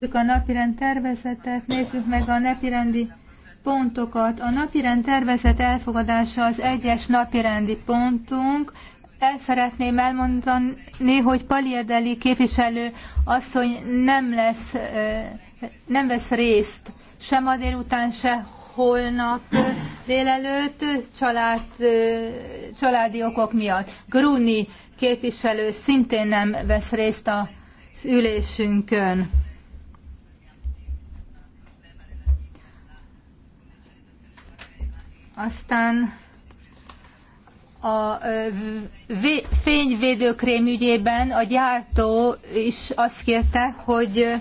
Nézzük a napirend tervezetet, nézzük meg a napirendi pontokat. A napirend tervezet elfogadása az egyes napirendi pontunk. El szeretném elmondani, hogy Paliedeli képviselő asszony nem lesz, nem vesz részt sem a délután, se holnap délelőtt család, családi okok miatt. Gruni képviselő szintén nem vesz részt az ülésünkön. Aztán a fényvédőkrém ügyében a gyártó is azt kérte, hogy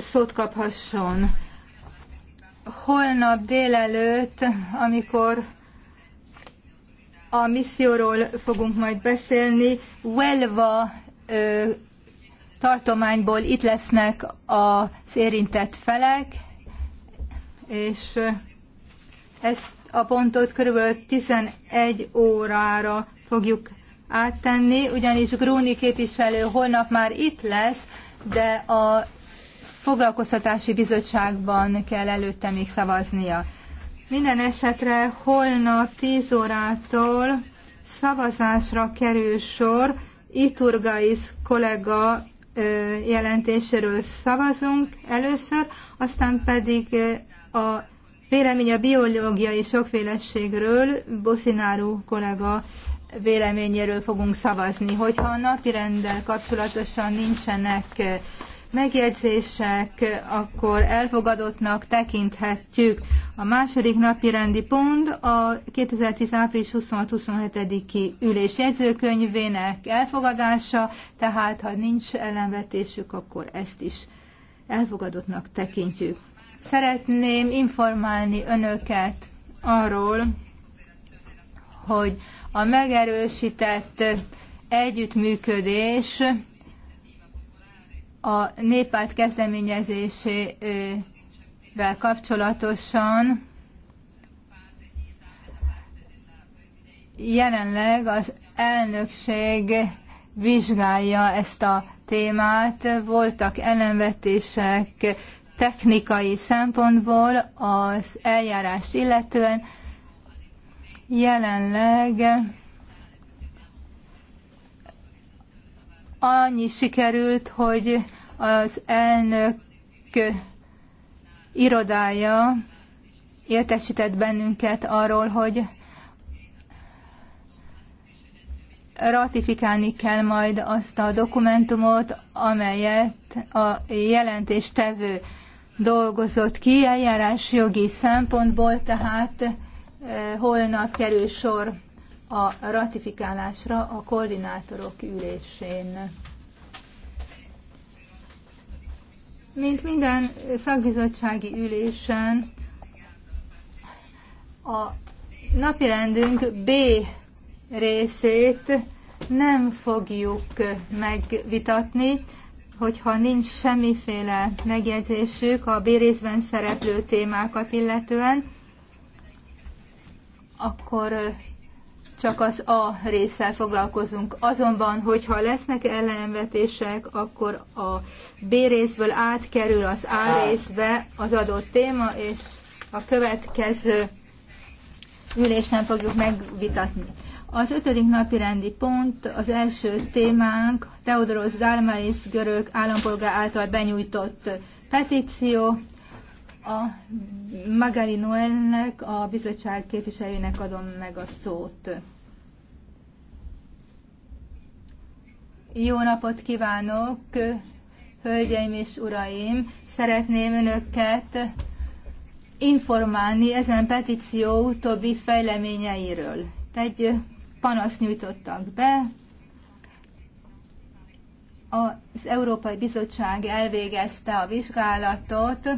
szót kaphasson. Holnap délelőtt, amikor a misszióról fogunk majd beszélni, Huelva tartományból itt lesznek az érintett felek, és ezt a pontot körülbelül 11 órára fogjuk áttenni, ugyanis Gróni képviselő holnap már itt lesz, de a foglalkoztatási bizottságban kell előtte még szavaznia. Minden esetre holnap 10 órától szavazásra kerül sor, Iturgais kollega jelentéséről szavazunk először, aztán pedig a vélemény a biológiai sokféleségről, Boszináru kollega véleményéről fogunk szavazni. Hogyha a rendel, kapcsolatosan nincsenek eh, megjegyzések, akkor elfogadottnak tekinthetjük. A második napi rendi pont a 2010. április 26-27-i ülés jegyzőkönyvének elfogadása, tehát ha nincs ellenvetésük, akkor ezt is elfogadottnak tekintjük. Szeretném informálni önöket arról, hogy a megerősített együttműködés a népát kezdeményezésével kapcsolatosan jelenleg az elnökség vizsgálja ezt a témát. Voltak ellenvetések, technikai szempontból az eljárást illetően jelenleg annyi sikerült, hogy az elnök irodája értesített bennünket arról, hogy ratifikálni kell majd azt a dokumentumot, amelyet a jelentéstevő dolgozott ki eljárás jogi szempontból, tehát eh, holnap kerül sor a ratifikálásra a koordinátorok ülésén. Mint minden szakbizottsági ülésen, a napirendünk B részét nem fogjuk megvitatni, hogyha nincs semmiféle megjegyzésük a bérészben szereplő témákat illetően, akkor csak az A résszel foglalkozunk. Azonban, hogyha lesznek ellenvetések, akkor a B részből átkerül az A részbe az adott téma, és a következő ülésen fogjuk megvitatni. Az ötödik napi rendi pont, az első témánk Teodoros Zálmaris görög állampolgár által benyújtott petíció, a Magali Noelnek, a bizottság képviselőjének adom meg a szót. Jó napot kívánok, hölgyeim és uraim! Szeretném önöket informálni ezen petíció utóbbi fejleményeiről. Egy panaszt nyújtottak be. Az Európai Bizottság elvégezte a vizsgálatot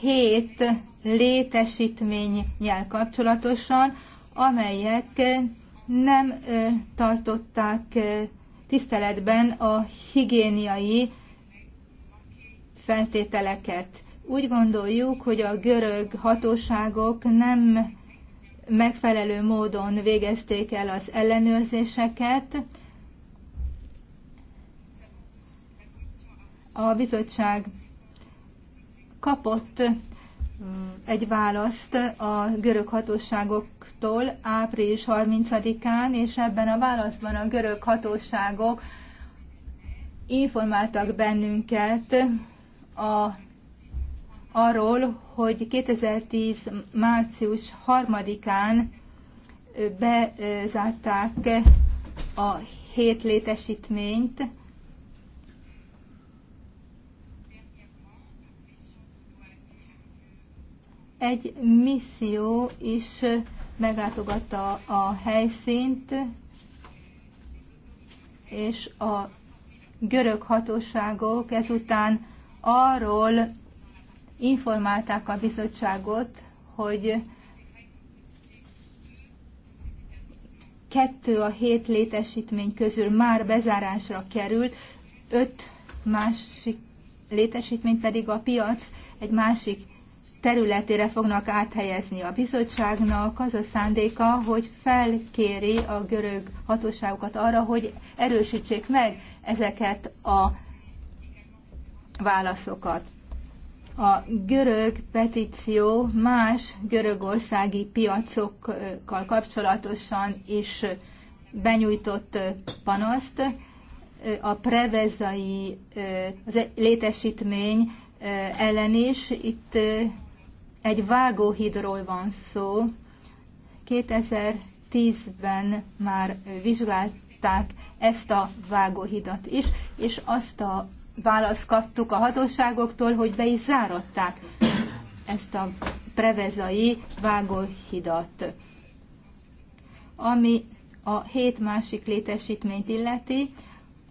hét létesítménnyel kapcsolatosan, amelyek nem tartották tiszteletben a higiéniai feltételeket. Úgy gondoljuk, hogy a görög hatóságok nem megfelelő módon végezték el az ellenőrzéseket. A bizottság kapott mm, egy választ a görög hatóságoktól április 30-án, és ebben a válaszban a görög hatóságok informáltak bennünket a arról, hogy 2010 március 3-án bezárták a hét létesítményt, egy misszió is meglátogatta a helyszínt, és a görög hatóságok ezután arról informálták a bizottságot, hogy kettő a hét létesítmény közül már bezárásra került, öt másik létesítmény pedig a piac egy másik területére fognak áthelyezni a bizottságnak. Az a szándéka, hogy felkéri a görög hatóságokat arra, hogy erősítsék meg ezeket a válaszokat a görög petíció más görögországi piacokkal kapcsolatosan is benyújtott panaszt. A prevezai az létesítmény ellen is itt egy vágóhidról van szó. 2010-ben már vizsgálták ezt a vágóhidat is, és azt a választ kaptuk a hatóságoktól, hogy be is záratták ezt a prevezai vágóhidat. Ami a hét másik létesítményt illeti,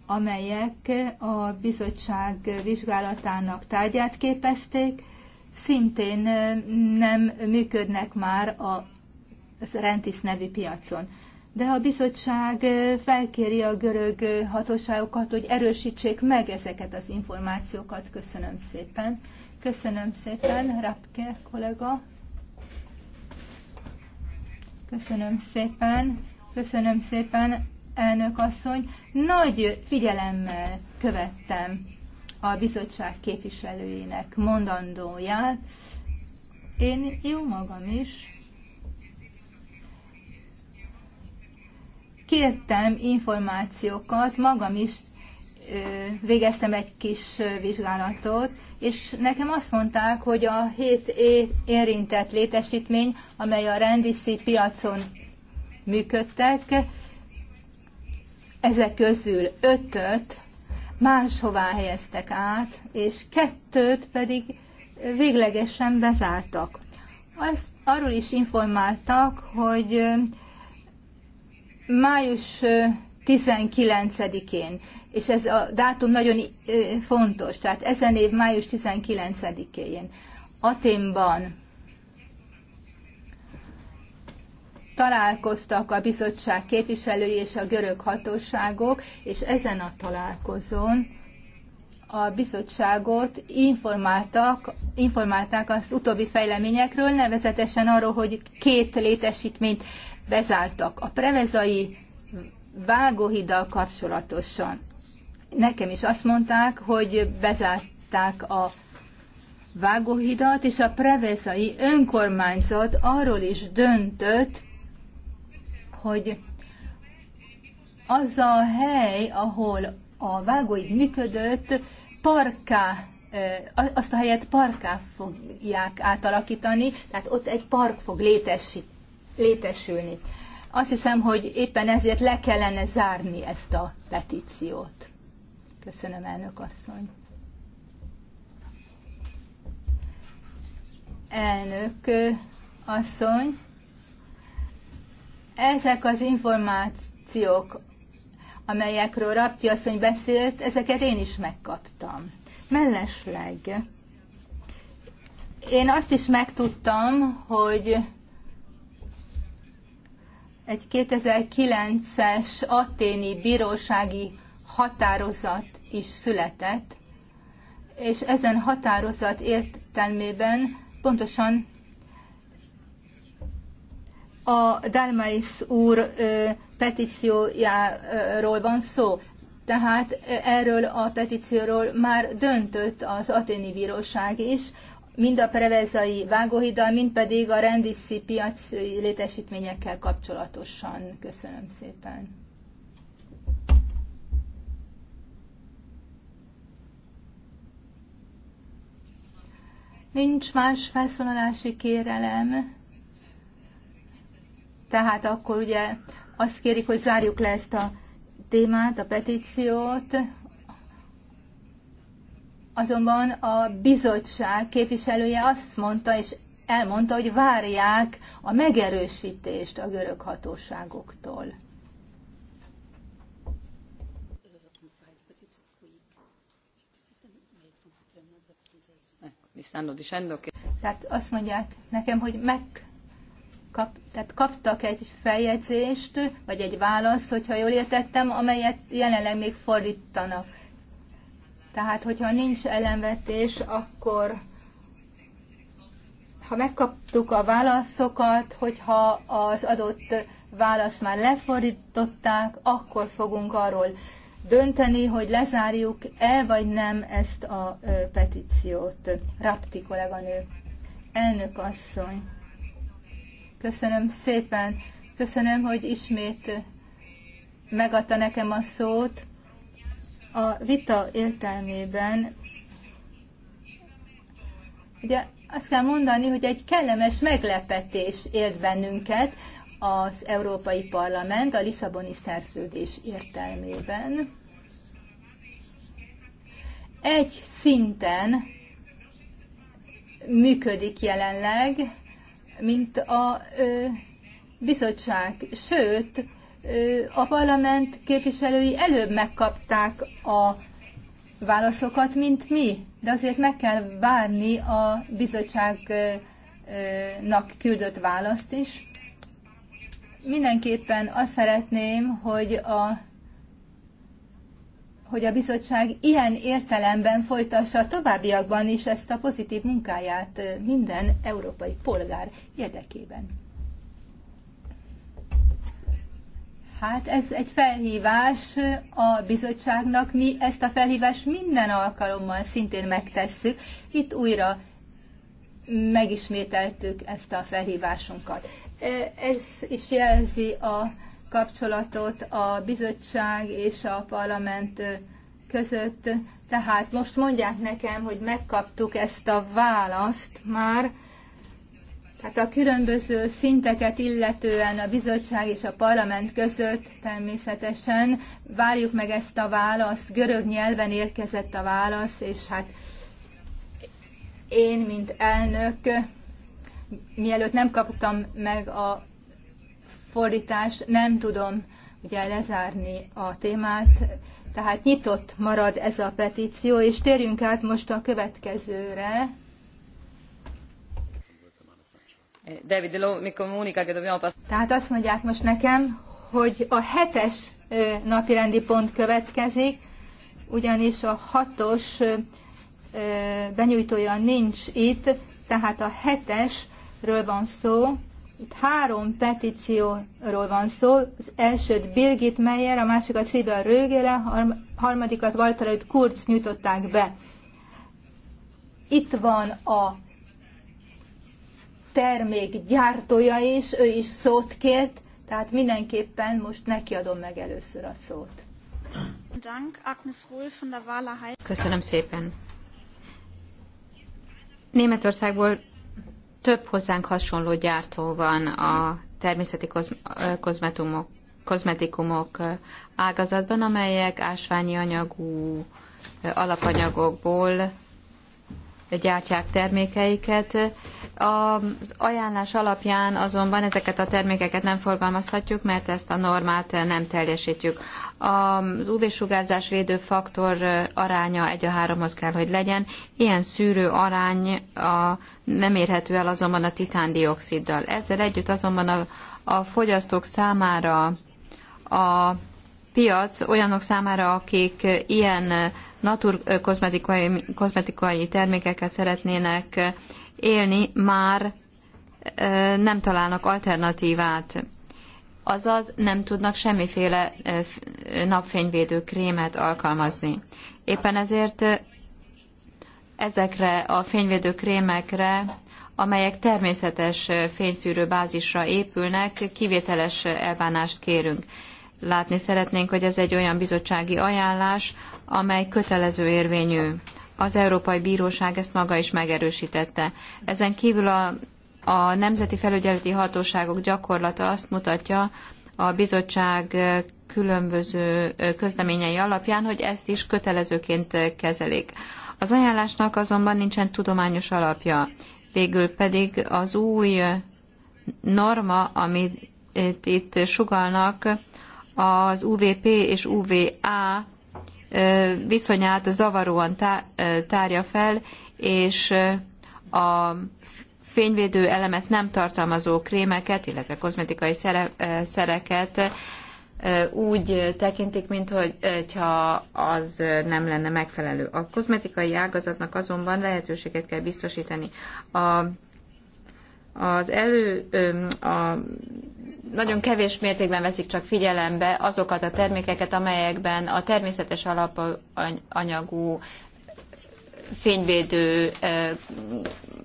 amelyek a bizottság vizsgálatának tárgyát képezték, szintén nem működnek már a Rentis nevű piacon de a bizottság felkéri a görög hatóságokat, hogy erősítsék meg ezeket az információkat. Köszönöm szépen. Köszönöm szépen, Rapke kollega. Köszönöm szépen. Köszönöm szépen, elnök asszony. Nagy figyelemmel követtem a bizottság képviselőinek mondandóját. Én jó magam is kértem információkat, magam is végeztem egy kis vizsgálatot, és nekem azt mondták, hogy a 7E érintett létesítmény, amely a rendiszi piacon működtek, ezek közül ötöt máshová helyeztek át, és kettőt pedig véglegesen bezártak. Azt arról is informáltak, hogy május 19-én, és ez a dátum nagyon fontos, tehát ezen év május 19-én Aténban találkoztak a bizottság képviselői és a görög hatóságok, és ezen a találkozón a bizottságot informáltak, informálták az utóbbi fejleményekről, nevezetesen arról, hogy két létesítményt bezártak. A prevezai vágóhiddal kapcsolatosan. Nekem is azt mondták, hogy bezárták a vágóhidat, és a prevezai önkormányzat arról is döntött, hogy az a hely, ahol a vágóid működött, parká, azt a helyet parká fogják átalakítani, tehát ott egy park fog létesít, létesülni. Azt hiszem, hogy éppen ezért le kellene zárni ezt a petíciót. Köszönöm, elnök asszony. Elnök asszony, ezek az információk, amelyekről Rapti asszony beszélt, ezeket én is megkaptam. Mellesleg én azt is megtudtam, hogy egy 2009-es aténi bírósági határozat is született, és ezen határozat értelmében pontosan a Dalmaris úr petíciójáról van szó. Tehát erről a petícióról már döntött az aténi bíróság is, mind a prevezai vágóhiddal, mind pedig a rendiszi piac létesítményekkel kapcsolatosan. Köszönöm szépen. Nincs más felszólalási kérelem. Tehát akkor ugye azt kérik, hogy zárjuk le ezt a témát, a petíciót. Azonban a bizottság képviselője azt mondta, és elmondta, hogy várják a megerősítést a görög hatóságoktól. Tehát azt mondják nekem, hogy meg kap, tehát kaptak egy feljegyzést, vagy egy választ, hogyha jól értettem, amelyet jelenleg még fordítanak tehát, hogyha nincs ellenvetés, akkor ha megkaptuk a válaszokat, hogyha az adott választ már lefordították, akkor fogunk arról dönteni, hogy lezárjuk-e vagy nem ezt a petíciót. Rapti kolléganő. Elnök asszony. Köszönöm szépen. Köszönöm, hogy ismét megadta nekem a szót a vita értelmében ugye azt kell mondani, hogy egy kellemes meglepetés ért bennünket az Európai Parlament a Lisszaboni szerződés értelmében. Egy szinten működik jelenleg, mint a ö, bizottság, sőt, a parlament képviselői előbb megkapták a válaszokat, mint mi, de azért meg kell várni a bizottságnak küldött választ is. Mindenképpen azt szeretném, hogy a hogy a bizottság ilyen értelemben folytassa a továbbiakban is ezt a pozitív munkáját minden európai polgár érdekében. Hát ez egy felhívás a bizottságnak, mi ezt a felhívást minden alkalommal szintén megtesszük. Itt újra megismételtük ezt a felhívásunkat. E, ez is jelzi a kapcsolatot a bizottság és a parlament között. Tehát most mondják nekem, hogy megkaptuk ezt a választ már, Hát a különböző szinteket illetően a bizottság és a parlament között természetesen várjuk meg ezt a választ, görög nyelven érkezett a válasz, és hát én, mint elnök, mielőtt nem kaptam meg a fordítást, nem tudom ugye lezárni a témát, tehát nyitott marad ez a petíció, és térjünk át most a következőre. David mi comunica che dobbiamo passare. Tehát azt mondják most nekem, hogy a hetes napirendi pont következik, ugyanis a hatos benyújtója nincs itt, tehát a hetesről van szó, itt három petícióról van szó, az elsőt Birgit Meyer, a másikat Szibel Rögele, a harmadikat Walter Kurz nyújtották be. Itt van a termék gyártója is, ő is szót kért, tehát mindenképpen most neki adom meg először a szót. Köszönöm szépen. Németországból több hozzánk hasonló gyártó van a természeti kozmetumok, kozmetikumok ágazatban, amelyek ásványi anyagú alapanyagokból gyártják termékeiket. Az ajánlás alapján azonban ezeket a termékeket nem forgalmazhatjuk, mert ezt a normát nem teljesítjük. Az UV-sugárzás védőfaktor aránya 1 a 3-hoz kell, hogy legyen. Ilyen szűrő arány a, nem érhető el azonban a titándioxiddal. Ezzel együtt azonban a, a fogyasztók számára a piac olyanok számára, akik ilyen naturkozmetikai kozmetikai termékekkel szeretnének élni, már nem találnak alternatívát. Azaz nem tudnak semmiféle napfényvédő krémet alkalmazni. Éppen ezért ezekre a fényvédő krémekre amelyek természetes fényszűrő bázisra épülnek, kivételes elbánást kérünk. Látni szeretnénk, hogy ez egy olyan bizottsági ajánlás, amely kötelező érvényű. Az Európai Bíróság ezt maga is megerősítette. Ezen kívül a, a Nemzeti Felügyeleti Hatóságok gyakorlata azt mutatja, a bizottság különböző közleményei alapján, hogy ezt is kötelezőként kezelik. Az ajánlásnak azonban nincsen tudományos alapja. Végül pedig az új norma, amit itt sugalnak, az UVP és UVA viszonyát zavaróan tárja fel, és a fényvédő elemet nem tartalmazó krémeket, illetve kozmetikai szereket úgy tekintik, mint az nem lenne megfelelő. A kozmetikai ágazatnak azonban lehetőséget kell biztosítani. A, az elő, a nagyon kevés mértékben veszik csak figyelembe azokat a termékeket, amelyekben a természetes alapanyagú fényvédő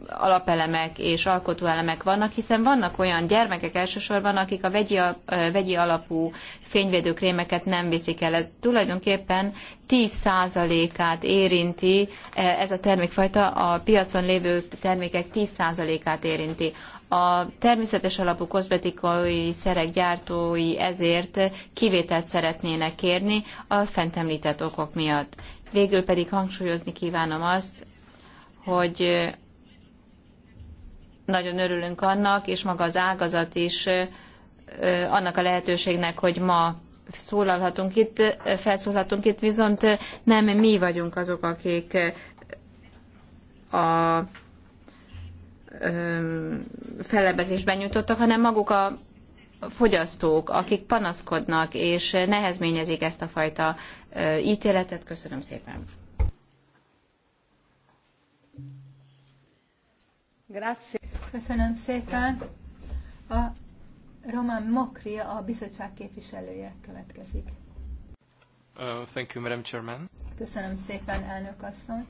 alapelemek és alkotóelemek vannak, hiszen vannak olyan gyermekek elsősorban, akik a vegyi, a vegyi alapú fényvédőkrémeket nem viszik el. Ez tulajdonképpen 10%-át érinti, ez a termékfajta a piacon lévő termékek 10%-át érinti a természetes alapú kozmetikai szerek gyártói ezért kivételt szeretnének kérni a fent említett okok miatt. Végül pedig hangsúlyozni kívánom azt, hogy nagyon örülünk annak, és maga az ágazat is annak a lehetőségnek, hogy ma szólalhatunk itt, felszólhatunk itt, viszont nem mi vagyunk azok, akik a fellebezésben nyújtottak, hanem maguk a fogyasztók, akik panaszkodnak és nehezményezik ezt a fajta ítéletet. Köszönöm szépen. Grazie. Köszönöm szépen. A Roman Mokria, a bizottság képviselője következik. Uh, thank you, Madam Chairman. Köszönöm szépen, elnök asszony.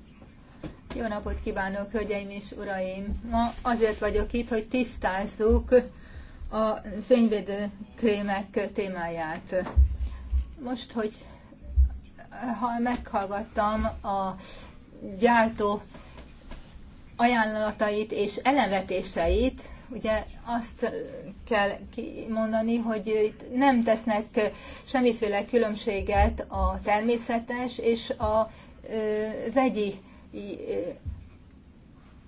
Jó napot kívánok, hölgyeim és uraim! Ma azért vagyok itt, hogy tisztázzuk a fényvédő krémek témáját. Most, hogy ha meghallgattam a gyártó ajánlatait és elevetéseit, ugye azt kell mondani, hogy itt nem tesznek semmiféle különbséget a természetes és a ö, vegyi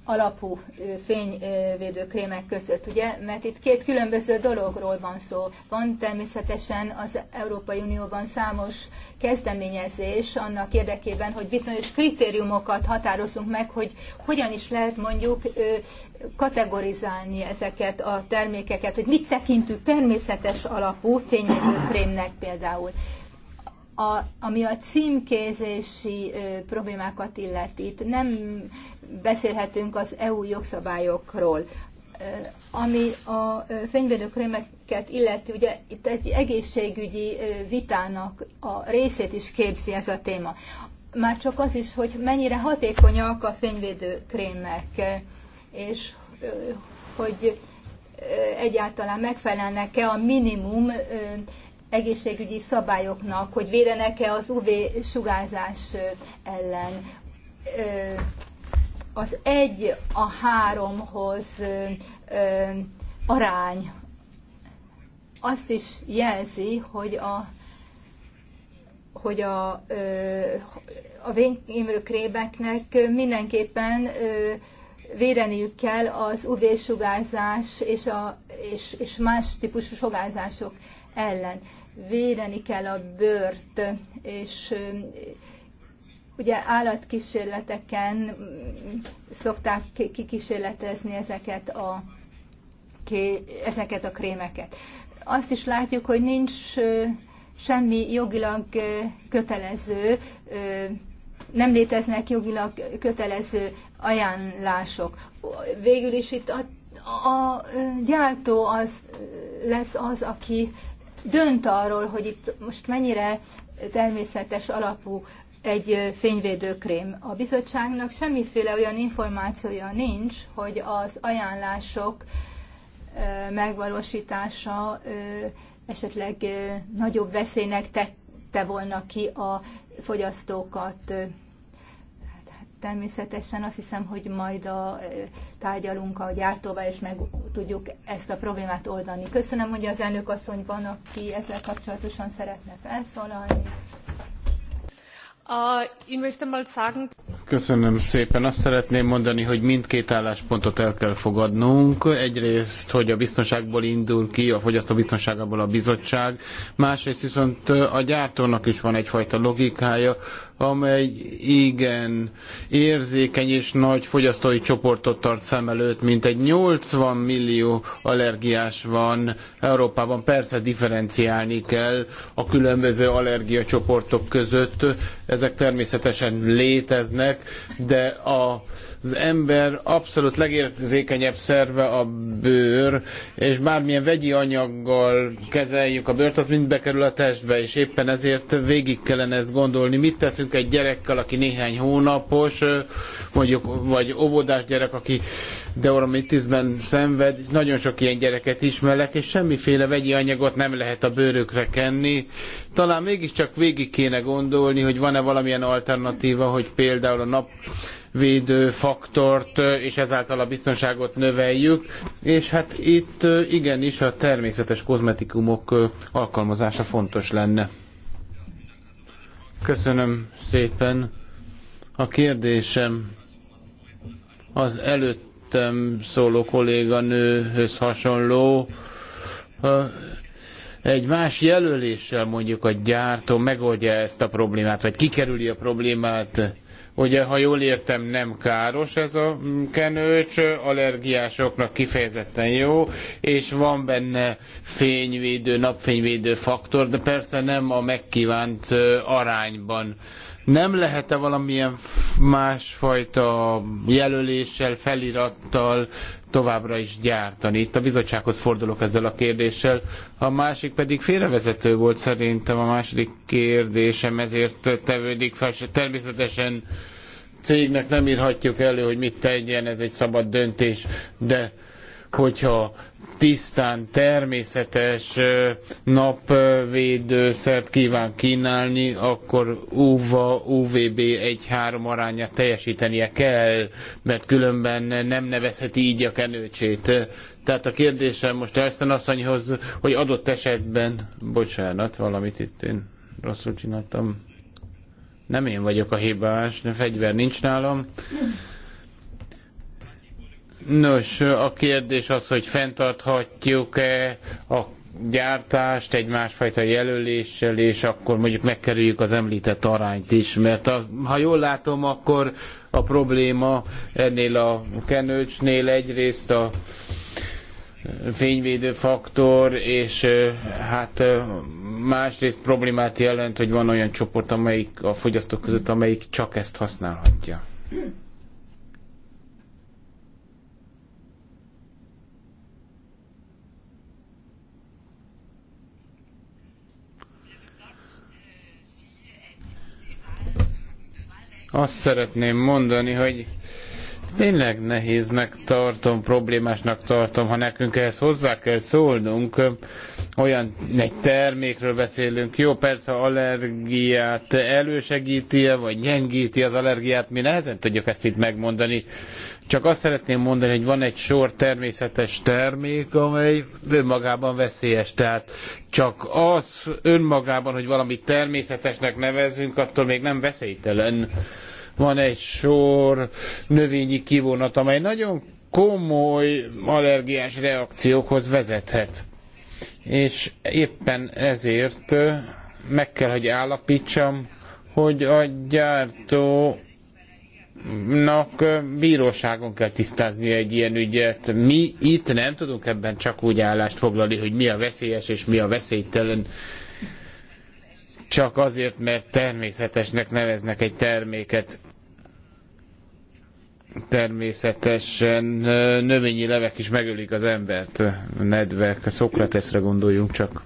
alapú fényvédő krémek között, ugye? Mert itt két különböző dologról van szó. Van természetesen az Európai Unióban számos kezdeményezés annak érdekében, hogy bizonyos kritériumokat határozzunk meg, hogy hogyan is lehet mondjuk kategorizálni ezeket a termékeket, hogy mit tekintünk természetes alapú fényvédő krémnek például a, ami a címkézési ö, problémákat illeti, itt nem beszélhetünk az EU jogszabályokról. Ö, ami a fényvédőkrémeket illeti, ugye itt egy egészségügyi ö, vitának a részét is képzi ez a téma. Már csak az is, hogy mennyire hatékonyak a fényvédőkrémek, és ö, hogy egyáltalán megfelelnek-e a minimum ö, egészségügyi szabályoknak, hogy védenek-e az UV-sugárzás ellen. Az egy a háromhoz arány azt is jelzi, hogy a hogy a, a vényémrőkrébeknek mindenképpen védeniük kell az UV-sugárzás és, a, és, és más típusú sugárzások ellen védeni kell a bőrt, és ugye állatkísérleteken szokták kikísérletezni ezeket a, ezeket a krémeket. Azt is látjuk, hogy nincs semmi jogilag kötelező, nem léteznek jogilag kötelező ajánlások. Végül is itt a, a gyártó az lesz az, aki dönt arról, hogy itt most mennyire természetes alapú egy fényvédőkrém. A bizottságnak semmiféle olyan információja nincs, hogy az ajánlások megvalósítása esetleg nagyobb veszélynek tette volna ki a fogyasztókat természetesen azt hiszem, hogy majd a, tárgyalunk a gyártóval, és meg tudjuk ezt a problémát oldani. Köszönöm, hogy az elnök asszony van, aki ezzel kapcsolatosan szeretne felszólalni. Köszönöm szépen. Azt szeretném mondani, hogy mindkét álláspontot el kell fogadnunk. Egyrészt, hogy a biztonságból indul ki, a fogyasztó biztonságából a bizottság. Másrészt viszont a gyártónak is van egyfajta logikája, amely igen érzékeny és nagy fogyasztói csoportot tart szem előtt, mint egy 80 millió allergiás van Európában. Persze differenciálni kell a különböző allergiacsoportok között, ezek természetesen léteznek, de a az ember abszolút legérzékenyebb szerve a bőr, és bármilyen vegyi anyaggal kezeljük a bőrt, az mind bekerül a testbe, és éppen ezért végig kellene ezt gondolni. Mit teszünk egy gyerekkel, aki néhány hónapos, mondjuk, vagy óvodás gyerek, aki deoramitisben szenved, nagyon sok ilyen gyereket ismerek, és semmiféle vegyi anyagot nem lehet a bőrökre kenni. Talán mégiscsak végig kéne gondolni, hogy van-e valamilyen alternatíva, hogy például a nap védőfaktort, és ezáltal a biztonságot növeljük. És hát itt igenis a természetes kozmetikumok alkalmazása fontos lenne. Köszönöm szépen. A kérdésem az előttem szóló kolléganőhöz hasonló egy más jelöléssel mondjuk a gyártó megoldja ezt a problémát, vagy kikerüli a problémát. Ugye, ha jól értem, nem káros ez a kenőcs, allergiásoknak kifejezetten jó, és van benne fényvédő, napfényvédő faktor, de persze nem a megkívánt arányban nem lehet-e valamilyen másfajta jelöléssel, felirattal továbbra is gyártani? Itt a bizottsághoz fordulok ezzel a kérdéssel. A másik pedig félrevezető volt szerintem a második kérdésem, ezért tevődik fel, természetesen cégnek nem írhatjuk elő, hogy mit tegyen, ez egy szabad döntés, de hogyha tisztán természetes napvédőszert kíván kínálni, akkor UVA, UVB 1-3 arányát teljesítenie kell, mert különben nem nevezheti így a kenőcsét. Tehát a kérdésem most Elszen asszonyhoz, hogy adott esetben, bocsánat, valamit itt én rosszul csináltam, nem én vagyok a hibás, fegyver nincs nálam. Nos, a kérdés az, hogy fenntarthatjuk-e a gyártást egy másfajta jelöléssel, és akkor mondjuk megkerüljük az említett arányt is, mert a, ha jól látom, akkor a probléma ennél a kenőcsnél egyrészt a fényvédő faktor, és hát másrészt problémát jelent, hogy van olyan csoport, amelyik a fogyasztók között, amelyik csak ezt használhatja. Azt szeretném mondani, hogy tényleg nehéznek tartom, problémásnak tartom, ha nekünk ehhez hozzá kell szólnunk. Olyan egy termékről beszélünk, jó, persze ha allergiát elősegíti -e, vagy gyengíti az allergiát, mi nehezen tudjuk ezt itt megmondani. Csak azt szeretném mondani, hogy van egy sor természetes termék, amely önmagában veszélyes. Tehát csak az önmagában, hogy valamit természetesnek nevezünk, attól még nem veszélytelen. Van egy sor növényi kivonat, amely nagyon komoly allergiás reakciókhoz vezethet. És éppen ezért meg kell, hogy állapítsam, hogy a gyártó nak bíróságon kell tisztázni egy ilyen ügyet. Mi itt nem tudunk ebben csak úgy állást foglalni, hogy mi a veszélyes és mi a veszélytelen csak azért, mert természetesnek neveznek egy terméket. Természetesen növényi levek is megölik az embert, nedvek, Szokrateszre gondoljunk csak.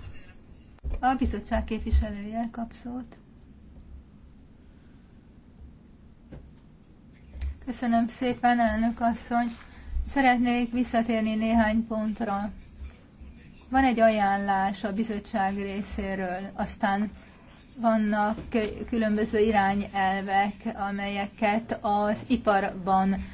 A bizottság képviselője kap szót. Köszönöm szépen, elnök asszony. Szeretnék visszatérni néhány pontra. Van egy ajánlás a bizottság részéről, aztán vannak különböző irányelvek, amelyeket az iparban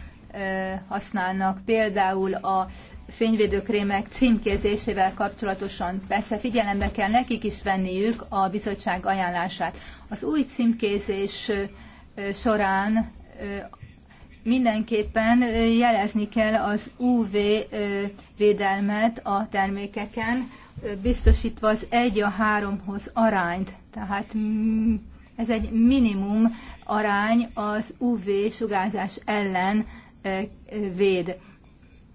használnak, például a fényvédőkrémek címkézésével kapcsolatosan. Persze figyelembe kell nekik is venniük a bizottság ajánlását. Az új címkézés során mindenképpen jelezni kell az UV védelmet a termékeken, biztosítva az 1 a 3-hoz arányt. Tehát ez egy minimum arány az UV sugárzás ellen véd.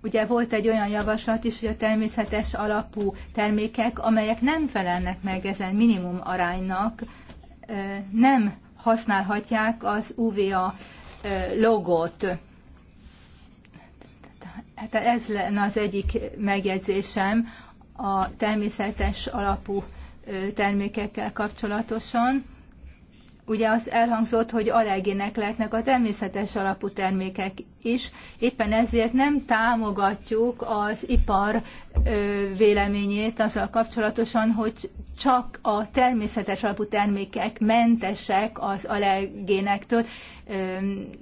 Ugye volt egy olyan javaslat is, hogy a természetes alapú termékek, amelyek nem felelnek meg ezen minimum aránynak, nem használhatják az UVA logót. Hát ez lenne az egyik megjegyzésem a természetes alapú termékekkel kapcsolatosan. Ugye az elhangzott, hogy alergének lehetnek a természetes alapú termékek is, éppen ezért nem támogatjuk az ipar véleményét azzal kapcsolatosan, hogy csak a természetes alapú termékek mentesek az allergénektől.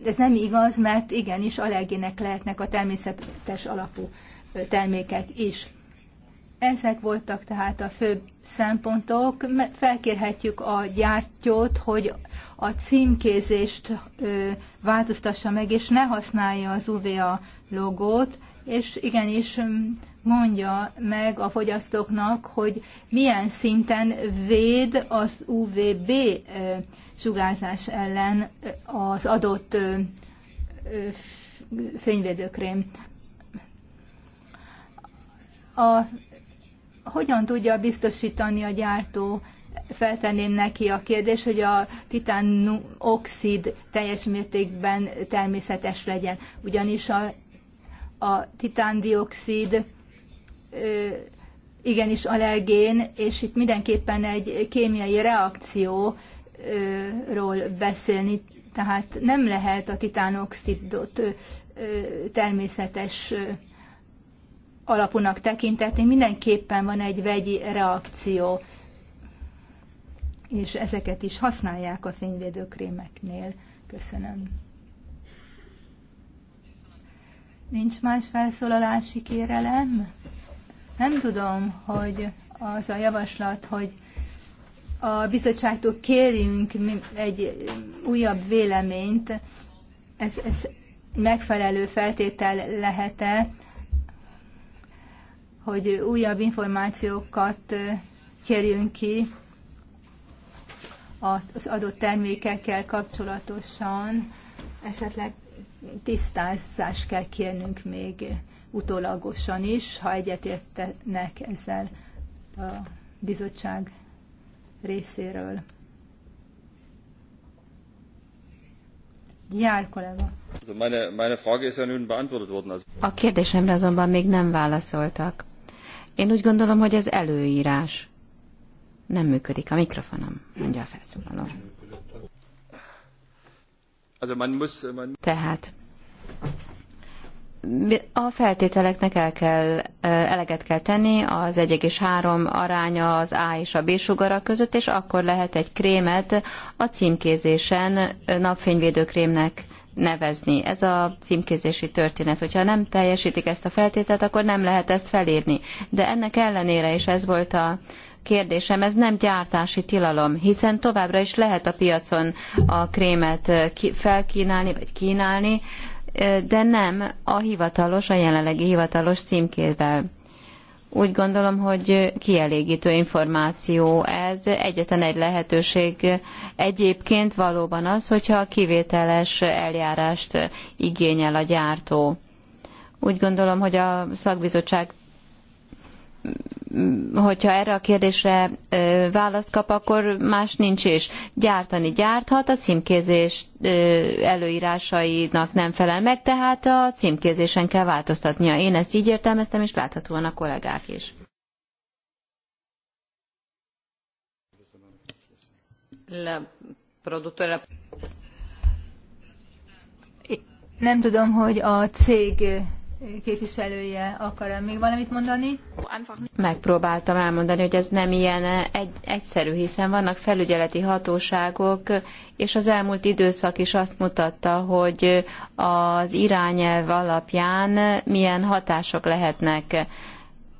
Ez nem igaz, mert igenis allergének lehetnek a természetes alapú termékek is. Ezek voltak tehát a fő szempontok. Felkérhetjük a gyártyót, hogy a címkézést változtassa meg, és ne használja az UVA logót, és igenis mondja meg a fogyasztóknak, hogy milyen szinten véd az UVB sugárzás ellen az adott fényvédőkrém. A hogyan tudja biztosítani a gyártó feltenném neki a kérdés, hogy a titánoxid teljes mértékben természetes legyen. Ugyanis a, a titándioxid igenis allergén, és itt mindenképpen egy kémiai reakcióról beszélni, tehát nem lehet a titánoxidot természetes alapúnak tekintetni, mindenképpen van egy vegyi reakció, és ezeket is használják a fényvédőkrémeknél. Köszönöm. Nincs más felszólalási kérelem? Nem tudom, hogy az a javaslat, hogy a bizottságtól kérjünk egy újabb véleményt, ez, ez megfelelő feltétel lehet-e hogy újabb információkat kérjünk ki az adott termékekkel kapcsolatosan, esetleg tisztázás kell kérnünk még utólagosan is, ha egyetértenek ezzel a bizottság részéről. Jár, kollega. A kérdésemre azonban még nem válaszoltak. Én úgy gondolom, hogy ez előírás. Nem működik a mikrofonom, mondja a felszólaló. Tehát a feltételeknek el kell, eleget kell tenni, az 1,3 aránya az A és a B sugara között, és akkor lehet egy krémet a címkézésen napfényvédő krémnek nevezni. Ez a címkézési történet. Hogyha nem teljesítik ezt a feltételt, akkor nem lehet ezt felírni. De ennek ellenére is ez volt a kérdésem, ez nem gyártási tilalom, hiszen továbbra is lehet a piacon a krémet eh, felkínálni, vagy kínálni, eh, de nem a hivatalos, a jelenlegi hivatalos címkével. Úgy gondolom, hogy kielégítő információ ez. Egyetlen egy lehetőség egyébként valóban az, hogyha a kivételes eljárást igényel a gyártó. Úgy gondolom, hogy a szakbizottság hogyha erre a kérdésre választ kap, akkor más nincs is. Gyártani gyárthat, a címkézés előírásainak nem felel meg, tehát a címkézésen kell változtatnia. Én ezt így értelmeztem, és láthatóan a kollégák is. Nem tudom, hogy a cég képviselője akar e még valamit mondani? Megpróbáltam elmondani, hogy ez nem ilyen eh, egy, egyszerű, hiszen vannak felügyeleti hatóságok, és az elmúlt időszak is azt mutatta, hogy az irányelv alapján milyen hatások lehetnek.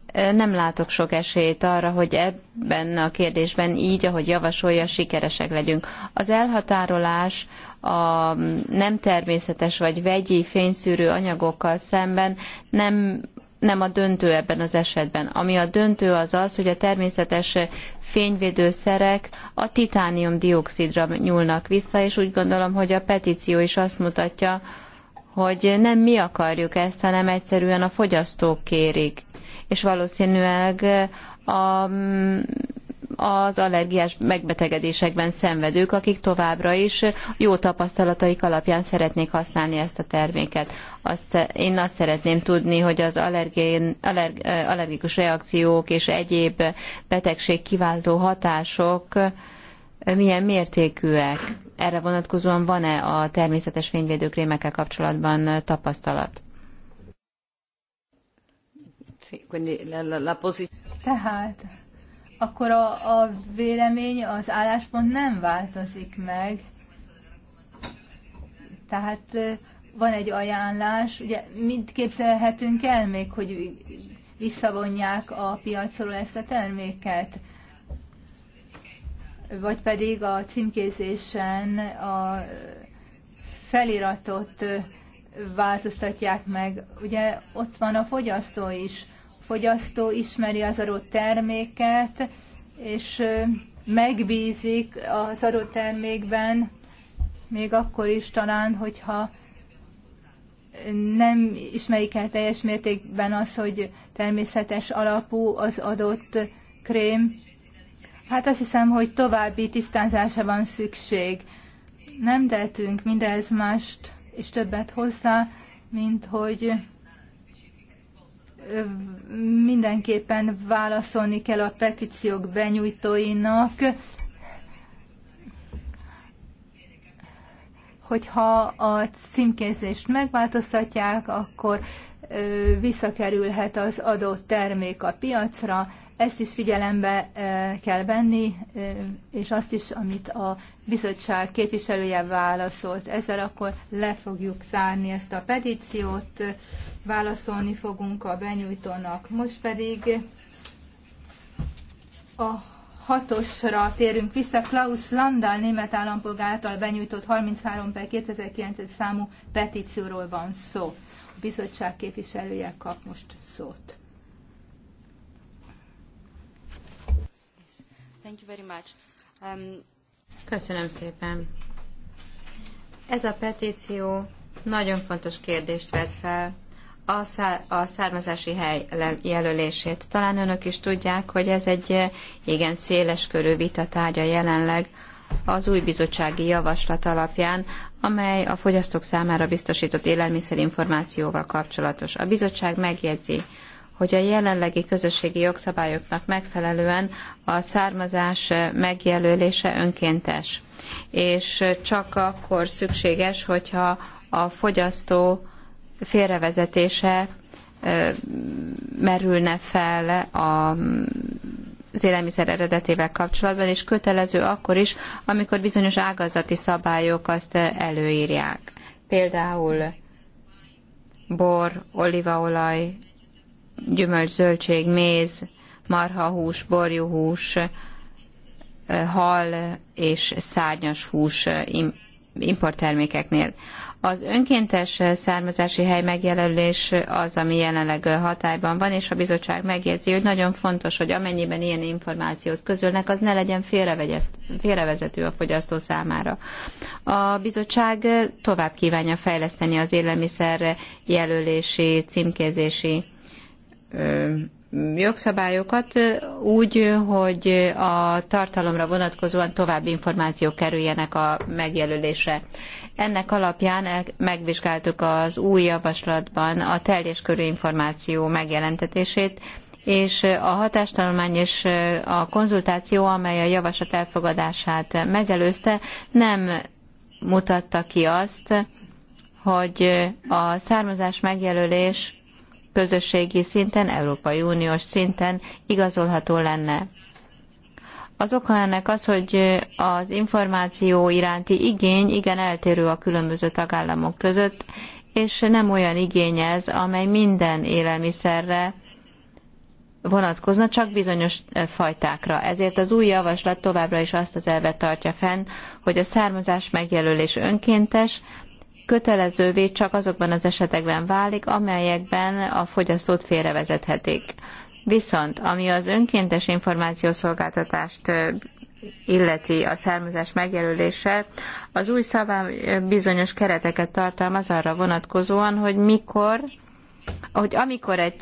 Eh, nem látok sok esélyt arra, hogy ebben a kérdésben így, ahogy javasolja, sikeresek legyünk. Az elhatárolás a nem természetes vagy vegyi fényszűrő anyagokkal szemben nem nem a döntő ebben az esetben. Ami a döntő az az, hogy a természetes fényvédőszerek a dioxidra nyúlnak vissza, és úgy gondolom, hogy a petíció is azt mutatja, hogy nem mi akarjuk ezt, hanem egyszerűen a fogyasztók kérik. És valószínűleg a az allergiás megbetegedésekben szenvedők, akik továbbra is jó tapasztalataik alapján szeretnék használni ezt a terméket. Azt, én azt szeretném tudni, hogy az allergén, allerg, allergikus reakciók és egyéb betegség kiváltó hatások milyen mértékűek. Erre vonatkozóan van-e a természetes fényvédőkrémekkel kapcsolatban tapasztalat? Tehát akkor a, a vélemény, az álláspont nem változik meg. Tehát van egy ajánlás, ugye mit képzelhetünk el még, hogy visszavonják a piacról ezt a terméket? Vagy pedig a címkézésen a feliratot változtatják meg. Ugye ott van a fogyasztó is, fogyasztó ismeri az adott terméket, és megbízik az adott termékben, még akkor is talán, hogyha nem ismerik el teljes mértékben az, hogy természetes alapú az adott krém. Hát azt hiszem, hogy további tisztázása van szükség. Nem tettünk mindez mást és többet hozzá, mint hogy mindenképpen válaszolni kell a petíciók benyújtóinak, hogyha a címkézést megváltoztatják, akkor visszakerülhet az adott termék a piacra, ezt is figyelembe kell venni, és azt is, amit a bizottság képviselője válaszolt. Ezzel akkor le fogjuk zárni ezt a petíciót, válaszolni fogunk a benyújtónak. Most pedig a hatosra térünk vissza. Klaus Landal, német állampolgár által benyújtott 33 per 2009 számú petícióról van szó. A bizottság képviselője kap most szót. Thank you very much. Um... Köszönöm szépen. Ez a petíció nagyon fontos kérdést vet fel, a, származási hely jelölését. Talán önök is tudják, hogy ez egy eh, igen széles körű vita tárgya jelenleg az új bizottsági javaslat alapján, amely a fogyasztók számára biztosított élelmiszerinformációval kapcsolatos. A bizottság megjegyzi, hogy a jelenlegi közösségi jogszabályoknak megfelelően a származás megjelölése önkéntes, és csak akkor szükséges, hogyha a fogyasztó félrevezetése merülne fel a az élelmiszer eredetével kapcsolatban, és kötelező akkor is, amikor bizonyos ágazati szabályok azt előírják. Például bor, olívaolaj, gyümölcs, zöldség, méz, marhahús, borjuhús, hal és szárnyas hús importtermékeknél. Az önkéntes származási hely megjelölés az, ami jelenleg hatályban van, és a bizottság megjegyzi, hogy nagyon fontos, hogy amennyiben ilyen információt közölnek, az ne legyen félrevezető a fogyasztó számára. A bizottság tovább kívánja fejleszteni az élelmiszer jelölési, címkézési jogszabályokat úgy, hogy a tartalomra vonatkozóan további információk kerüljenek a megjelölésre. Ennek alapján megvizsgáltuk az új javaslatban a teljes körű információ megjelentetését, és a hatástanulmány és a konzultáció, amely a javaslat elfogadását megelőzte, nem mutatta ki azt, hogy a származás megjelölés közösségi szinten, Európai Uniós szinten igazolható lenne. Az oka ennek az, hogy az információ iránti igény igen eltérő a különböző tagállamok között, és nem olyan igény ez, amely minden élelmiszerre vonatkozna, csak bizonyos eh, fajtákra. Ezért az új javaslat továbbra is azt az elvet tartja fenn, hogy a származás megjelölés önkéntes, kötelezővé csak azokban az esetekben válik, amelyekben a fogyasztót félrevezethetik. Viszont, ami az önkéntes információszolgáltatást illeti a származás megjelölése, az új szabály bizonyos kereteket tartalmaz arra vonatkozóan, hogy mikor hogy amikor egy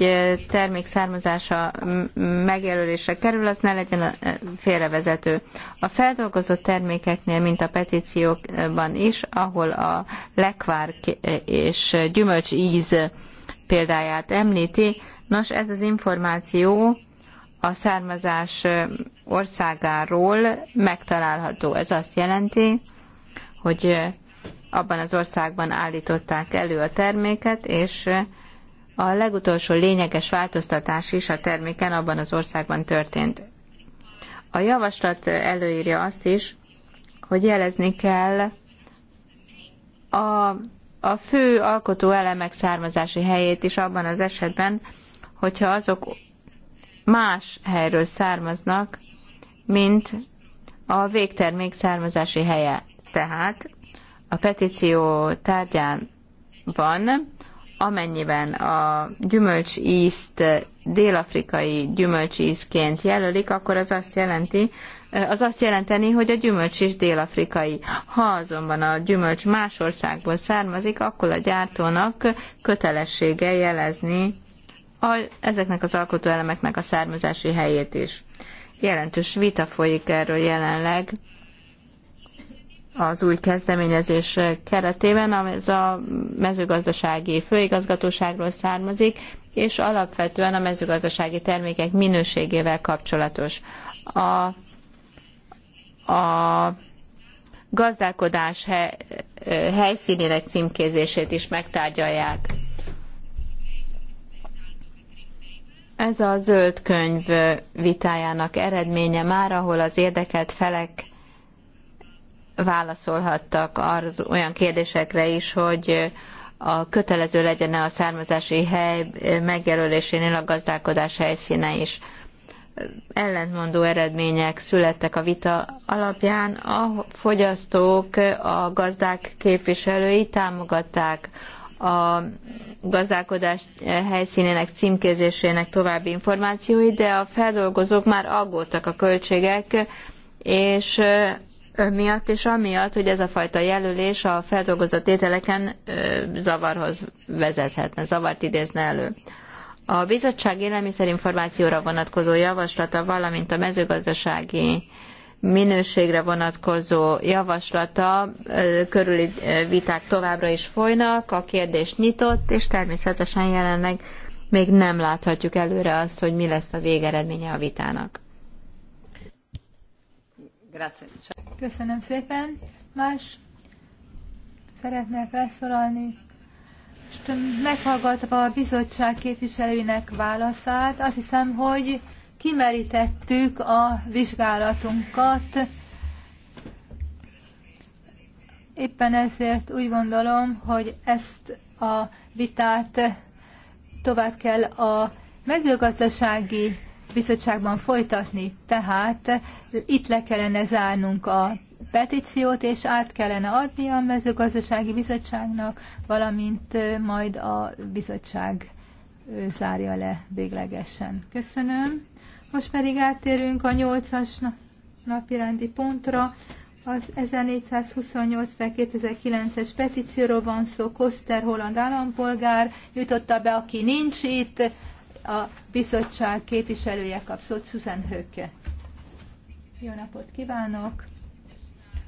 termék származása megjelölésre kerül, az ne legyen félrevezető. A feldolgozott termékeknél, mint a petíciókban is, ahol a lekvár és gyümölcs íz példáját említi, nos ez az információ a származás országáról megtalálható. Ez azt jelenti, hogy abban az országban állították elő a terméket, és a legutolsó lényeges változtatás is a terméken abban az országban történt. A javaslat előírja azt is, hogy jelezni kell a, a fő alkotó elemek származási helyét is abban az esetben, hogyha azok más helyről származnak, mint a végtermék származási helye. Tehát a petíció tárgyában amennyiben a gyümölcsízt dél-afrikai gyümölcsízként jelölik, akkor az azt jelenti, az azt jelenteni, hogy a gyümölcs is dél-afrikai. Ha azonban a gyümölcs más országból származik, akkor a gyártónak kötelessége jelezni a, ezeknek az alkotóelemeknek a származási helyét is. Jelentős vita folyik erről jelenleg, az új kezdeményezés keretében, ez a mezőgazdasági főigazgatóságról származik, és alapvetően a mezőgazdasági termékek minőségével kapcsolatos. A, a gazdálkodás he, helyszínének címkézését is megtárgyalják. Ez a zöld könyv vitájának eredménye már, ahol az érdekelt felek válaszolhattak az olyan kérdésekre is, hogy a kötelező legyen a származási hely megjelölésénél a gazdálkodás helyszíne is. Ellentmondó eredmények születtek a vita alapján. A fogyasztók, a gazdák képviselői támogatták a gazdálkodás helyszínének címkézésének további információit, de a feldolgozók már aggódtak a költségek és miatt, és amiatt, hogy ez a fajta jelölés a feldolgozott ételeken zavarhoz vezethetne, zavart idézne elő. A bizottság élelmiszerinformációra vonatkozó javaslata, valamint a mezőgazdasági minőségre vonatkozó javaslata körüli viták továbbra is folynak, a kérdés nyitott, és természetesen jelenleg még nem láthatjuk előre azt, hogy mi lesz a végeredménye a vitának. Köszönöm szépen. Más szeretnék elszólalni, meghallgatva a bizottság képviselőinek válaszát, azt hiszem, hogy kimerítettük a vizsgálatunkat. Éppen ezért úgy gondolom, hogy ezt a vitát tovább kell a mezőgazdasági bizottságban folytatni. Tehát itt le kellene zárnunk a petíciót, és át kellene adni a mezőgazdasági bizottságnak, valamint majd a bizottság zárja le véglegesen. Köszönöm. Most pedig áttérünk a 8-as napirendi pontra. Az 1428 per 2009-es petícióról van szó, Koster holland állampolgár nyújtotta be, aki nincs itt, a bizottság képviselője kap szót, Susan Höke. Jó napot kívánok!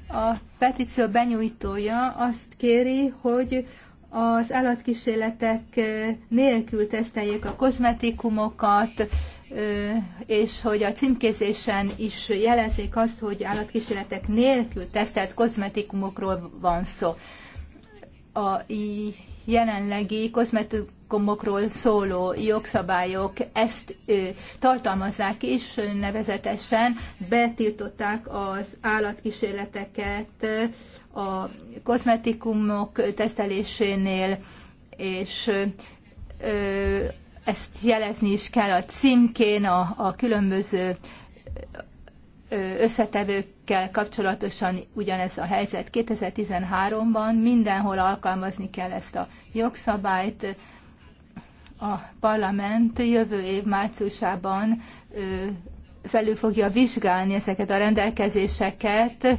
A petíció benyújtója azt kéri, hogy az állatkísérletek nélkül teszteljék a kozmetikumokat, és hogy a címkézésen is jelezzék azt, hogy állatkísérletek nélkül tesztelt kozmetikumokról van szó. A jelenlegi kozmetikumok komokról szóló jogszabályok ezt tartalmazzák is, nevezetesen betiltották az állatkísérleteket a kozmetikumok tesztelésénél, és ezt jelezni is kell a címkén, a, a különböző összetevőkkel kapcsolatosan ugyanez a helyzet. 2013-ban mindenhol alkalmazni kell ezt a jogszabályt, a parlament jövő év márciusában felül fogja vizsgálni ezeket a rendelkezéseket,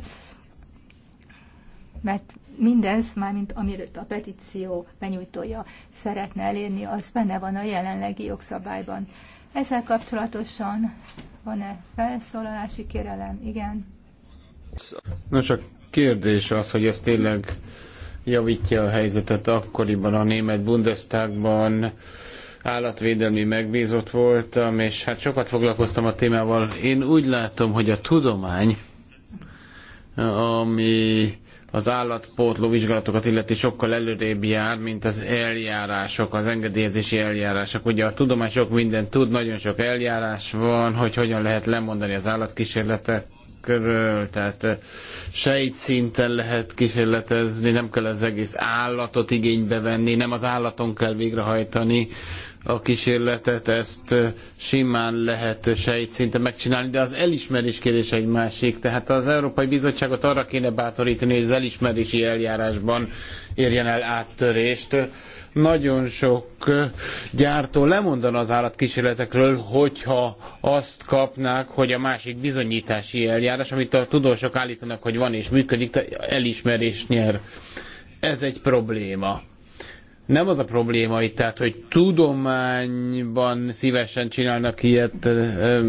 mert mindez, mármint amiről a petíció benyújtója szeretne elérni, az benne van a jelenlegi jogszabályban. Ezzel kapcsolatosan van-e felszólalási kérelem? Igen. Nos, a kérdés az, hogy ez tényleg javítja a helyzetet akkoriban a német Bundestagban állatvédelmi megbízott voltam, és hát sokat foglalkoztam a témával. Én úgy látom, hogy a tudomány, ami az állatportló vizsgálatokat illeti sokkal előrébb jár, mint az eljárások, az engedélyezési eljárások. Ugye a tudomány sok mindent tud, nagyon sok eljárás van, hogy hogyan lehet lemondani az állatkísérletet, körül, tehát eh, sejtszinten lehet kísérletezni, nem kell az egész állatot igénybe venni, nem az állaton kell végrehajtani a kísérletet, ezt eh, simán lehet sejtszinten megcsinálni, de az elismerés kérdés egy másik. Tehát az Európai Bizottságot arra kéne bátorítani, hogy az elismerési eljárásban érjen el áttörést, nagyon sok gyártó lemondana az állatkísérletekről, hogyha azt kapnák, hogy a másik bizonyítási eljárás, amit a tudósok állítanak, hogy van és működik, elismerést nyer. Ez egy probléma nem az a probléma itt, tehát, hogy tudományban szívesen csinálnak ilyet,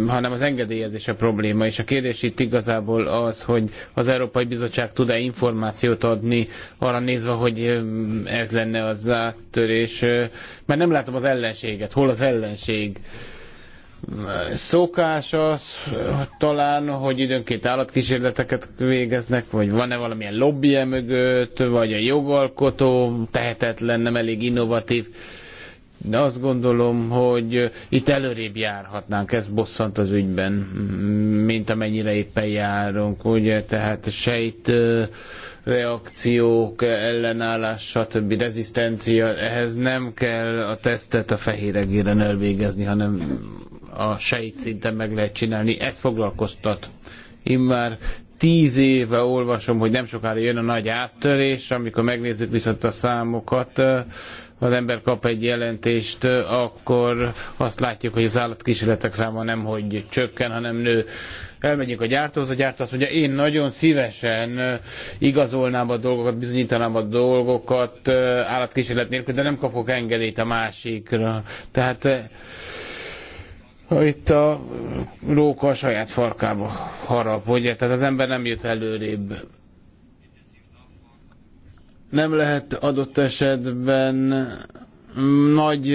hanem az engedélyezés a probléma. És a kérdés itt igazából az, hogy az Európai Bizottság tud-e információt adni arra nézve, hogy ez lenne az áttörés. Mert nem látom az ellenséget. Hol az ellenség? szokás az talán, hogy időnként állatkísérleteket végeznek, vagy van-e valamilyen lobbie mögött, vagy a jogalkotó tehetetlen, nem elég innovatív. De azt gondolom, hogy itt előrébb járhatnánk, ez bosszant az ügyben, mint amennyire éppen járunk, ugye, tehát sejt reakciók, ellenállás, stb. rezisztencia, ehhez nem kell a tesztet a fehéregéren elvégezni, hanem a sejt szinten meg lehet csinálni. Ez foglalkoztat. Én már tíz éve olvasom, hogy nem sokára jön a nagy áttörés, amikor megnézzük viszont a számokat, az ember kap egy jelentést, akkor azt látjuk, hogy az állatkísérletek száma nem hogy csökken, hanem nő. Elmegyünk a gyártóhoz, a gyártó azt mondja, én nagyon szívesen igazolnám a dolgokat, bizonyítanám a dolgokat állatkísérlet nélkül, de nem kapok engedélyt a másikra. Tehát itt a róka a saját farkába harap, ugye? Tehát az ember nem jut előrébb. Nem lehet adott esetben nagy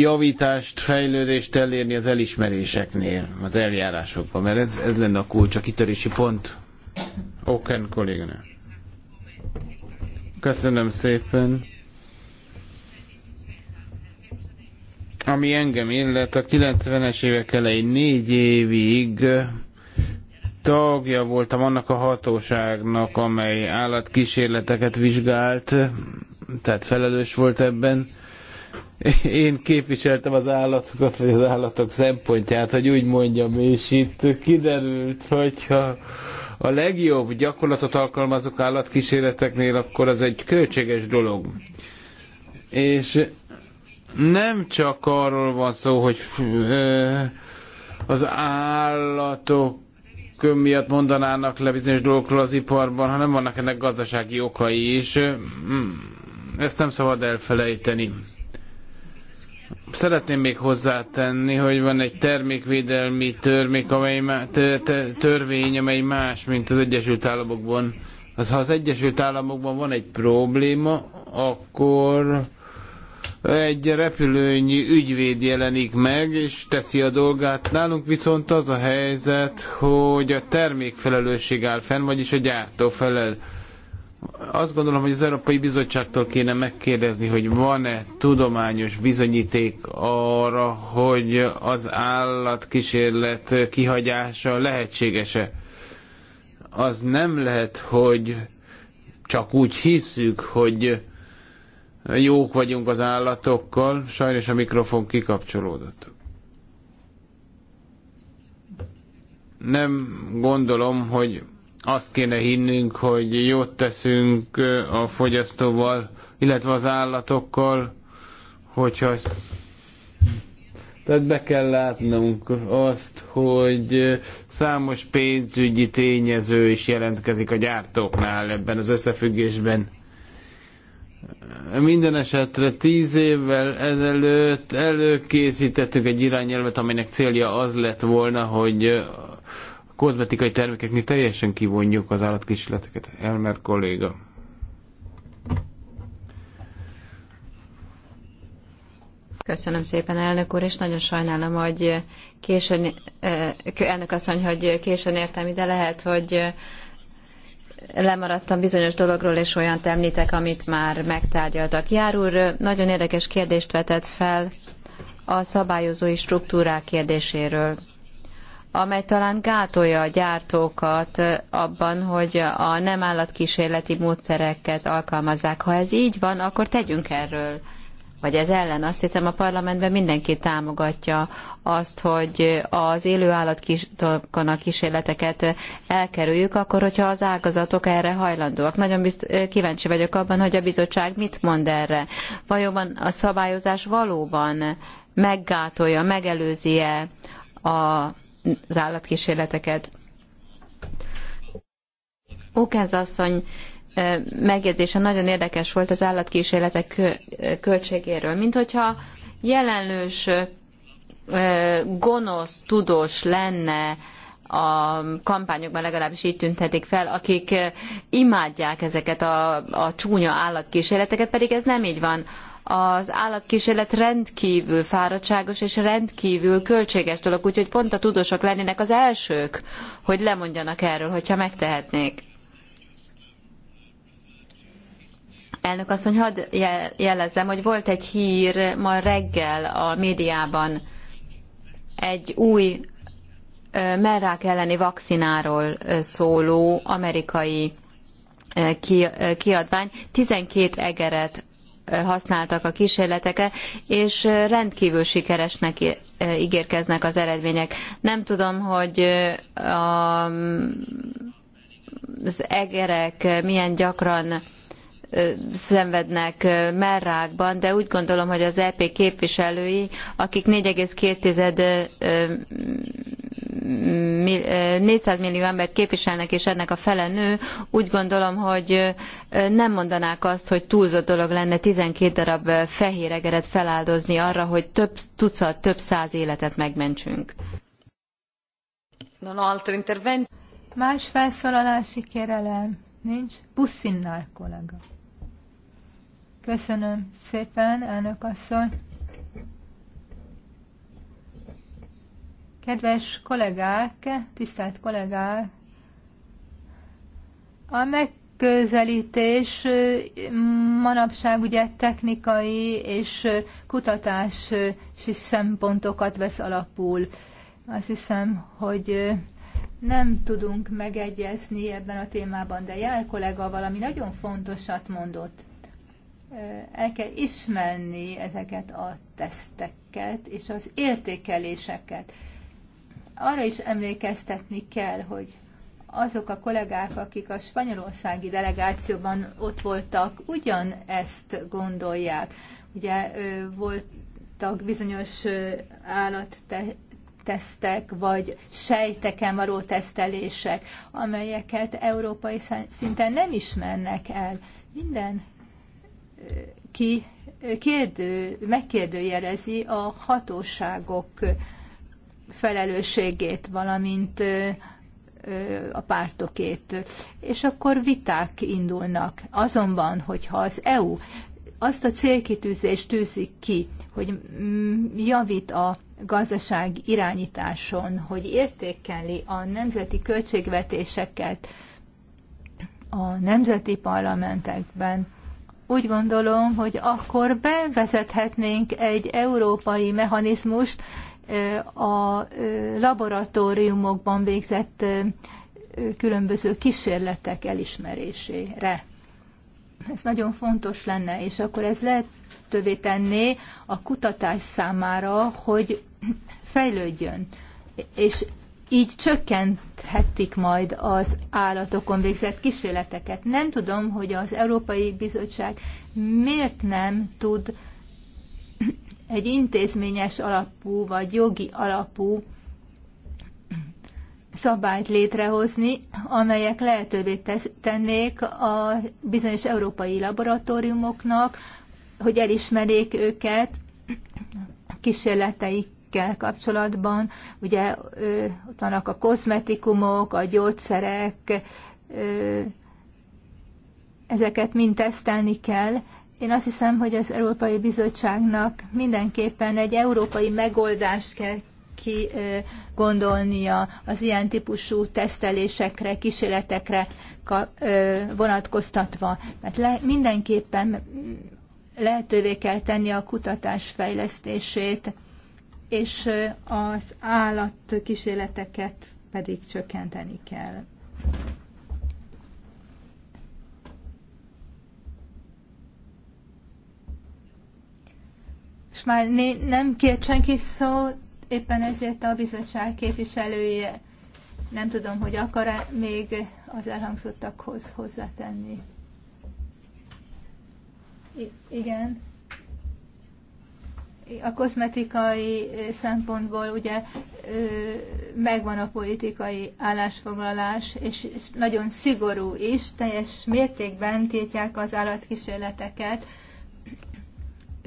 javítást, fejlődést elérni az elismeréseknél, az eljárásokban, mert ez, ez lenne a kulcs, a kitörési pont. Oken kolléganő. Köszönöm szépen. ami engem illet, a 90-es évek elején négy évig tagja voltam annak a hatóságnak, amely állatkísérleteket vizsgált, tehát felelős volt ebben. Én képviseltem az állatokat, vagy az állatok szempontját, hogy úgy mondjam, és itt kiderült, hogyha a legjobb gyakorlatot alkalmazok állatkísérleteknél, akkor az egy költséges dolog. És nem csak arról van szó, hogy az állatok miatt mondanának le bizonyos dolgokról az iparban, hanem vannak ennek gazdasági okai is. Ezt nem szabad elfelejteni. Szeretném még hozzátenni, hogy van egy termékvédelmi törmék, amely má, törvény, amely más, mint az Egyesült Államokban. Az, ha az Egyesült Államokban van egy probléma, akkor egy repülőnyi ügyvéd jelenik meg, és teszi a dolgát. Nálunk viszont az a helyzet, hogy a termékfelelősség áll fenn, vagyis a gyártó felel. Azt gondolom, hogy az Európai Bizottságtól kéne megkérdezni, hogy van-e tudományos bizonyíték arra, hogy az állatkísérlet kihagyása lehetséges-e. Az nem lehet, hogy csak úgy hisszük, hogy jók vagyunk az állatokkal, sajnos a mikrofon kikapcsolódott. Nem gondolom, hogy azt kéne hinnünk, hogy jót teszünk a fogyasztóval, illetve az állatokkal, hogyha... Tehát be kell látnunk azt, hogy számos pénzügyi tényező is jelentkezik a gyártóknál ebben az összefüggésben minden esetre tíz évvel ezelőtt előkészítettük egy irányelvet, aminek célja az lett volna, hogy a kozmetikai termékeknél teljesen kivonjuk az állatkísérleteket. Elmer kolléga. Köszönöm szépen, elnök úr, és nagyon sajnálom, hogy későn, eh, elnök asszony, hogy későn értem ide, lehet, hogy lemaradtam bizonyos dologról, és olyan említek, amit már megtárgyaltak. Jár úr nagyon érdekes kérdést vetett fel a szabályozói struktúrák kérdéséről amely talán gátolja a gyártókat abban, hogy a nem állatkísérleti módszereket alkalmazzák. Ha ez így van, akkor tegyünk erről vagy ez ellen. Azt hiszem a parlamentben mindenki támogatja azt, hogy az élő állatkon a kísérleteket elkerüljük, akkor hogyha az ágazatok erre hajlandóak. Nagyon bizt, kíváncsi vagyok abban, hogy a bizottság mit mond erre. Vajon a szabályozás valóban meggátolja, megelőzi-e az állatkísérleteket? Ókenz asszony megjegyzése nagyon érdekes volt az állatkísérletek költségéről, mint hogyha jelenlős gonosz, tudós lenne a kampányokban legalábbis így tüntetik fel, akik imádják ezeket a, a csúnya állatkísérleteket, pedig ez nem így van. Az állatkísérlet rendkívül fáradtságos és rendkívül költséges dolog, úgyhogy pont a tudósok lennének az elsők, hogy lemondjanak erről, hogyha megtehetnék. Elnök asszony, hadd jelezzem, hogy volt egy hír ma reggel a médiában egy új merrák elleni vakcináról szóló amerikai kiadvány. 12 egeret használtak a kísérletekre, és rendkívül sikeresnek ígérkeznek az eredmények. Nem tudom, hogy az egerek milyen gyakran szenvednek merrákban, de úgy gondolom, hogy az EP képviselői, akik 4,2 400 mm, millió embert képviselnek, és ennek a fele nő, úgy gondolom, hogy nem mondanák azt, hogy túlzott dolog lenne 12 darab fehér egeret feláldozni arra, hogy több tucat, több száz életet megmentsünk. Non altro intervento. Más felszólalási kérelem nincs. Buszinnál kollega. Köszönöm szépen, elnök asszony. Kedves kollégák, tisztelt kollégák, a megközelítés manapság ugye technikai és kutatási szempontokat vesz alapul. Azt hiszem, hogy nem tudunk megegyezni ebben a témában, de Jár kollega valami nagyon fontosat mondott el kell ismerni ezeket a teszteket és az értékeléseket. Arra is emlékeztetni kell, hogy azok a kollégák, akik a spanyolországi delegációban ott voltak, ugyanezt gondolják. Ugye voltak bizonyos állattesztek, vagy sejteken való tesztelések, amelyeket európai szinten nem ismernek el. Minden ki kérdő, megkérdőjelezi a hatóságok felelősségét, valamint a pártokét, és akkor viták indulnak. Azonban, hogyha az EU azt a célkitűzést tűzik ki, hogy mm, javít a gazdaság irányításon, hogy értékeli a nemzeti költségvetéseket a nemzeti parlamentekben, úgy gondolom, hogy akkor bevezethetnénk egy európai mechanizmust eh, a eh, laboratóriumokban végzett eh, különböző kísérletek elismerésére. Ez nagyon fontos lenne, és akkor ez lehetővé tenné a kutatás számára, hogy fejlődjön. És így csökkenthetik majd az állatokon végzett kísérleteket. Nem tudom, hogy az Európai Bizottság miért nem tud egy intézményes alapú vagy jogi alapú szabályt létrehozni, amelyek lehetővé tennék a bizonyos európai laboratóriumoknak, hogy elismerjék őket kísérleteik termékekkel kapcsolatban. Ugye ott vannak a kozmetikumok, a gyógyszerek, ezeket mind tesztelni kell. Én azt hiszem, hogy az Európai Bizottságnak mindenképpen egy európai megoldást kell ki gondolnia az ilyen típusú tesztelésekre, kísérletekre vonatkoztatva. Mert le, mindenképpen lehetővé kell tenni a kutatás fejlesztését és az állatkísérleteket pedig csökkenteni kell. És már nem kért senki szót, éppen ezért a bizottság képviselője nem tudom, hogy akar-e még az elhangzottakhoz hozzátenni. I- igen a kozmetikai szempontból ugye megvan a politikai állásfoglalás, és nagyon szigorú is, teljes mértékben tiltják az állatkísérleteket,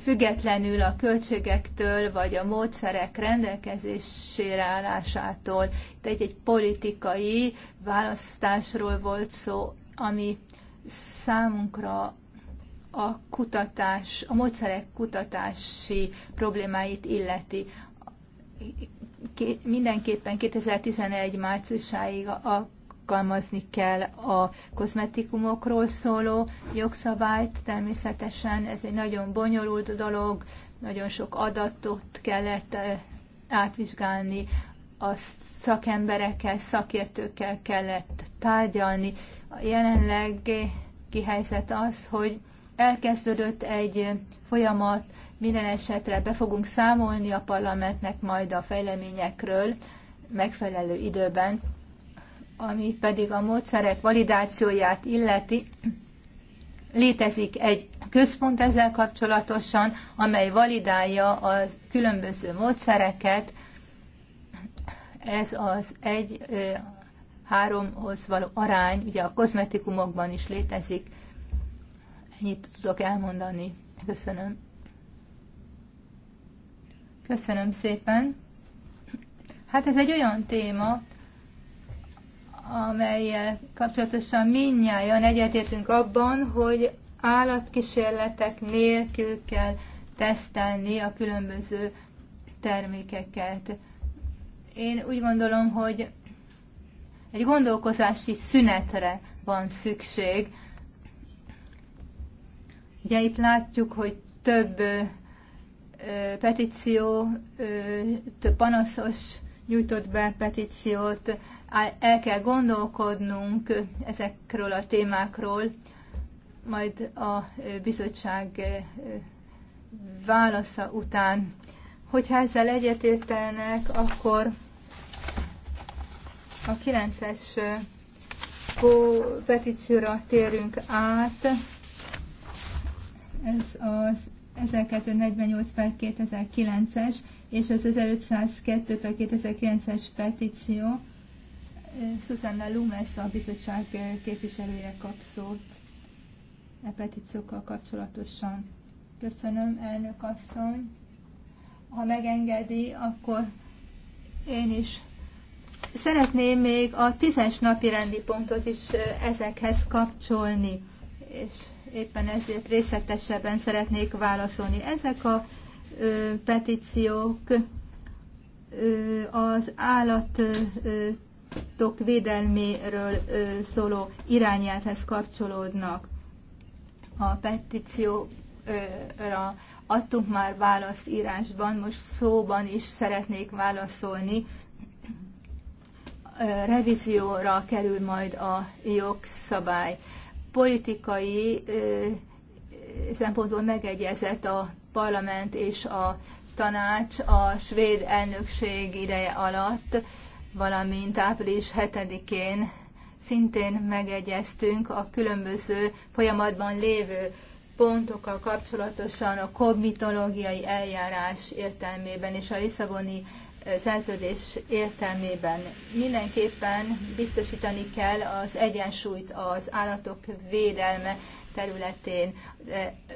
függetlenül a költségektől vagy a módszerek rendelkezésére állásától. Itt egy, egy politikai választásról volt szó, ami számunkra a kutatás, a módszerek kutatási problémáit illeti. mindenképpen 2011 márciusáig alkalmazni kell a kozmetikumokról szóló jogszabályt. Természetesen ez egy nagyon bonyolult dolog, nagyon sok adatot kellett eh, átvizsgálni, a szakemberekkel, szakértőkkel kellett tárgyalni. A jelenlegi helyzet az, hogy elkezdődött egy folyamat, minden esetre be fogunk számolni a parlamentnek majd a fejleményekről megfelelő időben, ami pedig a módszerek validációját illeti. Létezik egy központ ezzel kapcsolatosan, amely validálja a különböző módszereket. Ez az egy háromhoz való arány, ugye a kozmetikumokban is létezik, Ennyit tudok elmondani. Köszönöm. Köszönöm szépen. Hát ez egy olyan téma, amelyel kapcsolatosan minnyáján egyetértünk abban, hogy állatkísérletek nélkül kell tesztelni a különböző termékeket. Én úgy gondolom, hogy egy gondolkozási szünetre van szükség Ugye itt látjuk, hogy több petíció, több panaszos nyújtott be petíciót, el kell gondolkodnunk ezekről a témákról, majd a bizottság válasza után. Hogyha ezzel egyetértenek, akkor a 9-es petícióra térünk át ez az 1248 per 2009-es és az 1502 per 2009-es petíció. Susanna Lumes a bizottság képviselője kap szót e petíciókkal kapcsolatosan. Köszönöm, elnök asszony. Ha megengedi, akkor én is szeretném még a tízes napi rendi pontot is ezekhez kapcsolni, és éppen ezért részletesebben szeretnék válaszolni. Ezek a ö, petíciók ö, az állatok védelméről ö, szóló irányelvhez kapcsolódnak. A petícióra adtunk már választ írásban, most szóban is szeretnék válaszolni revízióra kerül majd a jogszabály politikai szempontból megegyezett a parlament és a tanács a svéd elnökség ideje alatt, valamint április 7-én szintén megegyeztünk a különböző folyamatban lévő pontokkal kapcsolatosan a kognitológiai eljárás értelmében és a Lisszaboni szerződés értelmében. Mindenképpen biztosítani kell az egyensúlyt az állatok védelme területén.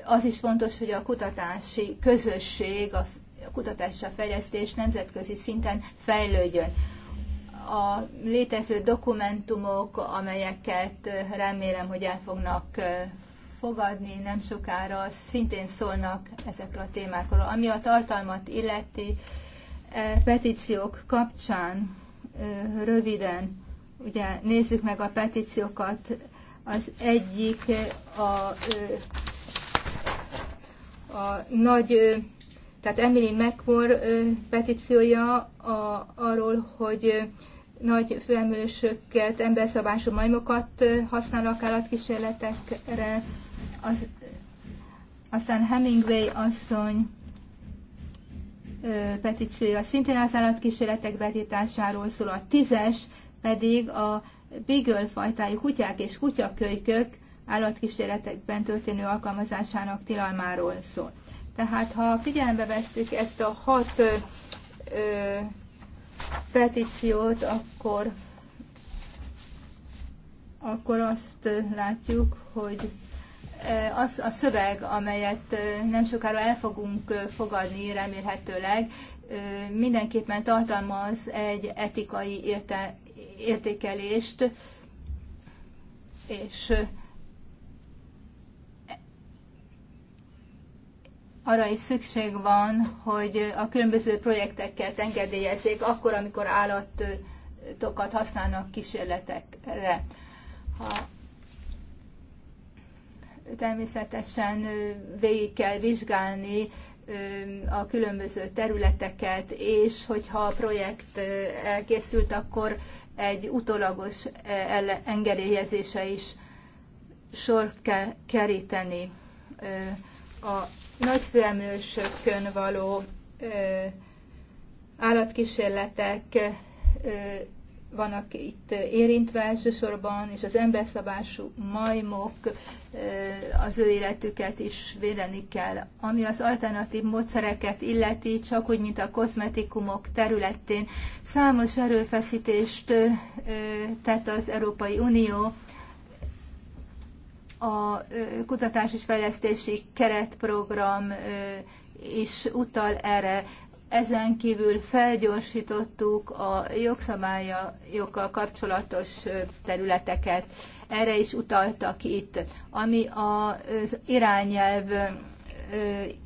Az is fontos, hogy a kutatási közösség, a kutatás és a fejlesztés nemzetközi szinten fejlődjön. A létező dokumentumok, amelyeket remélem, hogy el fognak fogadni nem sokára, szintén szólnak ezekről a témákról. Ami a tartalmat illeti, e petíciók kapcsán e, röviden, ugye nézzük meg a petíciókat. Az egyik a, e, a nagy, e, tehát Emily McMore petíciója a, arról, hogy nagy főemlősöket, emberszabású majmokat használnak állatkísérletekre. Az, aztán Hemingway asszony petíciója szintén az állatkísérletek betiltásáról szól, a tízes pedig a bigöl fajtájú kutyák és kutyakölykök állatkísérletekben történő alkalmazásának tilalmáról szól. Tehát ha figyelembe vesztük ezt a hat ö, ö, petíciót, akkor, akkor azt látjuk, hogy az a szöveg, amelyet nem sokára el fogunk fogadni, remélhetőleg, mindenképpen tartalmaz egy etikai érte, értékelést, és arra is szükség van, hogy a különböző projekteket engedélyezzék akkor, amikor állatokat használnak kísérletekre. Ha természetesen végig kell vizsgálni a különböző területeket, és hogyha a projekt elkészült, akkor egy utolagos engedélyezése is sor kell keríteni. A nagyfőemlősökön való állatkísérletek vannak itt érintve elsősorban, és az emberszabású majmok az ő életüket is védeni kell. Ami az alternatív módszereket illeti, csak úgy, mint a kozmetikumok területén számos erőfeszítést tett az Európai Unió, a kutatás és fejlesztési keretprogram is utal erre. Ezen kívül felgyorsítottuk a jogszabályokkal kapcsolatos területeket. Erre is utaltak itt. Ami az irányelv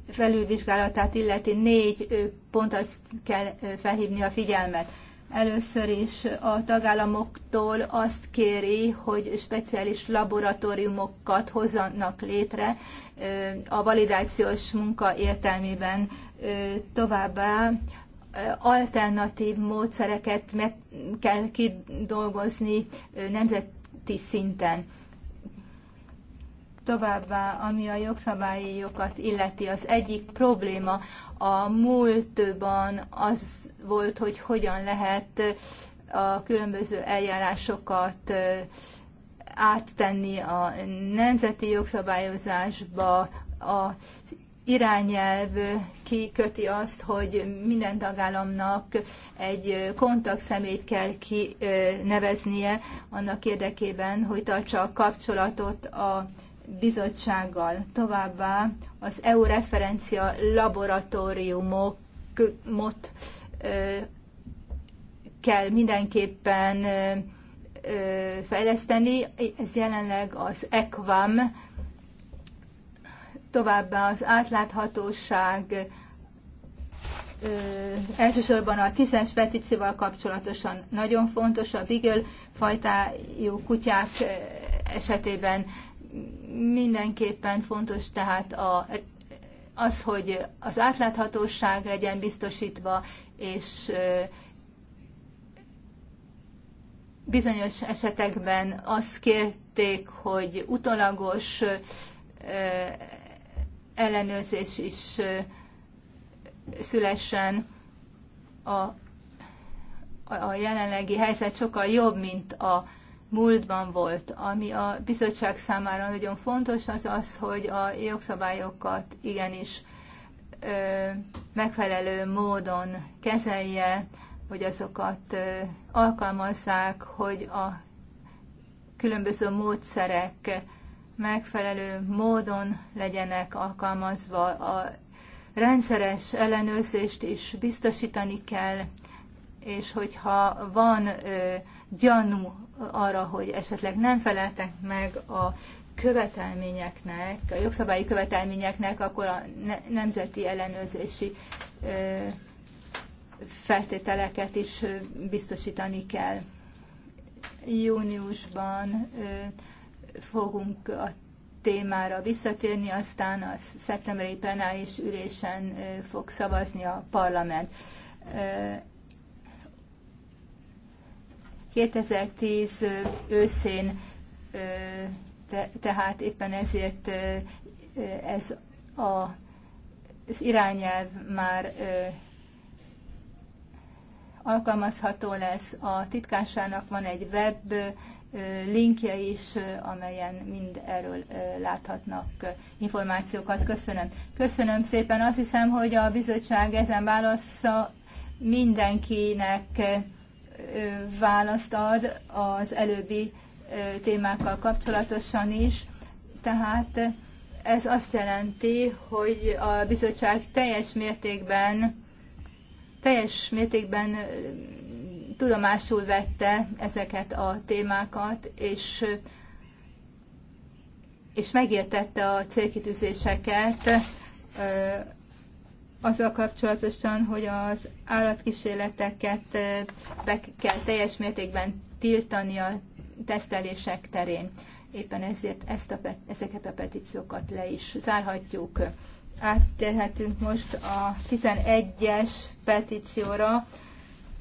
felülvizsgálatát illeti négy pont azt kell felhívni a figyelmet. Először is a tagállamoktól azt kéri, hogy speciális laboratóriumokat hozzanak létre a validációs munka értelmében. Továbbá alternatív módszereket meg kell kidolgozni nemzeti szinten. Továbbá, ami a jogszabályokat illeti, az egyik probléma a múltban az volt, hogy hogyan lehet a különböző eljárásokat áttenni a nemzeti jogszabályozásba, a irányelv kiköti azt, hogy minden tagállamnak egy kontaktszemélyt kell kineveznie annak érdekében, hogy tartsa a kapcsolatot a bizottsággal. Továbbá az EU referencia laboratóriumot kell mindenképpen fejleszteni. Ez jelenleg az EQUAM, továbbá az átláthatóság ö, elsősorban a tízes petícióval kapcsolatosan nagyon fontos, a bigel fajtájú kutyák esetében mindenképpen fontos tehát a, az, hogy az átláthatóság legyen biztosítva, és bizonyos esetekben azt kérték, hogy utolagos ellenőrzés is szülessen a, a jelenlegi helyzet sokkal jobb, mint a múltban volt. Ami a bizottság számára nagyon fontos, az az, hogy a jogszabályokat igenis ö, megfelelő módon kezelje, hogy azokat ö, alkalmazzák, hogy a különböző módszerek megfelelő módon legyenek alkalmazva. A rendszeres ellenőrzést is biztosítani kell, és hogyha van ö, gyanú arra, hogy esetleg nem feleltek meg a követelményeknek, a jogszabályi követelményeknek, akkor a nemzeti ellenőrzési feltételeket is biztosítani kell. Júniusban fogunk a témára visszatérni, aztán a szeptemberi penális ülésen fog szavazni a parlament. 2010 őszén, tehát éppen ezért ez a, az irányelv már alkalmazható lesz. A titkásának van egy web linkje is, amelyen mind erről láthatnak információkat. Köszönöm. Köszönöm szépen. Azt hiszem, hogy a bizottság ezen válasza mindenkinek választ ad az előbbi témákkal kapcsolatosan is. Tehát ez azt jelenti, hogy a bizottság teljes mértékben teljes mértékben tudomásul vette ezeket a témákat, és, és megértette a célkitűzéseket azzal kapcsolatosan, hogy az állatkísérleteket be kell teljes mértékben tiltani a tesztelések terén. Éppen ezért ezt a, ezeket a petíciókat le is zárhatjuk. Áttérhetünk most a 11-es petícióra.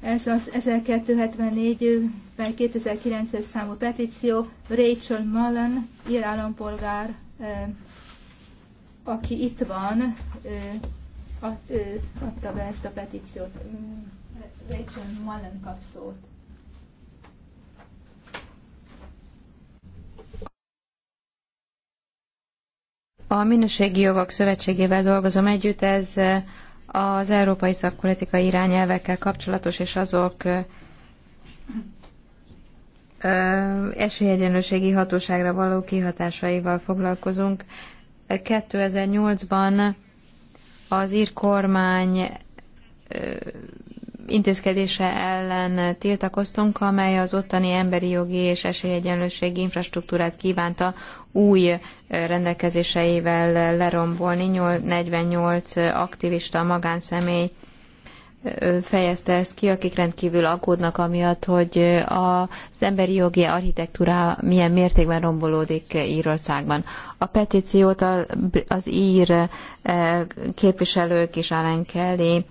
Ez az 1274 per 2009-es számú petíció Rachel Mullen, ír állampolgár, aki itt van, ad, adta be ezt a petíciót. Rachel Mullen kap szót. A Minőségi Jogok Szövetségével dolgozom együtt, ez az európai szakpolitikai irányelvekkel kapcsolatos, és azok esélyegyenlőségi hatóságra való kihatásaival foglalkozunk. 2008-ban az ír kormány intézkedése ellen tiltakoztunk, amely az ottani emberi jogi és esélyegyenlőségi infrastruktúrát kívánta új rendelkezéseivel lerombolni. 48 aktivista magánszemély fejezte ezt ki, akik rendkívül aggódnak amiatt, hogy az emberi jogi architektúra milyen mértékben rombolódik Írországban. A petíciót az ír képviselők is Alan Kelly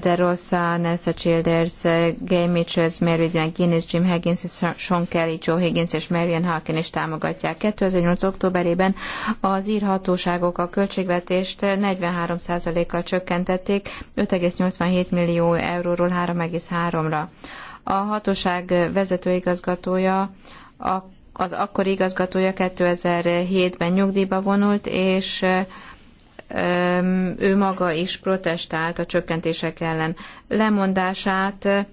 de Rosa, Nessa Childers, Gay Mitchells, Meridian Guinness, Jim Higgins, Sean Kelly, Joe Higgins és Marian Harkin is támogatják. 2008. októberében az írhatóságok a költségvetést 43%-kal csökkentették, 5,87 millió euróról 3,3-ra. A hatóság vezetőigazgatója a az akkori igazgatója 2007-ben nyugdíjba vonult, és ő maga is protestált a csökkentések ellen. Lemondását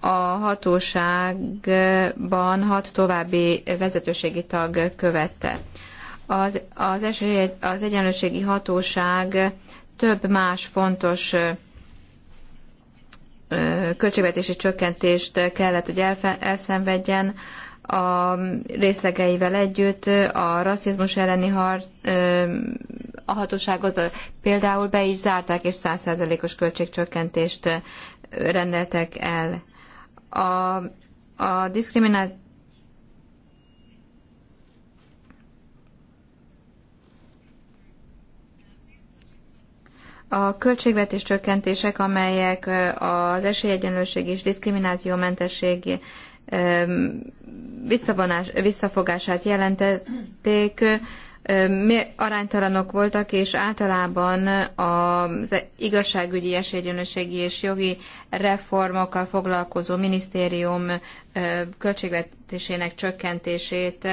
a hatóságban hat további vezetőségi tag követte. Az, az, esély, az egyenlőségi hatóság több más fontos költségvetési csökkentést kellett, hogy elszenvedjen a részlegeivel együtt a rasszizmus elleni har, a hatóságot például be is zárták, és 100%-os költségcsökkentést rendeltek el. A, a A költségvetés csökkentések, amelyek az esélyegyenlőség és diszkriminációmentesség mentesség visszavonás, visszafogását jelentették, aránytalanok voltak, és általában az igazságügyi, esélyegyenlőségi és jogi reformokkal foglalkozó minisztérium költségvetésének csökkentését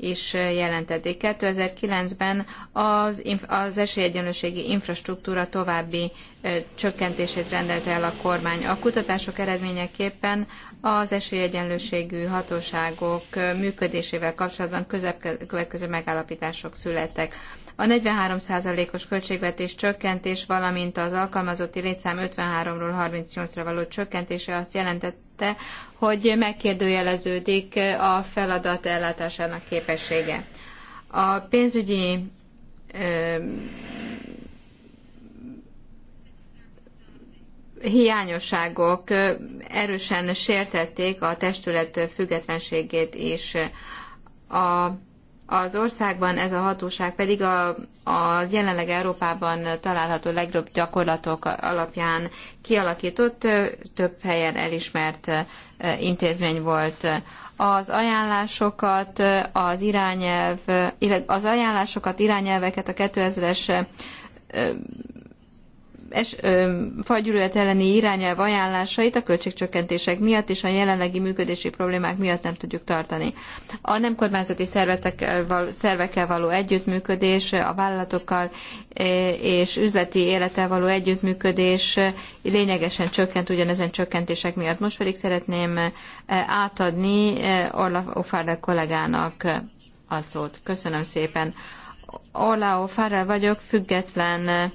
is jelentették. 2009-ben az, az esélyegyenlőségi infrastruktúra további csökkentését rendelte el a kormány. A kutatások eredményeképpen az esélyegyenlőségű hatóságok működésével kapcsolatban következő megállapítások születtek a 43%-os költségvetés csökkentés, valamint az alkalmazotti létszám 53-ról 38-ra való csökkentése azt jelentette, hogy megkérdőjeleződik a feladat ellátásának képessége. A pénzügyi hiányosságok erősen sértették a testület függetlenségét és a az országban ez a hatóság pedig a, jelenleg Európában található legjobb gyakorlatok alapján kialakított, több helyen elismert intézmény volt. Az ajánlásokat, az irányelv, az ajánlásokat, irányelveket a 2000-es es, ö, fagyűlölet elleni irányelv ajánlásait a költségcsökkentések miatt és a jelenlegi működési problémák miatt nem tudjuk tartani. A nem kormányzati szervekkel való együttműködés, a vállalatokkal és üzleti élettel való együttműködés lényegesen csökkent ugyanezen csökkentések miatt. Most pedig szeretném átadni Orla Ofárda kollégának a szót. Köszönöm szépen. Orla Ofárda vagyok, független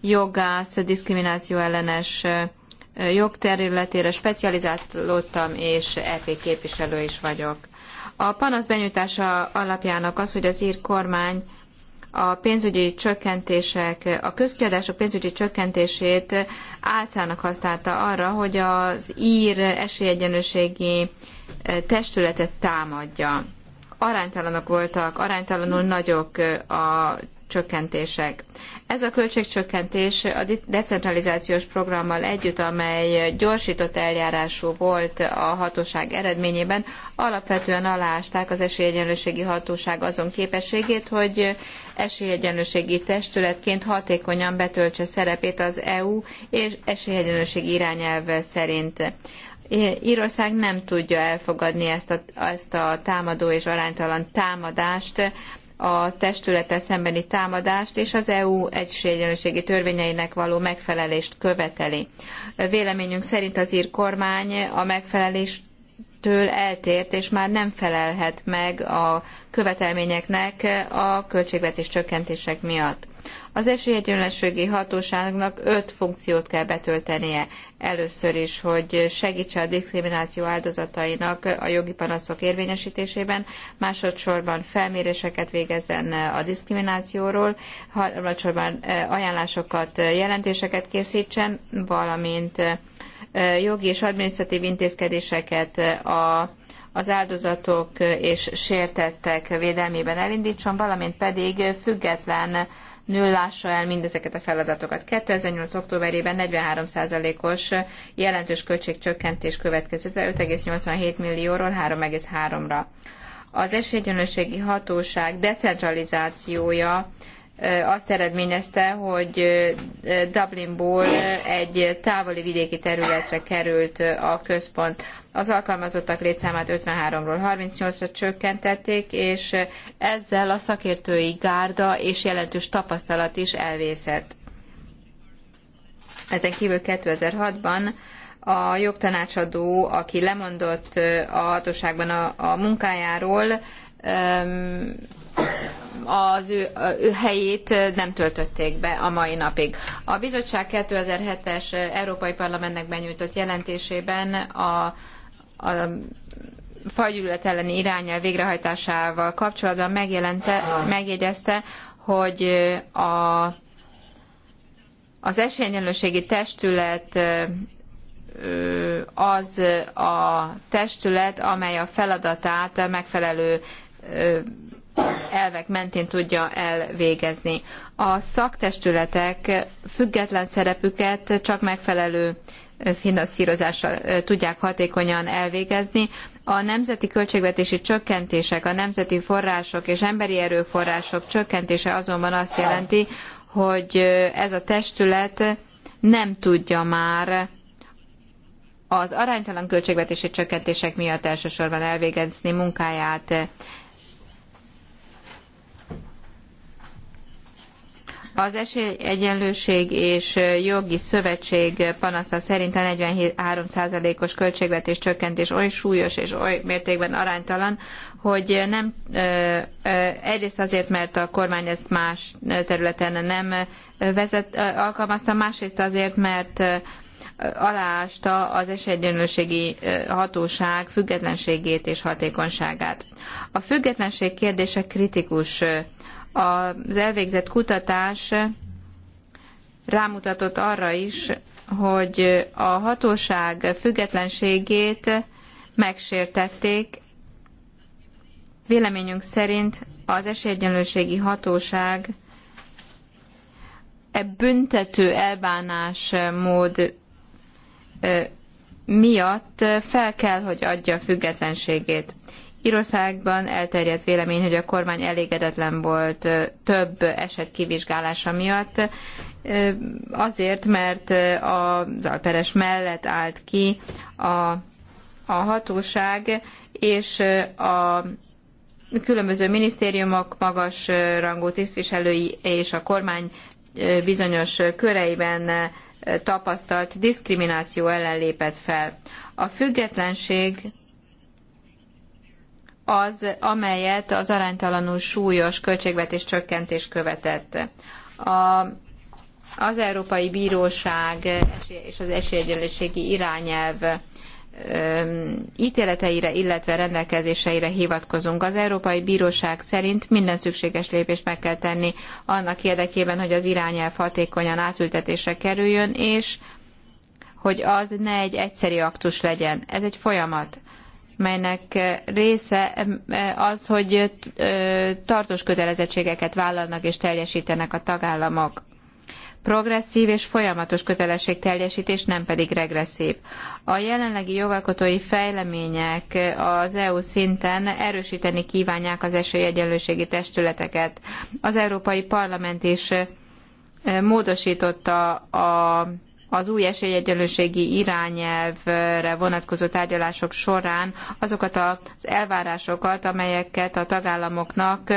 jogász, diszkrimináció ellenes jogterületére specializálódtam, és EP képviselő is vagyok. A panasz benyújtása alapjának az, hogy az ír kormány a pénzügyi csökkentések, a közkiadások pénzügyi csökkentését álcának használta arra, hogy az ír esélyegyenlőségi testületet támadja. Aránytalanok voltak, aránytalanul nagyok a csökkentések. Ez a költségcsökkentés a decentralizációs programmal együtt, amely gyorsított eljárású volt a hatóság eredményében, alapvetően aláásták az esélyegyenlőségi hatóság azon képességét, hogy esélyegyenlőségi testületként hatékonyan betöltse szerepét az EU és esélyegyenlőségi irányelv szerint. Írország nem tudja elfogadni ezt a, ezt a támadó és aránytalan támadást, a testülete szembeni támadást és az EU egységegyenlőségi törvényeinek való megfelelést követeli. Véleményünk szerint az ír kormány a megfelelést től eltért, és már nem felelhet meg a követelményeknek a költségvetés csökkentések miatt. Az esélyegyenlőségi hatóságnak öt funkciót kell betöltenie először is, hogy segítse a diszkrimináció áldozatainak a jogi panaszok érvényesítésében, másodszorban felméréseket végezzen a diszkriminációról, harmadsorban eh, ajánlásokat, eh, jelentéseket készítsen, valamint eh, jogi és adminisztratív intézkedéseket a az áldozatok és sértettek védelmében elindítson, valamint pedig független nő lássa el mindezeket a feladatokat. 2008. októberében 43%-os jelentős költségcsökkentés következett be 5,87 millióról 3,3-ra. Az esélyegyenlőségi hatóság decentralizációja azt eredményezte, hogy Dublinból egy távoli vidéki területre került a központ. Az alkalmazottak létszámát 53-ról 38-ra csökkentették, és ezzel a szakértői gárda és jelentős tapasztalat is elvészett. Ezen kívül 2006-ban a jogtanácsadó, aki lemondott a hatóságban a, a munkájáról, az ő, ő helyét nem töltötték be a mai napig. A bizottság 2007-es Európai Parlamentnek benyújtott jelentésében a, a fajgyűlölet elleni irányel végrehajtásával kapcsolatban megjelente, megjegyezte, hogy a, az esélyegyenlőségi testület az a testület, amely a feladatát megfelelő elvek mentén tudja elvégezni. A szaktestületek független szerepüket csak megfelelő finanszírozással tudják hatékonyan elvégezni. A nemzeti költségvetési csökkentések, a nemzeti források és emberi erőforrások csökkentése azonban azt jelenti, hogy ez a testület nem tudja már az aránytalan költségvetési csökkentések miatt elsősorban elvégezni munkáját. Az esélyegyenlőség és jogi szövetség panasza szerint a 43%-os költségvetés csökkentés oly súlyos és oly mértékben aránytalan, hogy nem egyrészt azért, mert a kormány ezt más területen nem vezet, alkalmazta, másrészt azért, mert aláásta az esélyegyenlőségi hatóság függetlenségét és hatékonyságát. A függetlenség kérdése kritikus az elvégzett kutatás rámutatott arra is, hogy a hatóság függetlenségét megsértették. Véleményünk szerint az esélyegyenlőségi hatóság e büntető elbánásmód miatt fel kell, hogy adja függetlenségét. Írországban elterjedt vélemény, hogy a kormány elégedetlen volt több eset kivizsgálása miatt, azért, mert az alperes mellett állt ki a, a hatóság, és a különböző minisztériumok magas rangú tisztviselői és a kormány bizonyos köreiben tapasztalt diszkrimináció ellen lépett fel. A függetlenség az, amelyet az aránytalanul súlyos költségvetés csökkentés követett. A, az Európai Bíróság és az esélyegyenlőségi irányelv ítéleteire, illetve rendelkezéseire hivatkozunk. Az Európai Bíróság szerint minden szükséges lépést meg kell tenni annak érdekében, hogy az irányelv hatékonyan átültetésre kerüljön, és hogy az ne egy egyszeri aktus legyen. Ez egy folyamat melynek része e, az, hogy tartós kötelezettségeket vállalnak és teljesítenek a tagállamok progresszív és folyamatos teljesítés nem pedig regresszív. A jelenlegi jogalkotói fejlemények az EU szinten erősíteni kívánják az esélyegyenlőségi testületeket. Az Európai Parlament is módosította a az új esélyegyenlőségi irányelvre vonatkozó tárgyalások során azokat az elvárásokat, amelyeket a tagállamoknak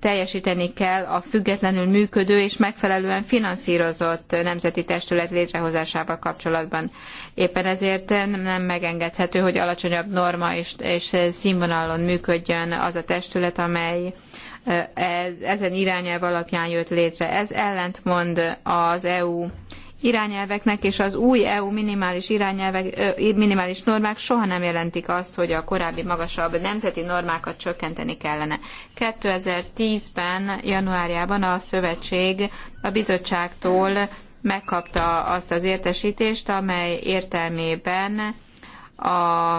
teljesíteni kell a függetlenül működő és megfelelően finanszírozott nemzeti testület létrehozásával kapcsolatban. Éppen ezért nem megengedhető, hogy alacsonyabb norma és, és színvonalon működjön az a testület, amely eh, ez, ezen irányelv alapján jött létre. Ez ellentmond az EU irányelveknek és az új EU minimális, irányelvek, minimális normák soha nem jelentik azt, hogy a korábbi magasabb nemzeti normákat csökkenteni kellene. 2010-ben, januárjában a szövetség a bizottságtól megkapta azt az értesítést, amely értelmében a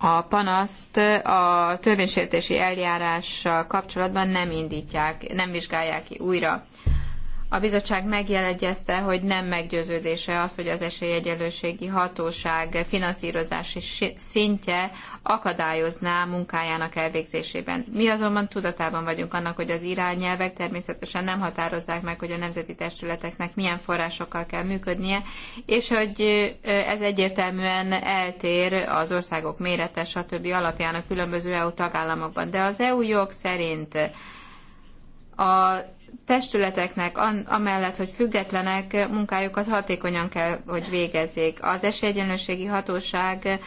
a panaszt a törvénysértési eljárással kapcsolatban nem indítják, nem vizsgálják ki újra. A bizottság megjegyezte, hogy nem meggyőződése az, hogy az esélyegyenlőségi hatóság finanszírozási szintje akadályozná munkájának elvégzésében. Mi azonban tudatában vagyunk annak, hogy az irányelvek természetesen nem határozzák meg, hogy a nemzeti testületeknek milyen forrásokkal kell működnie, és hogy ez egyértelműen eltér az országok mérete, stb. alapján a különböző EU tagállamokban. De az EU jog szerint a testületeknek, amellett, hogy függetlenek, munkájukat hatékonyan kell, hogy végezzék. Az esélyegyenlőségi hatóság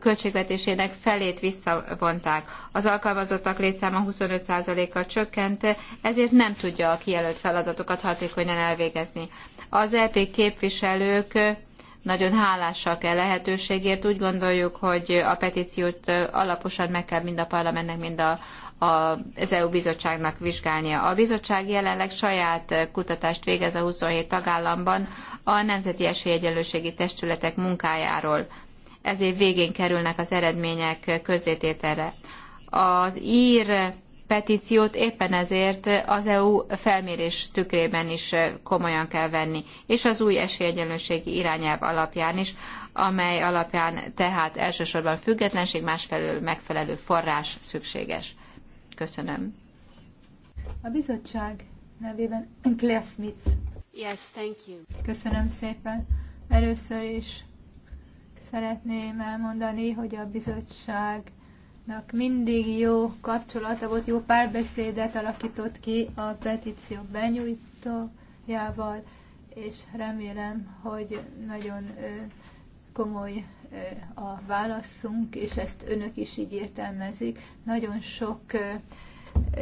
költségvetésének felét visszavonták. Az alkalmazottak létszáma 25%-kal csökkent, ezért nem tudja a kijelölt feladatokat hatékonyan elvégezni. Az EP képviselők nagyon hálásak e lehetőségért. Úgy gondoljuk, hogy a petíciót alaposan meg kell mind a parlamentnek, mind a az EU bizottságnak vizsgálnia. A bizottság jelenleg saját kutatást végez a 27 tagállamban a Nemzeti Esélyegyelőségi Testületek munkájáról. Ez év végén kerülnek az eredmények közzétételre. Az ír petíciót éppen ezért az EU felmérés tükrében is komolyan kell venni, és az új esélyegyenlőségi irányelv alapján is, amely alapján tehát elsősorban függetlenség, másfelől megfelelő forrás szükséges. Köszönöm. A bizottság nevében Claire Smith. Yes, thank you. Köszönöm szépen. Először is szeretném elmondani, hogy a bizottságnak mindig jó kapcsolata volt, jó párbeszédet alakított ki a petíció benyújtójával, és remélem, hogy nagyon komoly a válaszunk, és ezt önök is így értelmezik. Nagyon sok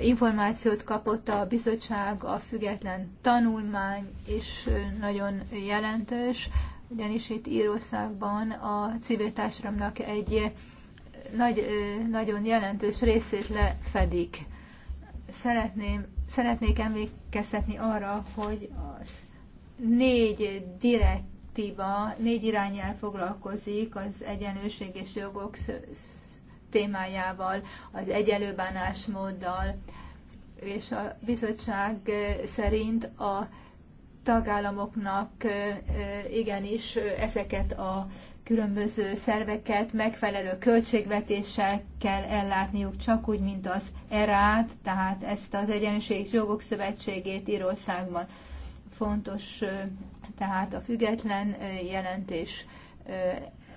információt kapott a bizottság, a független tanulmány is nagyon jelentős, ugyanis itt Írországban a civil társadalomnak egy nagy, nagyon jelentős részét lefedik. Szeretném, szeretnék emlékeztetni arra, hogy az négy direkt direktíva négy irányel foglalkozik az egyenlőség és jogok témájával, az egyenlő bánásmóddal, és a bizottság szerint a tagállamoknak igenis ezeket a különböző szerveket megfelelő költségvetéssel kell ellátniuk, csak úgy, mint az ERÁT, tehát ezt az Egyenlőség Jogok Szövetségét Írországban fontos tehát a független jelentés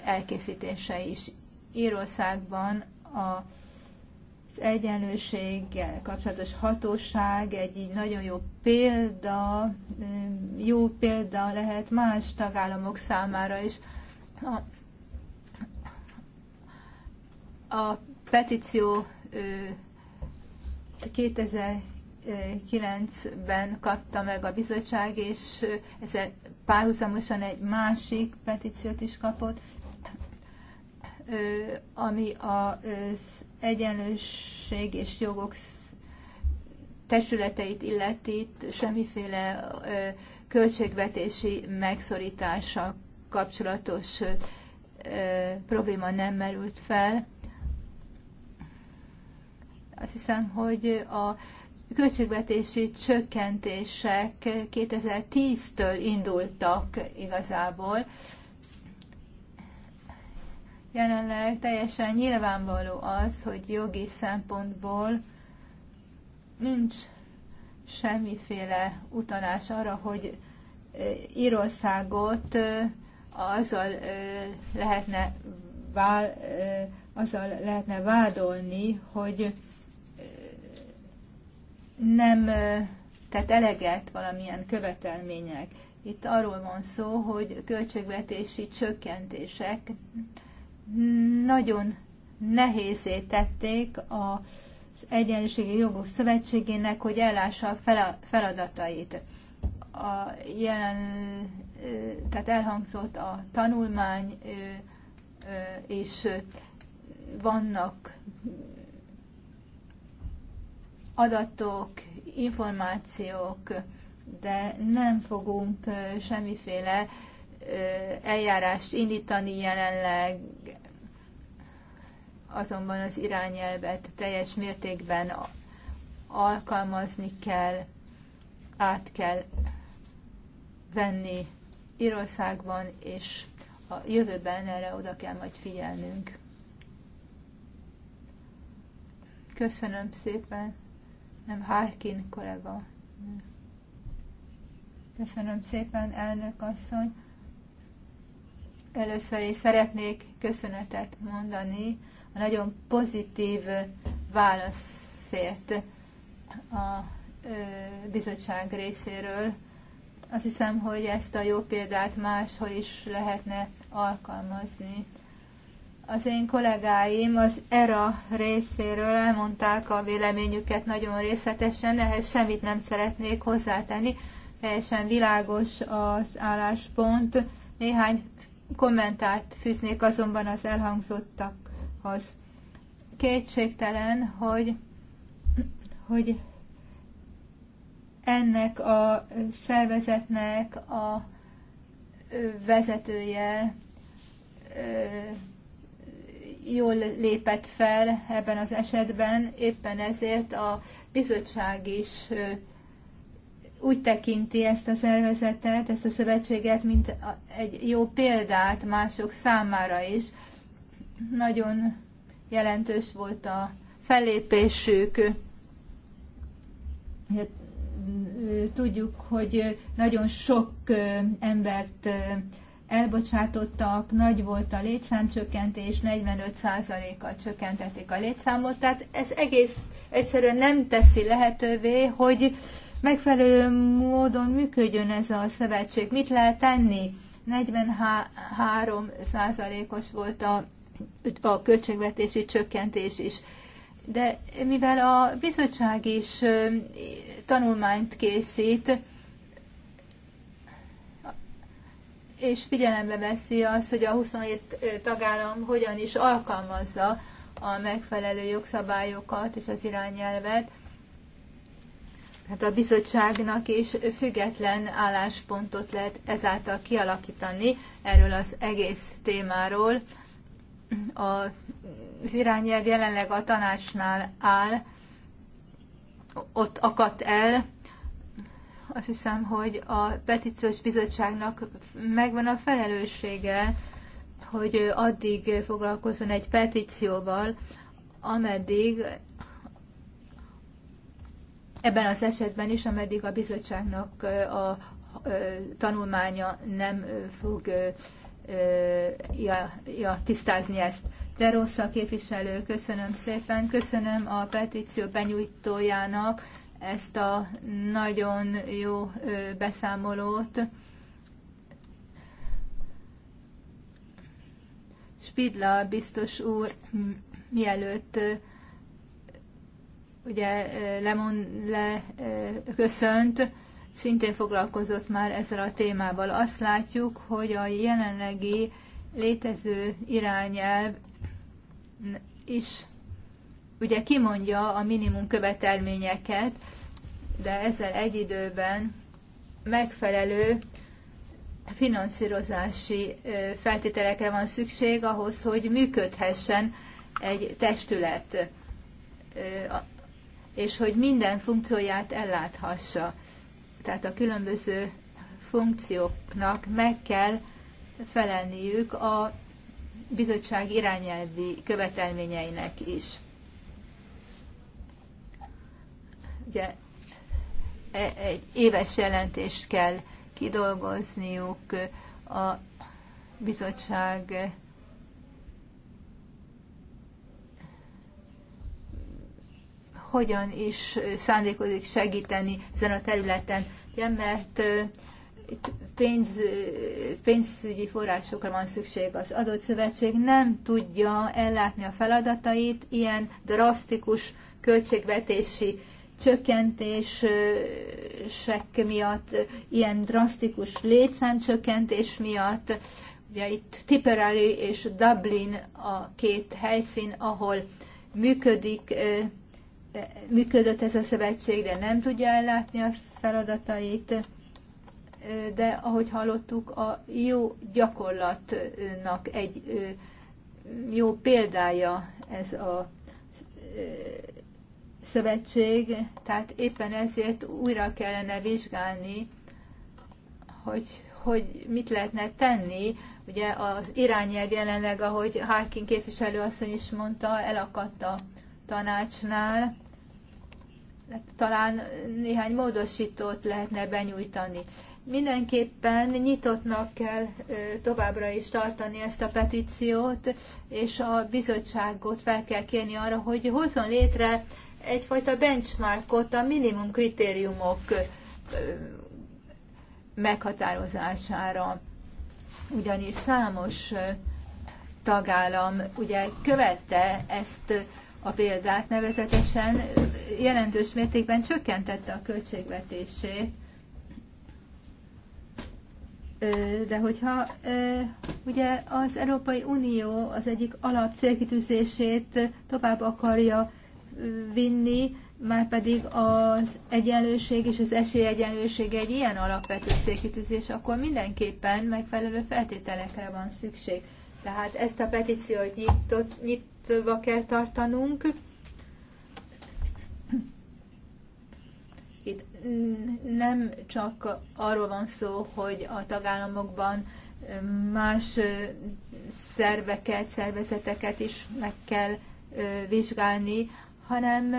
elkészítése is. Írországban a az egyenlőséggel kapcsolatos hatóság egy így nagyon jó példa, jó példa lehet más tagállamok számára is. A, a petíció 2009-ben kapta meg a bizottság, és ezzel párhuzamosan egy másik petíciót is kapott, ami az egyenlőség és jogok testületeit illeti, semmiféle költségvetési megszorítása kapcsolatos probléma nem merült fel. Azt hiszem, hogy a költségvetési csökkentések 2010-től indultak igazából. Jelenleg teljesen nyilvánvaló az, hogy jogi szempontból nincs semmiféle utalás arra, hogy Írországot azzal lehetne, vál, azzal lehetne vádolni, hogy nem tett eleget valamilyen követelmények. Itt arról van szó, hogy költségvetési csökkentések nagyon nehézé tették az Egyenlőségi Jogok Szövetségének, hogy ellássa a feladatait. A jelen, tehát elhangzott a tanulmány, és vannak adatok, információk, de nem fogunk semmiféle eljárást indítani jelenleg, azonban az irányelvet teljes mértékben alkalmazni kell, át kell venni Írországban, és a jövőben erre oda kell majd figyelnünk. Köszönöm szépen! nem Harkin kollega. Köszönöm szépen, elnök asszony. Először is szeretnék köszönetet mondani a nagyon pozitív válaszért a bizottság részéről. Azt hiszem, hogy ezt a jó példát máshol is lehetne alkalmazni. Az én kollégáim az ERA részéről elmondták a véleményüket nagyon részletesen, ehhez semmit nem szeretnék hozzátenni. Teljesen világos az álláspont. Néhány kommentárt fűznék azonban az elhangzottakhoz. Kétségtelen, hogy, hogy ennek a szervezetnek a vezetője jól lépett fel ebben az esetben, éppen ezért a bizottság is úgy tekinti ezt a szervezetet, ezt a szövetséget, mint egy jó példát mások számára is. Nagyon jelentős volt a fellépésük. Tudjuk, hogy nagyon sok embert elbocsátottak, nagy volt a létszámcsökkentés, 45%-kal csökkentették a létszámot, tehát ez egész egyszerűen nem teszi lehetővé, hogy megfelelő módon működjön ez a szövetség. Mit lehet tenni? 43%-os volt a, a költségvetési csökkentés is. De mivel a bizottság is tanulmányt készít, és figyelembe veszi azt, hogy a 27 tagállam hogyan is alkalmazza a megfelelő jogszabályokat és az irányelvet. Hát a bizottságnak is független álláspontot lehet ezáltal kialakítani erről az egész témáról. Az irányelv jelenleg a tanácsnál áll, ott akadt el, azt hiszem, hogy a petíciós bizottságnak megvan a felelőssége, hogy addig foglalkozzon egy petícióval, ameddig ebben az esetben is, ameddig a bizottságnak a tanulmánya nem fogja ja, ja, tisztázni ezt. De rossz a képviselő, köszönöm szépen, köszönöm a petíció benyújtójának, ezt a nagyon jó beszámolót. Spidla biztos úr, mielőtt ugye lemond, le köszönt, szintén foglalkozott már ezzel a témával. Azt látjuk, hogy a jelenlegi létező irányelv is ugye kimondja a minimum követelményeket, de ezzel egy időben megfelelő finanszírozási feltételekre van szükség ahhoz, hogy működhessen egy testület, és hogy minden funkcióját elláthassa. Tehát a különböző funkcióknak meg kell felelniük a bizottság irányelvi követelményeinek is. ugye e, egy éves jelentést kell kidolgozniuk a bizottság hogyan is szándékozik segíteni ezen a területen, ugye, mert itt pénz, pénzügyi forrásokra van szükség. Az adott szövetség nem tudja ellátni a feladatait ilyen drasztikus költségvetési csökkentések miatt, ilyen drasztikus létszámcsökkentés miatt. Ugye itt Tipperary és Dublin a két helyszín, ahol működik, működött ez a szövetség, de nem tudja ellátni a feladatait de ahogy hallottuk, a jó gyakorlatnak egy jó példája ez a szövetség, tehát éppen ezért újra kellene vizsgálni, hogy, hogy mit lehetne tenni. Ugye az irányelv jelenleg, ahogy Harkin képviselő asszony is mondta, elakadt a tanácsnál. Hát talán néhány módosítót lehetne benyújtani. Mindenképpen nyitottnak kell továbbra is tartani ezt a petíciót, és a bizottságot fel kell kérni arra, hogy hozzon létre egyfajta benchmarkot a minimum kritériumok meghatározására. Ugyanis számos tagállam ugye követte ezt a példát, nevezetesen jelentős mértékben csökkentette a költségvetését, de hogyha ugye az Európai Unió az egyik alapcélkitűzését tovább akarja vinni, már pedig az egyenlőség és az esélyegyenlőség egy ilyen alapvető székütőzés, akkor mindenképpen megfelelő feltételekre van szükség. Tehát ezt a petíciót nyitott, nyitva kell tartanunk. Itt nem csak arról van szó, hogy a tagállamokban más szerveket, szervezeteket is meg kell vizsgálni, hanem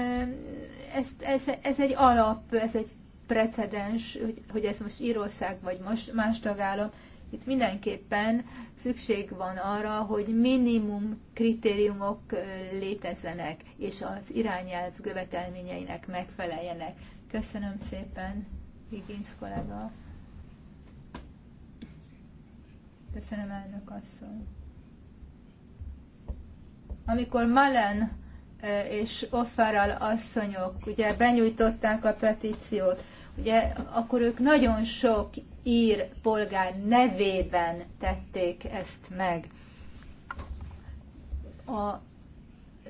ez, ez, ez egy alap, ez egy precedens, hogy, hogy ez most Írország vagy most más tagállam. Itt mindenképpen szükség van arra, hogy minimum kritériumok létezzenek, és az irányelv követelményeinek megfeleljenek. Köszönöm szépen, Higgins kollega. Köszönöm, elnök asszony. Amikor Malen és Offaral asszonyok ugye benyújtották a petíciót, ugye akkor ők nagyon sok ír polgár nevében tették ezt meg. A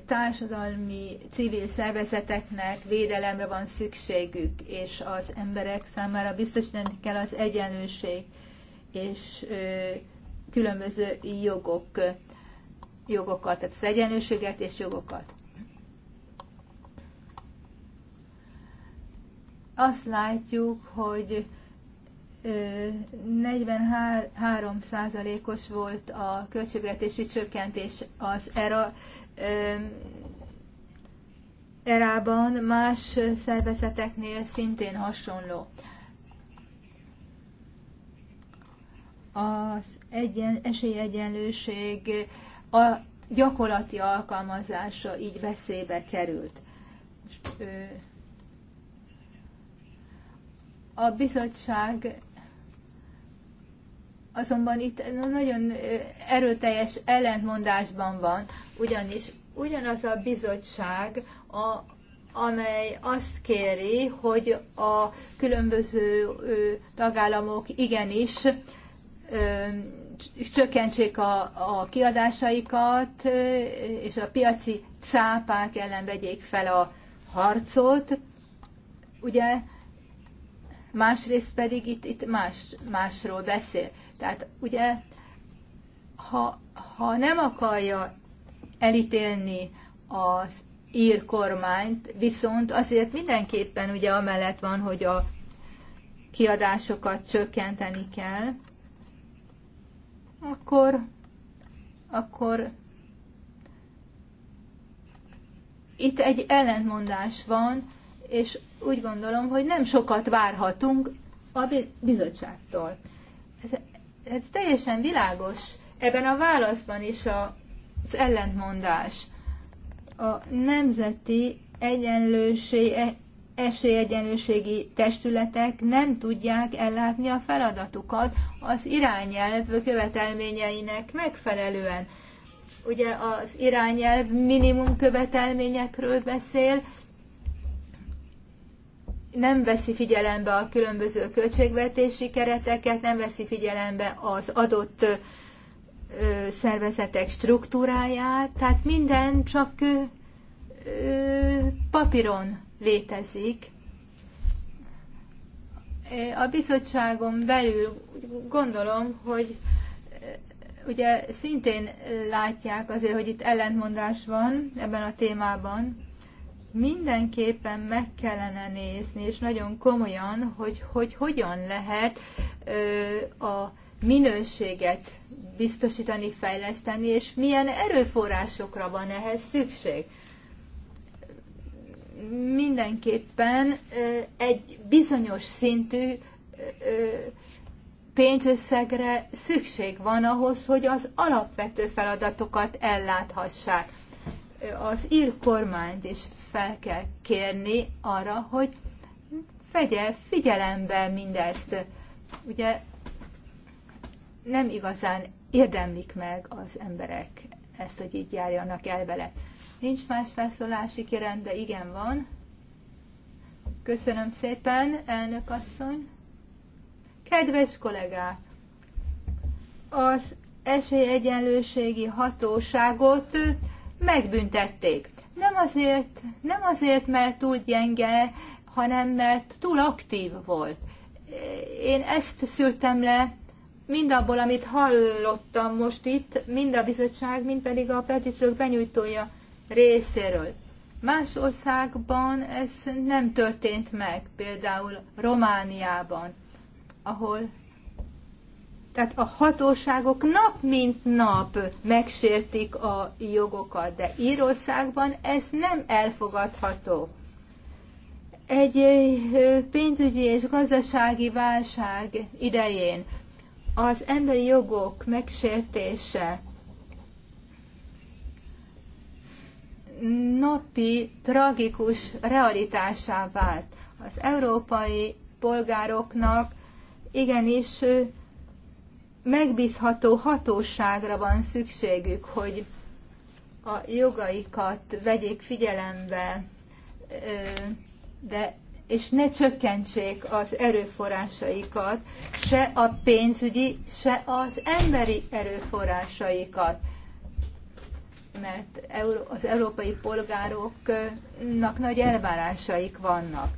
társadalmi civil szervezeteknek védelemre van szükségük, és az emberek számára biztosítani kell az egyenlőség és ö, különböző jogok, jogokat, tehát az egyenlőséget és jogokat. azt látjuk, hogy 43%-os volt a költségvetési csökkentés az ERA, erában, más szervezeteknél szintén hasonló. Az egyen, esélyegyenlőség a gyakorlati alkalmazása így veszélybe került. Most, a bizottság azonban itt nagyon erőteljes ellentmondásban van, ugyanis ugyanaz a bizottság, a, amely azt kéri, hogy a különböző tagállamok igenis csökkentsék a, a kiadásaikat, és a piaci cápák ellen vegyék fel a harcot. Ugye másrészt pedig itt, itt más, másról beszél. Tehát ugye, ha, ha nem akarja elítélni az ír kormányt, viszont azért mindenképpen ugye amellett van, hogy a kiadásokat csökkenteni kell, akkor, akkor itt egy ellentmondás van, és úgy gondolom, hogy nem sokat várhatunk a bizottságtól. Ez, ez teljesen világos. Ebben a válaszban is a, az ellentmondás. A nemzeti egyenlőség, e, esélyegyenlőségi testületek nem tudják ellátni a feladatukat az irányelv követelményeinek megfelelően. Ugye az irányelv minimum követelményekről beszél, nem veszi figyelembe a különböző költségvetési kereteket, nem veszi figyelembe az adott szervezetek struktúráját, tehát minden csak papíron létezik. A bizottságon belül gondolom, hogy ugye szintén látják azért, hogy itt ellentmondás van ebben a témában mindenképpen meg kellene nézni, és nagyon komolyan, hogy, hogy hogyan lehet ö, a minőséget biztosítani, fejleszteni, és milyen erőforrásokra van ehhez szükség. Mindenképpen ö, egy bizonyos szintű ö, pénzösszegre szükség van ahhoz, hogy az alapvető feladatokat elláthassák az ír kormányt is fel kell kérni arra, hogy vegye figyelembe mindezt. Ugye nem igazán érdemlik meg az emberek ezt, hogy így járjanak el vele. Nincs más felszólási kérem, de igen van. Köszönöm szépen, elnök asszony. Kedves kollégák! Az esélyegyenlőségi hatóságot megbüntették. Nem azért, nem azért, mert túl gyenge, hanem mert túl aktív volt. Én ezt szűrtem le Mind abból, amit hallottam most itt, mind a bizottság, mind pedig a petíciók benyújtója részéről. Más országban ez nem történt meg, például Romániában, ahol tehát a hatóságok nap mint nap megsértik a jogokat, de Írországban ez nem elfogadható. Egy pénzügyi és gazdasági válság idején az emberi jogok megsértése napi tragikus realitásá vált. Az európai polgároknak igenis megbízható hatóságra van szükségük, hogy a jogaikat vegyék figyelembe, de és ne csökkentsék az erőforrásaikat, se a pénzügyi, se az emberi erőforrásaikat. Mert az európai polgároknak nagy elvárásaik vannak.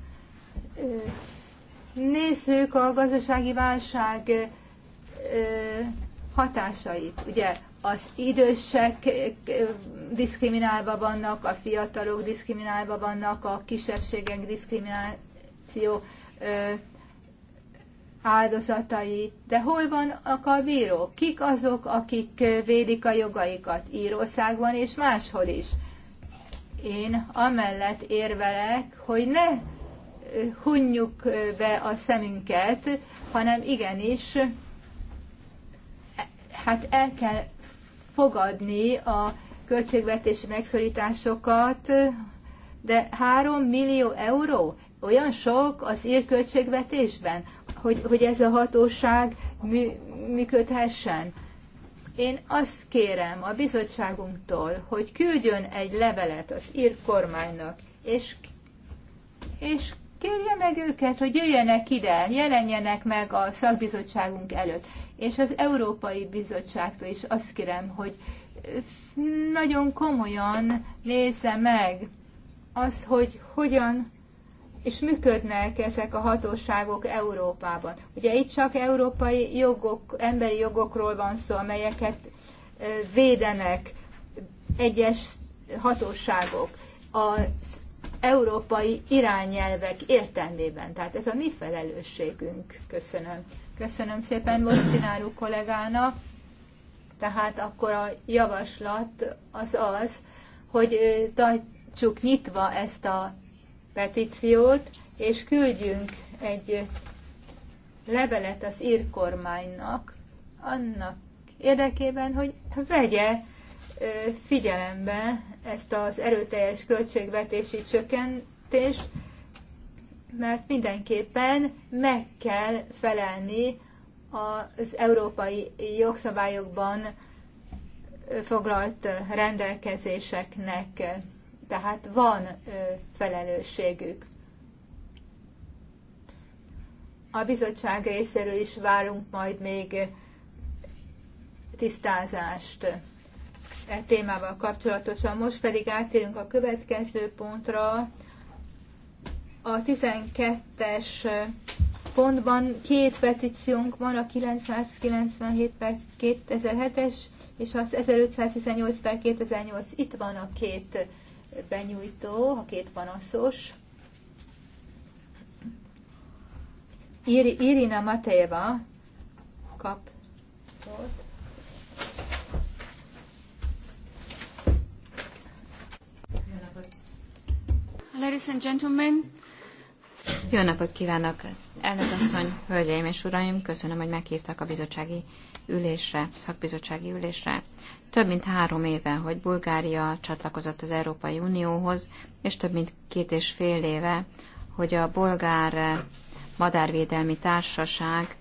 Nézzük a gazdasági válság hatásait. Ugye az idősek diszkriminálva vannak, a fiatalok diszkriminálva vannak, a kisebbségek diszkrimináció áldozatai, de hol vannak a bírók? Kik azok, akik védik a jogaikat Írországban és máshol is? Én amellett érvelek, hogy ne hunjuk be a szemünket, hanem igenis hát el kell fogadni a költségvetési megszorításokat, de 3 millió euró, olyan sok az ír költségvetésben, hogy, hogy ez a hatóság mű, működhessen. Én azt kérem a bizottságunktól, hogy küldjön egy levelet az ír kormánynak, és, és Kérje meg őket, hogy jöjjenek ide, jelenjenek meg a szakbizottságunk előtt. És az Európai Bizottságtól is azt kérem, hogy nagyon komolyan nézze meg azt, hogy hogyan és működnek ezek a hatóságok Európában. Ugye itt csak európai jogok, emberi jogokról van szó, amelyeket védenek egyes hatóságok. Az európai irányelvek értelmében. Tehát ez a mi felelősségünk. Köszönöm. Köszönöm szépen Mostináru kollégának. Tehát akkor a javaslat az az, hogy tartsuk nyitva ezt a petíciót, és küldjünk egy levelet az írkormánynak annak érdekében, hogy vegye figyelembe ezt az erőteljes költségvetési csökkentést, mert mindenképpen meg kell felelni az európai jogszabályokban foglalt rendelkezéseknek. Tehát van felelősségük. A bizottság részéről is várunk majd még tisztázást e témával kapcsolatosan. Most pedig átérünk a következő pontra. A 12-es pontban két petíciónk van, a 997 per 2007-es és az 1518 per 2008. Itt van a két benyújtó, a két panaszos. Irina Mateva kap szót. Ladies and gentlemen. Jó napot kívánok, elnök asszony, hölgyeim és uraim! Köszönöm, hogy meghívtak a bizottsági ülésre, szakbizottsági ülésre. Több mint három éve, hogy Bulgária csatlakozott az Európai Unióhoz, és több mint két és fél éve, hogy a Bolgár Madárvédelmi Társaság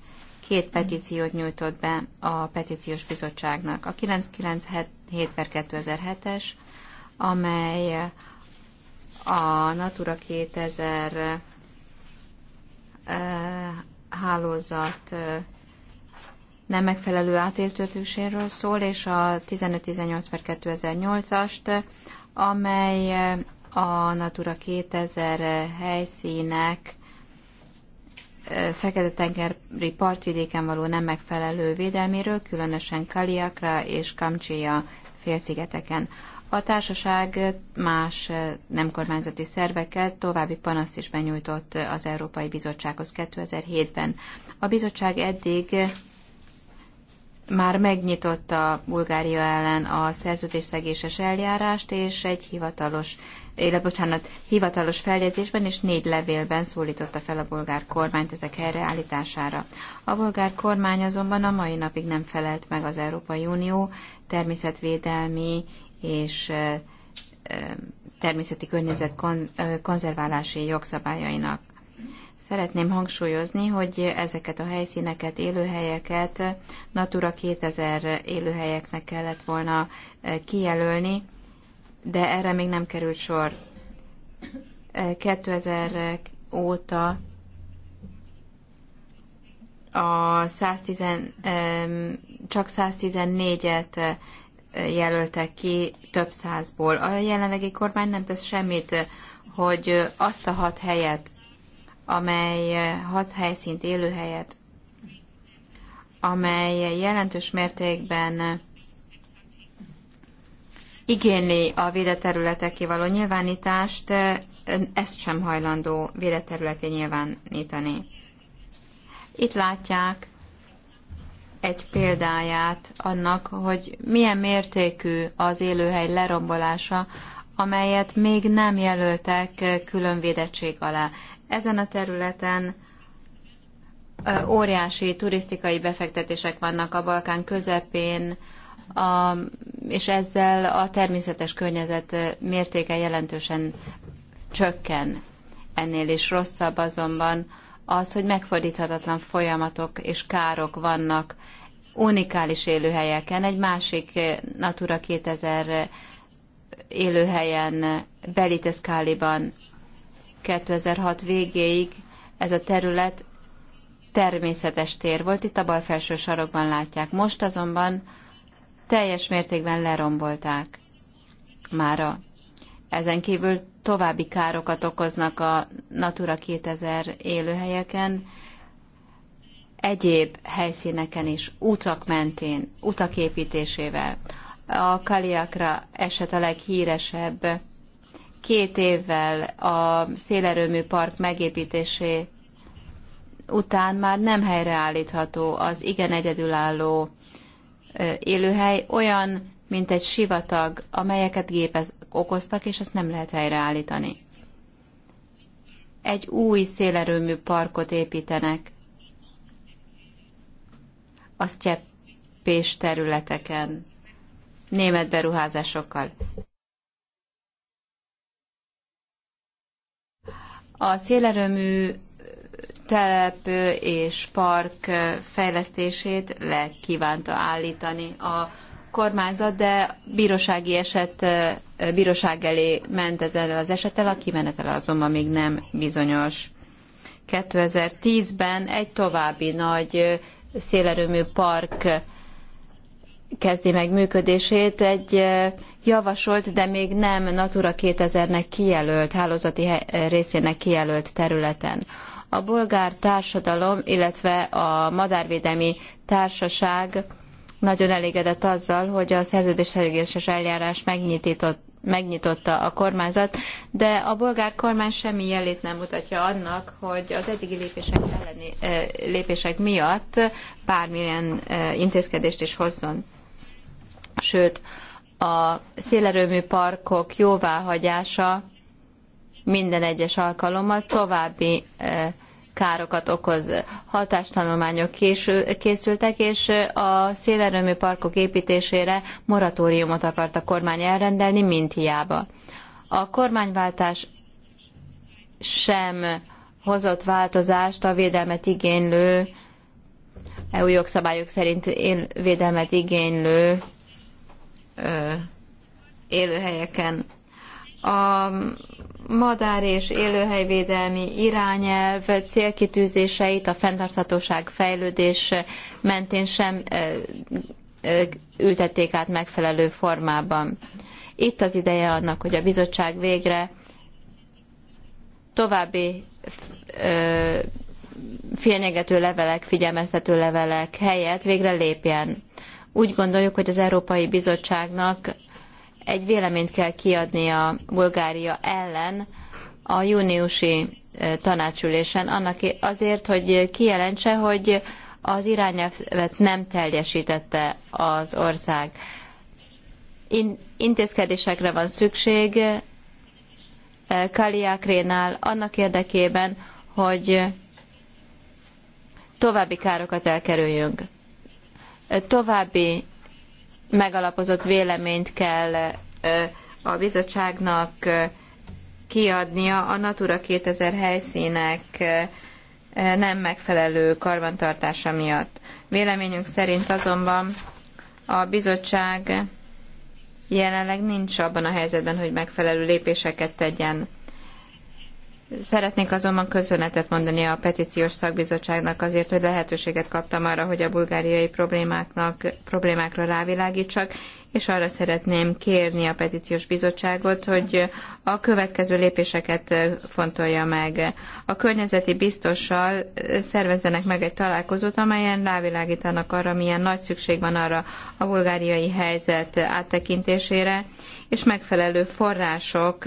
két petíciót nyújtott be a petíciós bizottságnak. A 997 per 2007-es, amely a Natura 2000 eh, hálózat eh, nem megfelelő átéltetőséről szól, és a 1518 per 2008-ast, amely eh, a Natura 2000 helyszínek Fekete-tengeri partvidéken való nem megfelelő védelméről, különösen Kaliakra és Kamcsia félszigeteken. A társaság más eh, nem kormányzati szervekkel további panaszt is benyújtott az Európai Bizottsághoz 2007-ben. A bizottság eddig eh, már megnyitotta Bulgária ellen a szerződésszegéses eljárást, és egy hivatalos, illetve eh, bocsánat, hivatalos feljegyzésben és négy levélben szólította fel a bulgár kormányt ezek helyreállítására. A bulgár kormány azonban a mai napig nem felelt meg az Európai Unió természetvédelmi és természeti környezet konzerválási jogszabályainak. Szeretném hangsúlyozni, hogy ezeket a helyszíneket, élőhelyeket Natura 2000 élőhelyeknek kellett volna kijelölni, de erre még nem került sor. 2000 óta a 110, csak 114-et jelöltek ki több százból. A jelenlegi kormány nem tesz semmit, hogy azt a hat helyet, amely hat helyszínt, helyet, amely jelentős mértékben igényli a védeterületeké való nyilvánítást, ezt sem hajlandó védeterületé nyilvánítani. Itt látják egy példáját annak, hogy milyen mértékű az élőhely lerombolása, amelyet még nem jelöltek külön védettség alá. Ezen a területen óriási turisztikai befektetések vannak a Balkán közepén, a, és ezzel a természetes környezet mértéke jelentősen csökken. Ennél is rosszabb azonban az, hogy megfordíthatatlan folyamatok és károk vannak unikális élőhelyeken, egy másik eh, Natura 2000 eh, élőhelyen, eh, Beliteszkáliban 2006 végéig ez a terület természetes tér volt, itt a bal felső sarokban látják. Most azonban teljes mértékben lerombolták mára. Ezen kívül további károkat okoznak a Natura 2000 élőhelyeken, egyéb helyszíneken is, utak mentén, utak építésével. A Kaliakra eset a leghíresebb. Két évvel a szélerőmű park megépítésé után már nem helyreállítható az igen egyedülálló élőhely, olyan mint egy sivatag, amelyeket gépez okoztak, és ezt nem lehet helyreállítani. Egy új szélerőmű parkot építenek a sztyeppés területeken, német beruházásokkal. A szélerőmű telep és park fejlesztését le kívánta állítani a kormányzat, de bírósági eset bíróság elé ment ezzel az esettel, a kimenetele azonban még nem bizonyos. 2010-ben egy további nagy szélerőmű park kezdi meg működését egy javasolt, de még nem Natura 2000-nek kijelölt, hálózati részének kijelölt területen. A bolgár társadalom, illetve a madárvédelmi társaság nagyon elégedett azzal, hogy a szerződésszerződéses eljárás megnyitotta a kormányzat, de a bolgár kormány semmi jelét nem mutatja annak, hogy az eddigi lépések elleni lépések miatt bármilyen intézkedést is hozzon. Sőt, a szélerőmű parkok jóváhagyása minden egyes alkalommal további károkat okoz. Hatástanulmányok készültek, és a szélerőmű parkok építésére moratóriumot akart a kormány elrendelni, mint hiába. A kormányváltás sem hozott változást a védelmet igénylő, EU jogszabályok szerint védelmet igénylő élőhelyeken. A madár és élőhelyvédelmi irányelv célkitűzéseit a fenntarthatóság fejlődés mentén sem ültették át megfelelő formában. Itt az ideje annak, hogy a bizottság végre további félnyegető levelek, figyelmeztető levelek helyett végre lépjen. Úgy gondoljuk, hogy az Európai Bizottságnak egy véleményt kell kiadni a Bulgária ellen a júniusi tanácsülésen, annak azért, hogy kijelentse, hogy az irányelvet nem teljesítette az ország. In, intézkedésekre van szükség Kaliákrénál annak érdekében, hogy további károkat elkerüljünk. További megalapozott véleményt kell a bizottságnak kiadnia a Natura 2000 helyszínek nem megfelelő karbantartása miatt. Véleményünk szerint azonban a bizottság jelenleg nincs abban a helyzetben, hogy megfelelő lépéseket tegyen. Szeretnék azonban köszönetet mondani a petíciós szakbizottságnak azért, hogy lehetőséget kaptam arra, hogy a bulgáriai problémáknak, problémákra rávilágítsak, és arra szeretném kérni a petíciós bizottságot, hogy a következő lépéseket fontolja meg. A környezeti biztossal szervezzenek meg egy találkozót, amelyen rávilágítanak arra, milyen nagy szükség van arra a bulgáriai helyzet áttekintésére, és megfelelő források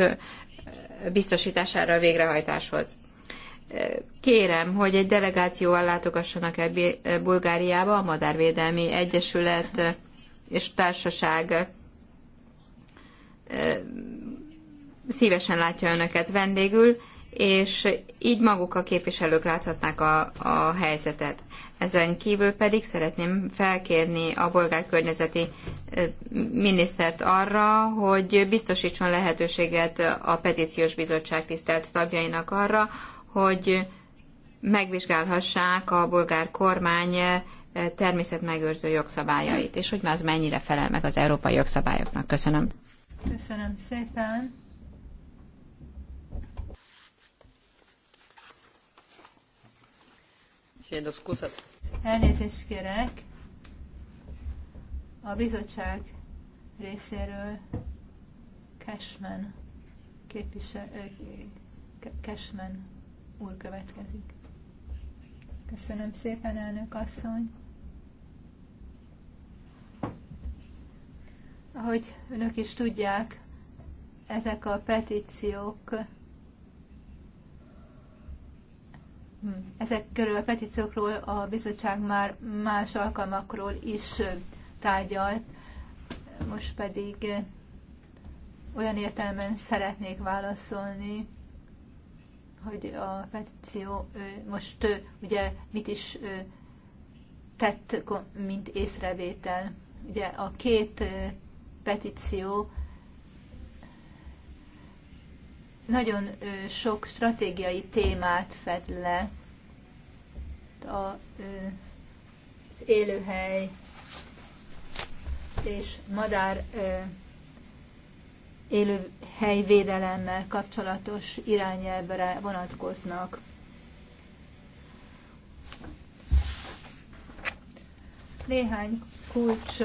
biztosítására a végrehajtáshoz. Kérem, hogy egy delegációval látogassanak el Bulgáriába, a Madárvédelmi Egyesület és Társaság szívesen látja önöket vendégül, és így maguk a képviselők láthatnák a, a helyzetet. Ezen kívül pedig szeretném felkérni a bolgár környezeti minisztert arra, hogy biztosítson lehetőséget a petíciós bizottság tisztelt tagjainak arra, hogy megvizsgálhassák a bolgár kormány természetmegőrző jogszabályait, és hogy már az mennyire felel meg az európai jogszabályoknak. Köszönöm. Köszönöm szépen. Chiedo scusa. Elnézést kérek. A bizottság részéről Cashman képvisel, Cashman úr következik. Köszönöm szépen, elnök asszony. Ahogy önök is tudják, ezek a petíciók Ezek körül a petíciókról a bizottság már más alkalmakról is tárgyalt, most pedig olyan értelemben szeretnék válaszolni, hogy a petíció most ugye mit is tett, mint észrevétel. Ugye a két petíció nagyon sok stratégiai témát fed le a, az élőhely és madár élőhelyvédelemmel kapcsolatos irányelvre vonatkoznak. Néhány kulcs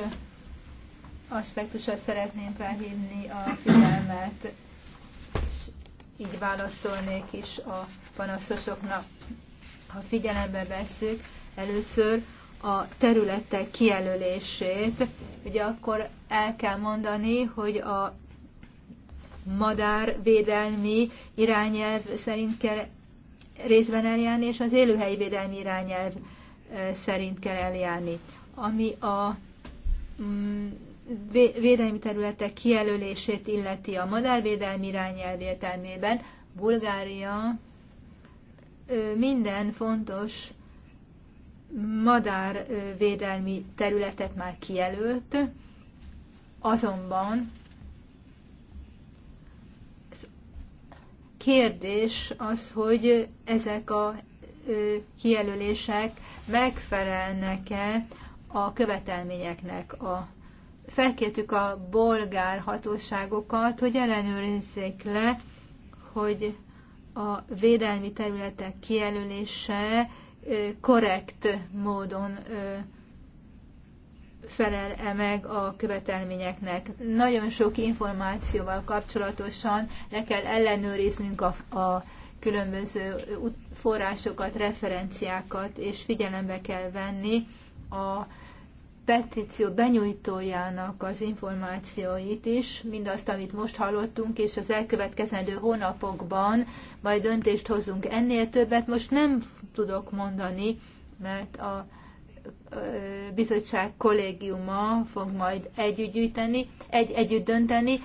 aspektusra szeretném felhívni a figyelmet így válaszolnék is a panaszosoknak, ha figyelembe vesszük először a területek kijelölését, ugye akkor el kell mondani, hogy a madárvédelmi irányelv szerint kell részben eljárni, és az élőhelyvédelmi irányelv eh, szerint kell eljárni. Ami a mm, védelmi területek kijelölését illeti a madárvédelmi irányelv értelmében, Bulgária minden fontos madárvédelmi területet már kijelölt, azonban kérdés az, hogy ezek a kijelölések megfelelnek-e a követelményeknek a felkértük a bolgár hatóságokat, hogy ellenőrizzék le, hogy a védelmi területek kijelölése korrekt módon felel-e meg a követelményeknek. Nagyon sok információval kapcsolatosan le kell ellenőriznünk a, a különböző forrásokat, referenciákat, és figyelembe kell venni a petíció benyújtójának az információit is, mindazt, amit most hallottunk, és az elkövetkezendő hónapokban majd döntést hozunk. Ennél többet most nem tudok mondani, mert a bizottság kollégiuma fog majd együttgyűjteni, egy, együtt dönteni.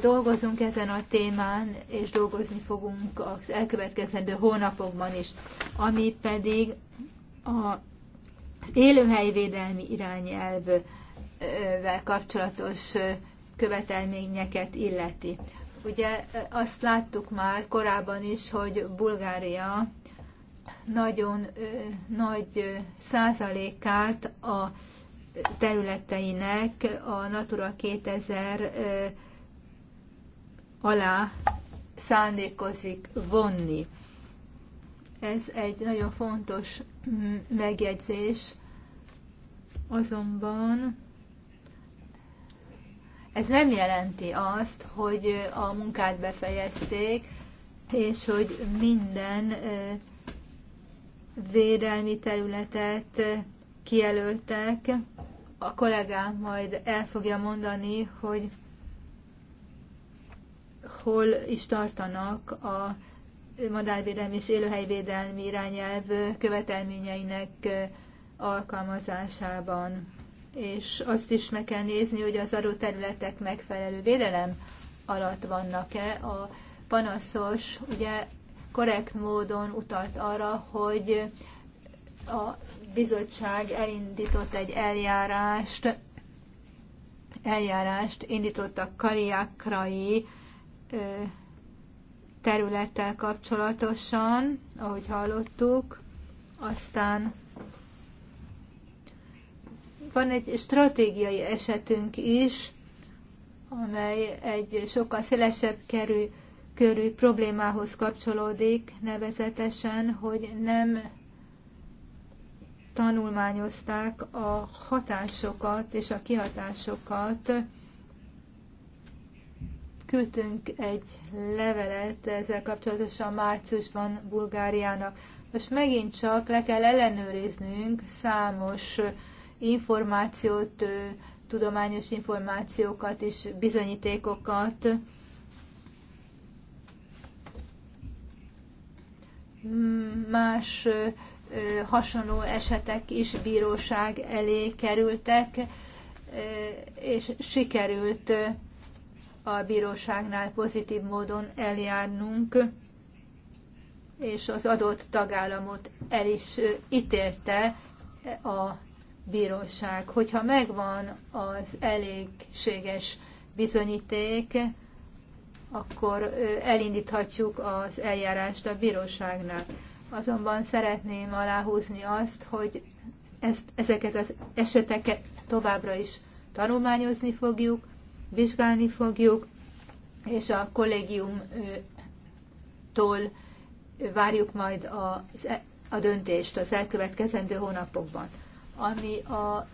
Dolgozunk ezen a témán, és dolgozni fogunk az elkövetkezendő hónapokban is. Ami pedig a az élőhelyvédelmi irányelvvel kapcsolatos követelményeket illeti. Ugye azt láttuk már korábban is, hogy Bulgária nagyon ö, nagy százalékát a területeinek a Natura 2000 ö, alá szándékozik vonni. Ez egy nagyon fontos megjegyzés, azonban ez nem jelenti azt, hogy a munkát befejezték, és hogy minden védelmi területet kijelöltek. A kollégám majd el fogja mondani, hogy hol is tartanak a madárvédelmi és élőhelyvédelmi irányelv követelményeinek alkalmazásában. És azt is meg kell nézni, hogy az adott területek megfelelő védelem alatt vannak-e. A panaszos ugye korrekt módon utalt arra, hogy a bizottság elindított egy eljárást, eljárást indítottak kariákrai területtel kapcsolatosan, ahogy hallottuk, aztán van egy stratégiai esetünk is, amely egy sokkal szélesebb kerül, körű problémához kapcsolódik, nevezetesen, hogy nem tanulmányozták a hatásokat és a kihatásokat küldtünk egy levelet ezzel kapcsolatosan márciusban Bulgáriának. Most megint csak le kell ellenőriznünk számos információt, tudományos információkat és bizonyítékokat. Más hasonló esetek is bíróság elé kerültek, és sikerült a bíróságnál pozitív módon eljárnunk, és az adott tagállamot el is ítélte a bíróság. Hogyha megvan az elégséges bizonyíték, akkor elindíthatjuk az eljárást a bíróságnál. Azonban szeretném aláhúzni azt, hogy ezt, ezeket az eseteket továbbra is tanulmányozni fogjuk, vizsgálni fogjuk, és a kollégiumtól várjuk majd a, e- a döntést az elkövetkezendő hónapokban. Ami a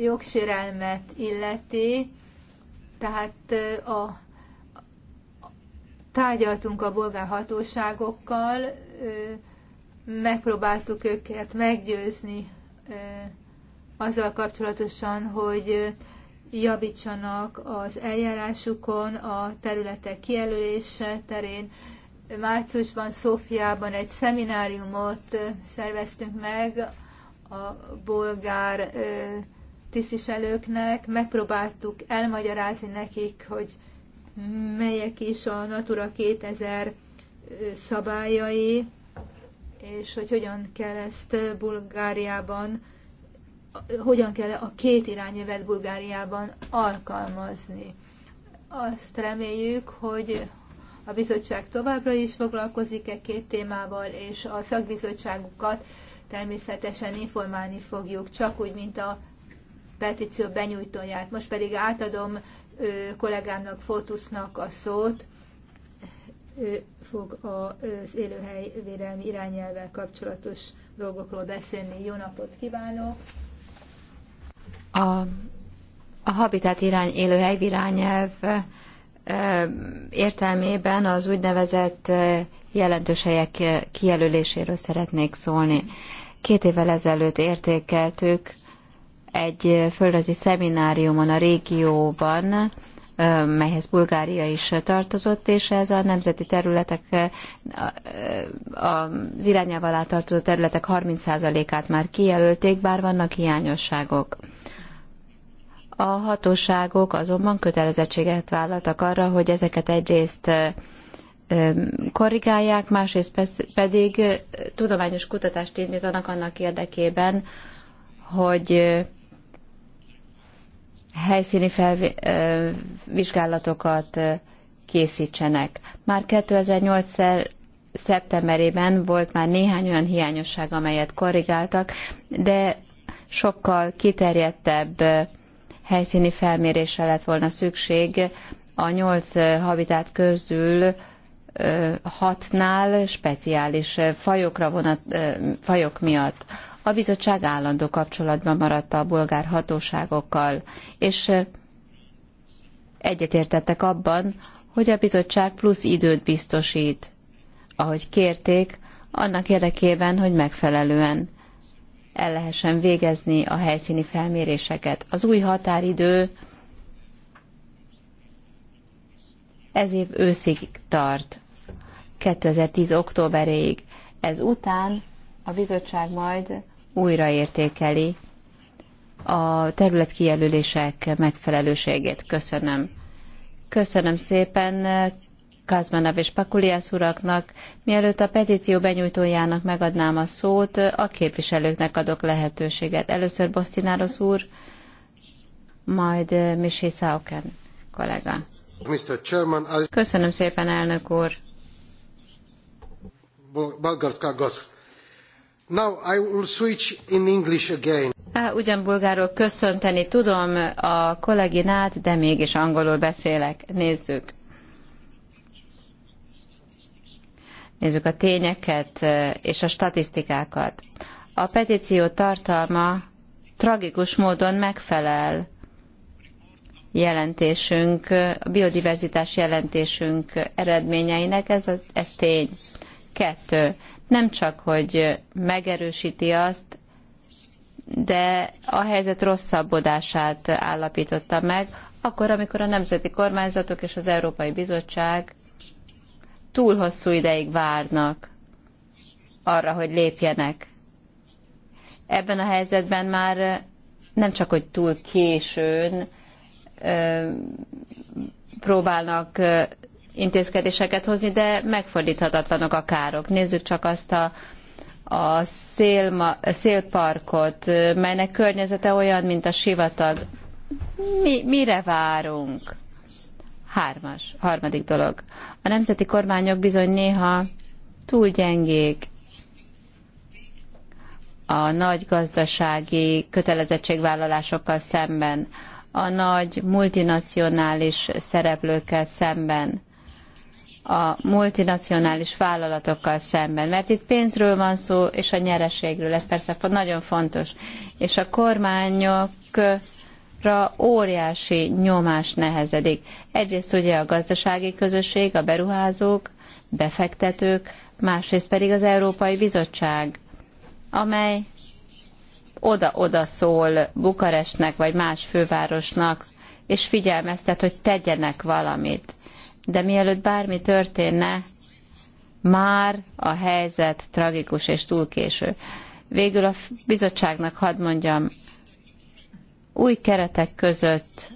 jogsérelmet illeti, tehát a, tárgyaltunk a bolgár hatóságokkal, megpróbáltuk őket meggyőzni azzal kapcsolatosan, hogy javítsanak az eljárásukon, a területek kijelölése terén. Márciusban Szófiában egy szemináriumot szerveztünk meg a bolgár tisztviselőknek, megpróbáltuk elmagyarázni nekik, hogy melyek is a Natura 2000 szabályai, és hogy hogyan kell ezt Bulgáriában hogyan kell a két irányelvet Bulgáriában alkalmazni. Azt reméljük, hogy a bizottság továbbra is foglalkozik e két témával, és a szakbizottságukat természetesen informálni fogjuk, csak úgy, mint a petíció benyújtóját. Most pedig átadom ő, kollégámnak, Fotusnak a szót, ő fog az élőhely védelmi irányelvvel kapcsolatos dolgokról beszélni. Jó napot kívánok! A, a habitat irány, élőhely irányelv értelmében az úgynevezett jelentős helyek kijelöléséről szeretnék szólni. Két évvel ezelőtt értékeltük egy földrajzi szemináriumon a régióban, melyhez Bulgária is tartozott, és ez a nemzeti területek, az irányával alá tartozó területek 30%-át már kijelölték, bár vannak hiányosságok. A hatóságok azonban kötelezettséget vállaltak arra, hogy ezeket egyrészt korrigálják, másrészt pedig tudományos kutatást indítanak annak érdekében, hogy helyszíni felvizsgálatokat készítsenek. Már 2008 szeptemberében volt már néhány olyan hiányosság, amelyet korrigáltak, de sokkal kiterjedtebb helyszíni felmérésre lett volna szükség. A nyolc habitát közül hatnál speciális fajokra vonat, fajok miatt. A bizottság állandó kapcsolatban maradt a bolgár hatóságokkal, és egyetértettek abban, hogy a bizottság plusz időt biztosít, ahogy kérték, annak érdekében, hogy megfelelően el lehessen végezni a helyszíni felméréseket. Az új határidő ez év őszig tart, 2010. októberéig. Ez után a bizottság majd újraértékeli a terület kijelölések megfelelőségét. Köszönöm. Köszönöm szépen. Kázmenev és Pakuliász uraknak. Mielőtt a petíció benyújtójának megadnám a szót, a képviselőknek adok lehetőséget. Először Bosztináros úr, majd eh, Misi Sauken kollega. Köszönöm szépen, elnök úr. Now I will switch in English again. Á, ugyan bulgáról köszönteni tudom a kolléginát, de mégis angolul beszélek. Nézzük. nézzük a tényeket és a statisztikákat. A petíció tartalma tragikus módon megfelel jelentésünk, a biodiverzitás jelentésünk eredményeinek, ez, ez tény. Kettő, nem csak, hogy megerősíti azt, de a helyzet rosszabbodását állapította meg, akkor, amikor a nemzeti kormányzatok és az Európai Bizottság túl hosszú ideig várnak arra, hogy lépjenek. Ebben a helyzetben már nem csak, hogy túl későn próbálnak intézkedéseket hozni, de megfordíthatatlanok a károk. Nézzük csak azt a, a szélma, szélparkot, melynek környezete olyan, mint a sivatag. Mi, mire várunk? Hármas, harmadik dolog. A nemzeti kormányok bizony néha túl gyengék a nagy gazdasági kötelezettségvállalásokkal szemben, a nagy multinacionális szereplőkkel szemben, a multinacionális vállalatokkal szemben, mert itt pénzről van szó, és a nyereségről, ez persze nagyon fontos. És a kormányok ra óriási nyomás nehezedik. Egyrészt ugye a gazdasági közösség, a beruházók, befektetők, másrészt pedig az Európai Bizottság, amely oda-oda szól Bukarestnek vagy más fővárosnak, és figyelmeztet, hogy tegyenek valamit. De mielőtt bármi történne, már a helyzet tragikus és túl késő. Végül a bizottságnak hadd mondjam, új keretek között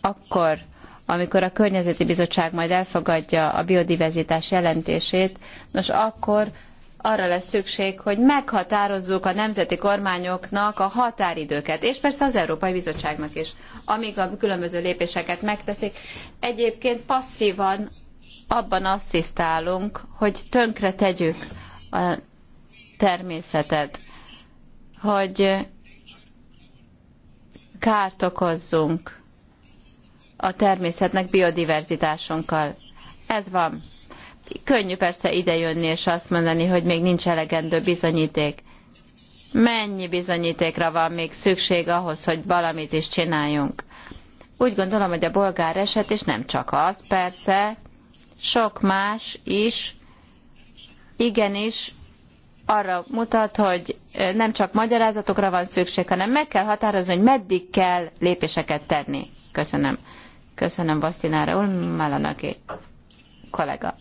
akkor, amikor a Környezeti Bizottság majd elfogadja a biodiverzitás jelentését, nos akkor arra lesz szükség, hogy meghatározzuk a nemzeti kormányoknak a határidőket, és persze az Európai Bizottságnak is, amíg a különböző lépéseket megteszik. Egyébként passzívan abban asszisztálunk, hogy tönkre tegyük a természetet, hogy kárt okozzunk a természetnek biodiverzitásunkkal. Ez van. Könnyű persze idejönni és azt mondani, hogy még nincs elegendő bizonyíték. Mennyi bizonyítékra van még szükség ahhoz, hogy valamit is csináljunk? Úgy gondolom, hogy a bolgár eset, és nem csak az, persze, sok más is, igenis arra mutat, hogy nem csak magyarázatokra van szükség, hanem meg kell határozni, hogy meddig kell lépéseket tenni. Köszönöm. Köszönöm Basztinára úr, Malanaki kollega.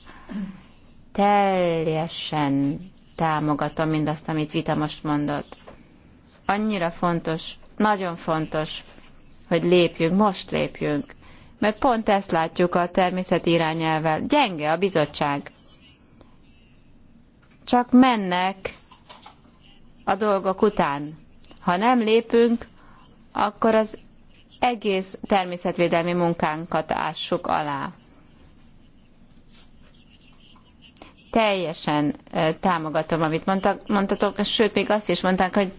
Teljesen támogatom mindazt, amit Vita most mondott. Annyira fontos, nagyon fontos, hogy lépjünk, most lépjünk. Mert pont ezt látjuk a természet irányelvel. Gyenge a bizottság csak mennek a dolgok után. Ha nem lépünk, akkor az egész természetvédelmi munkánkat ássuk alá. Teljesen támogatom, amit mondtak, mondtatok, sőt, még azt is mondták, hogy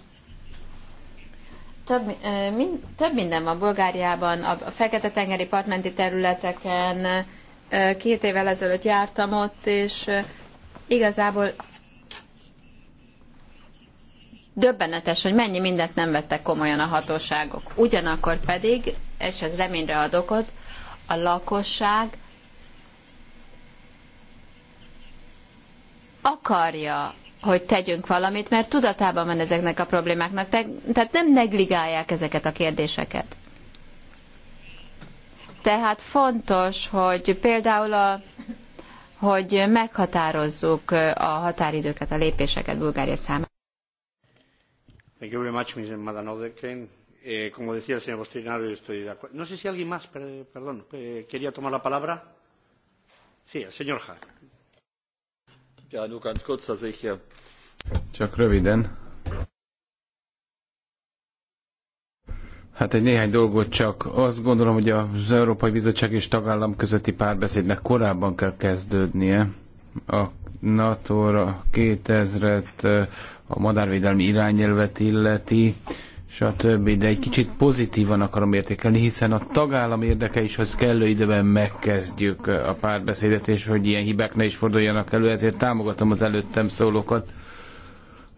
több, mind, több minden van Bulgáriában, a Fekete-tengeri partmenti területeken. Két évvel ezelőtt jártam ott, és igazából Döbbenetes, hogy mennyi mindent nem vettek komolyan a hatóságok. Ugyanakkor pedig, és ez reményre ad okot, a lakosság akarja, hogy tegyünk valamit, mert tudatában van ezeknek a problémáknak, tehát nem negligálják ezeket a kérdéseket. Tehát fontos, hogy például a, hogy meghatározzuk a határidőket, a lépéseket Bulgária számára. Eh, como decía el señor estoy de acuerdo. No sé si alguien más, quería tomar la palabra. Sí, el señor Ja, nur ganz kurz, ich hier... Csak röviden. Hát egy néhány dolgot csak. Azt gondolom, hogy az Európai Bizottság és tagállam közötti párbeszédnek korábban kell kezdődnie a Natura 2000-et, a madárvédelmi irányelvet illeti, stb. De egy kicsit pozitívan akarom értékelni, hiszen a tagállam érdeke is, hogy kellő időben megkezdjük a párbeszédet, és hogy ilyen hibák ne is forduljanak elő, ezért támogatom az előttem szólókat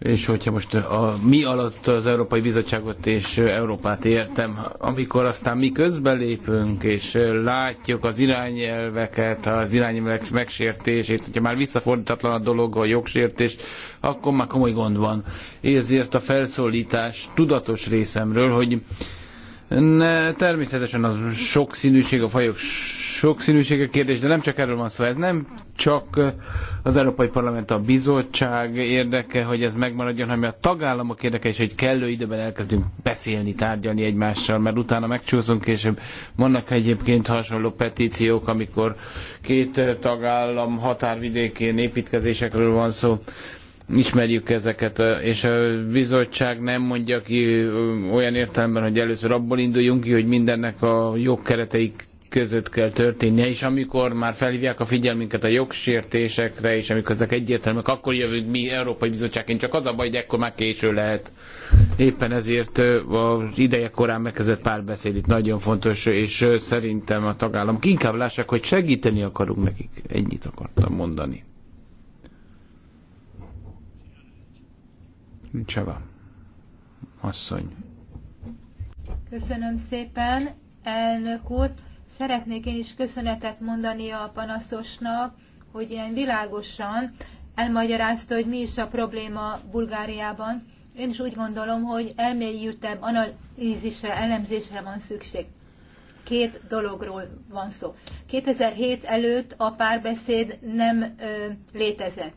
és hogyha most a, mi alatt az Európai Bizottságot és Európát értem, amikor aztán mi lépünk és látjuk az irányelveket, az irányelvek megsértését, hogyha már visszafordítatlan a dolog, a jogsértés, akkor már komoly gond van. Ezért a felszólítás tudatos részemről, hogy ne, természetesen az sokszínűség, a fajok sokszínűsége kérdés, de nem csak erről van szó. Ez nem csak eh, az Európai Parlament, a bizottság érdeke, hogy ez megmaradjon, hanem a tagállamok érdeke is, hogy kellő időben elkezdünk beszélni, tárgyalni egymással, mert utána megcsúszunk, és vannak egyébként hasonló petíciók, amikor két eh, tagállam határvidékén építkezésekről van szó ismerjük ezeket, és a bizottság nem mondja ki olyan értelemben, hogy először abból induljunk ki, hogy mindennek a jogkereteik között kell történnie, és amikor már felhívják a figyelmünket a jogsértésekre, és amikor ezek egyértelműek, akkor jövünk mi Európai Bizottságként, csak az a baj, hogy ekkor már késő lehet. Éppen ezért az ideje korán megkezdett párbeszéd itt nagyon fontos, és szerintem a tagállamok inkább lássák, hogy segíteni akarunk nekik. Ennyit akartam mondani. Csaba, asszony. Köszönöm szépen, elnök úr. Szeretnék én is köszönetet mondani a panaszosnak, hogy ilyen világosan elmagyarázta, hogy mi is a probléma Bulgáriában. Én is úgy gondolom, hogy elmélyültebb analízisre, elemzésre van szükség. Két dologról van szó. 2007 előtt a párbeszéd nem ö, létezett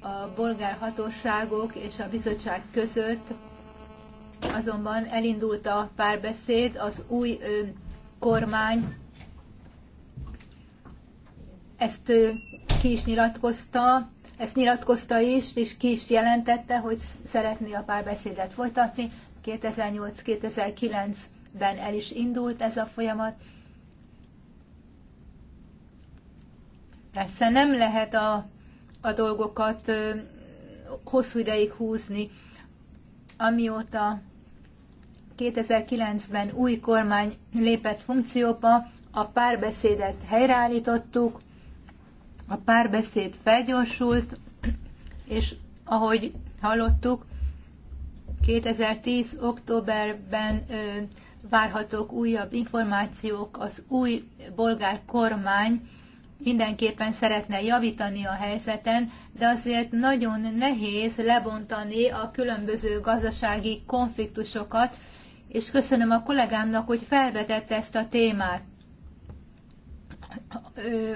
a bolgár hatóságok és a bizottság között azonban elindult a párbeszéd, az új ö, kormány ezt ö, ki is nyilatkozta, ezt nyilatkozta is, és ki is jelentette, hogy szeretné a párbeszédet folytatni. 2008-2009-ben el is indult ez a folyamat. Persze nem lehet a a dolgokat hosszú ideig húzni. Amióta 2009-ben új kormány lépett funkcióba, a párbeszédet helyreállítottuk, a párbeszéd felgyorsult, és ahogy hallottuk, 2010. októberben ö, várhatók újabb információk az új bolgár kormány mindenképpen szeretne javítani a helyzeten, de azért nagyon nehéz lebontani a különböző gazdasági konfliktusokat, és köszönöm a kollégámnak, hogy felvetette ezt a témát.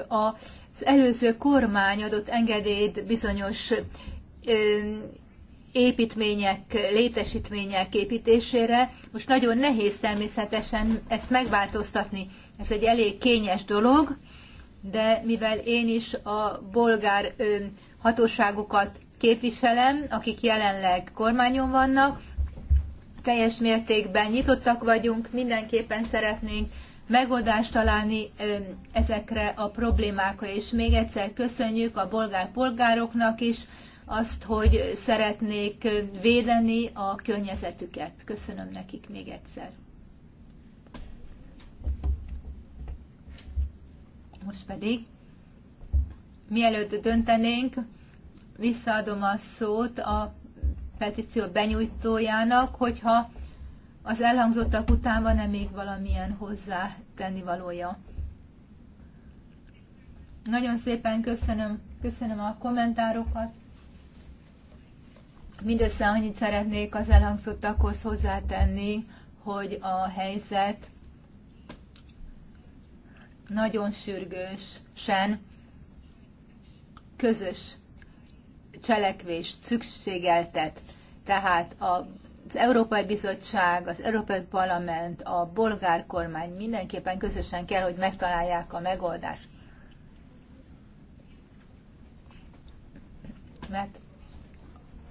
Az előző kormány adott engedélyt bizonyos építmények, létesítmények építésére. Most nagyon nehéz természetesen ezt megváltoztatni. Ez egy elég kényes dolog, de mivel én is a bolgár hatóságokat képviselem, akik jelenleg kormányon vannak, teljes mértékben nyitottak vagyunk, mindenképpen szeretnénk megoldást találni ezekre a problémákra. És még egyszer köszönjük a bolgár polgároknak is azt, hogy szeretnék védeni a környezetüket. Köszönöm nekik még egyszer. Most pedig, mielőtt döntenénk, visszaadom a szót a petíció benyújtójának, hogyha az elhangzottak után van-e még valamilyen hozzá tennivalója. Nagyon szépen köszönöm, köszönöm a kommentárokat. Mindössze annyit szeretnék az elhangzottakhoz hozzátenni, hogy a helyzet nagyon sürgősen közös cselekvés szükségeltet. Tehát az Európai Bizottság, az Európai Parlament, a bolgár kormány mindenképpen közösen kell, hogy megtalálják a megoldást. Mert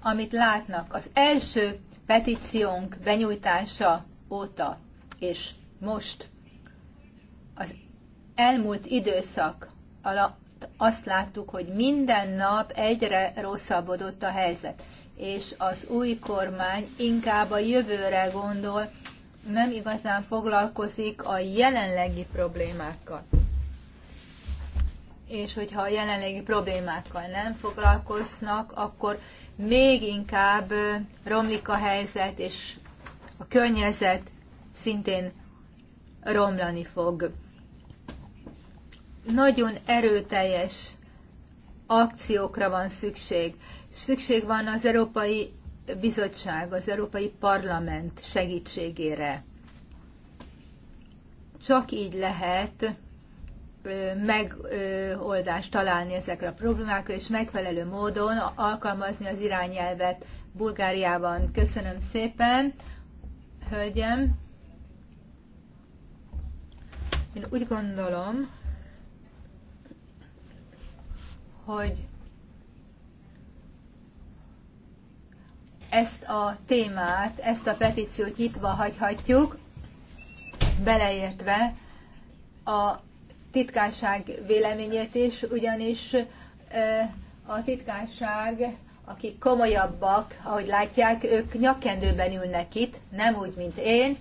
amit látnak, az első petíciónk benyújtása óta és most elmúlt időszak alatt azt láttuk, hogy minden nap egyre rosszabbodott a helyzet, és az új kormány inkább a jövőre gondol, nem igazán foglalkozik a jelenlegi problémákkal. És hogyha a jelenlegi problémákkal nem foglalkoznak, akkor még inkább romlik a helyzet, és a környezet szintén romlani fog nagyon erőteljes akciókra van szükség. Szükség van az Európai Bizottság, az Európai Parlament segítségére. Csak így lehet megoldást találni ezekre a problémákra, és megfelelő módon alkalmazni az irányelvet Bulgáriában. Köszönöm szépen, hölgyem. Én úgy gondolom, hogy ezt a témát, ezt a petíciót nyitva hagyhatjuk, beleértve a titkárság véleményét is, ugyanis a titkárság, akik komolyabbak, ahogy látják, ők nyakkendőben ülnek itt, nem úgy, mint én,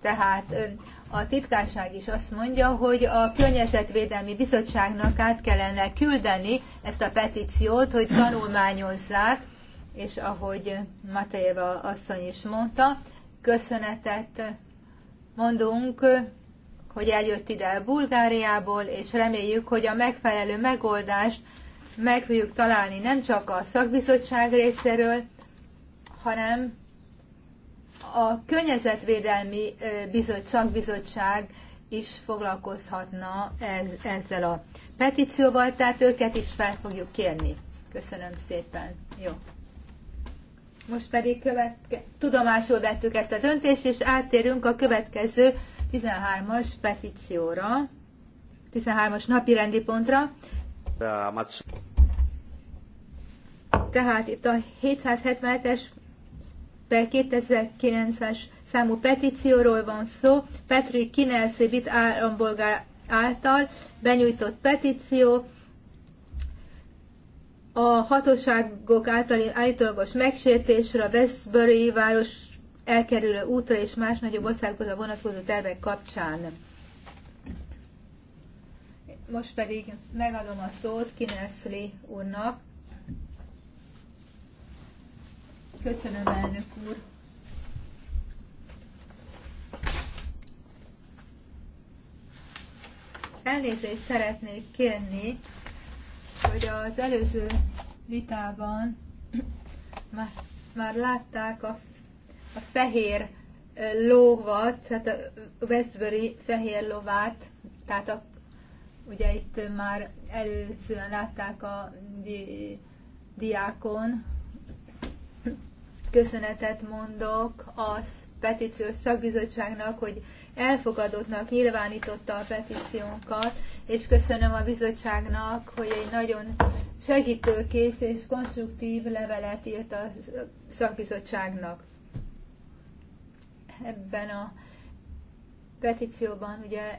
tehát a titkárság is azt mondja, hogy a Környezetvédelmi Bizottságnak át kellene küldeni ezt a petíciót, hogy tanulmányozzák, és ahogy Matejeva asszony is mondta, köszönetet mondunk, hogy eljött ide a Bulgáriából, és reméljük, hogy a megfelelő megoldást meg fogjuk találni nem csak a szakbizottság részéről, hanem a Környezetvédelmi bizottság Szakbizottság is foglalkozhatna ez, ezzel a petícióval, tehát őket is fel fogjuk kérni. Köszönöm szépen. Jó. Most pedig követke... tudomásul vettük ezt a döntést, és áttérünk a következő 13-as petícióra, 13-as napi rendi pontra. Tehát itt a 777-es per 2009-es számú petícióról van szó, Patrick Kinelszé bit állampolgár által benyújtott petíció, a hatóságok általi állítólagos megsértésre a Westbury város elkerülő útra és más nagyobb a vonatkozó tervek kapcsán. Most pedig megadom a szót Kinelszli úrnak. Köszönöm, elnök úr. Elnézést szeretnék kérni, hogy az előző vitában már, már látták a, a fehér lovat, tehát a Westbury fehér lovát, tehát a, ugye itt már előzően látták a di, diákon, köszönetet mondok a petíciós szakbizottságnak, hogy elfogadottnak nyilvánította a petíciónkat, és köszönöm a bizottságnak, hogy egy nagyon segítőkész és konstruktív levelet írt a szakbizottságnak. Ebben a petícióban, ugye,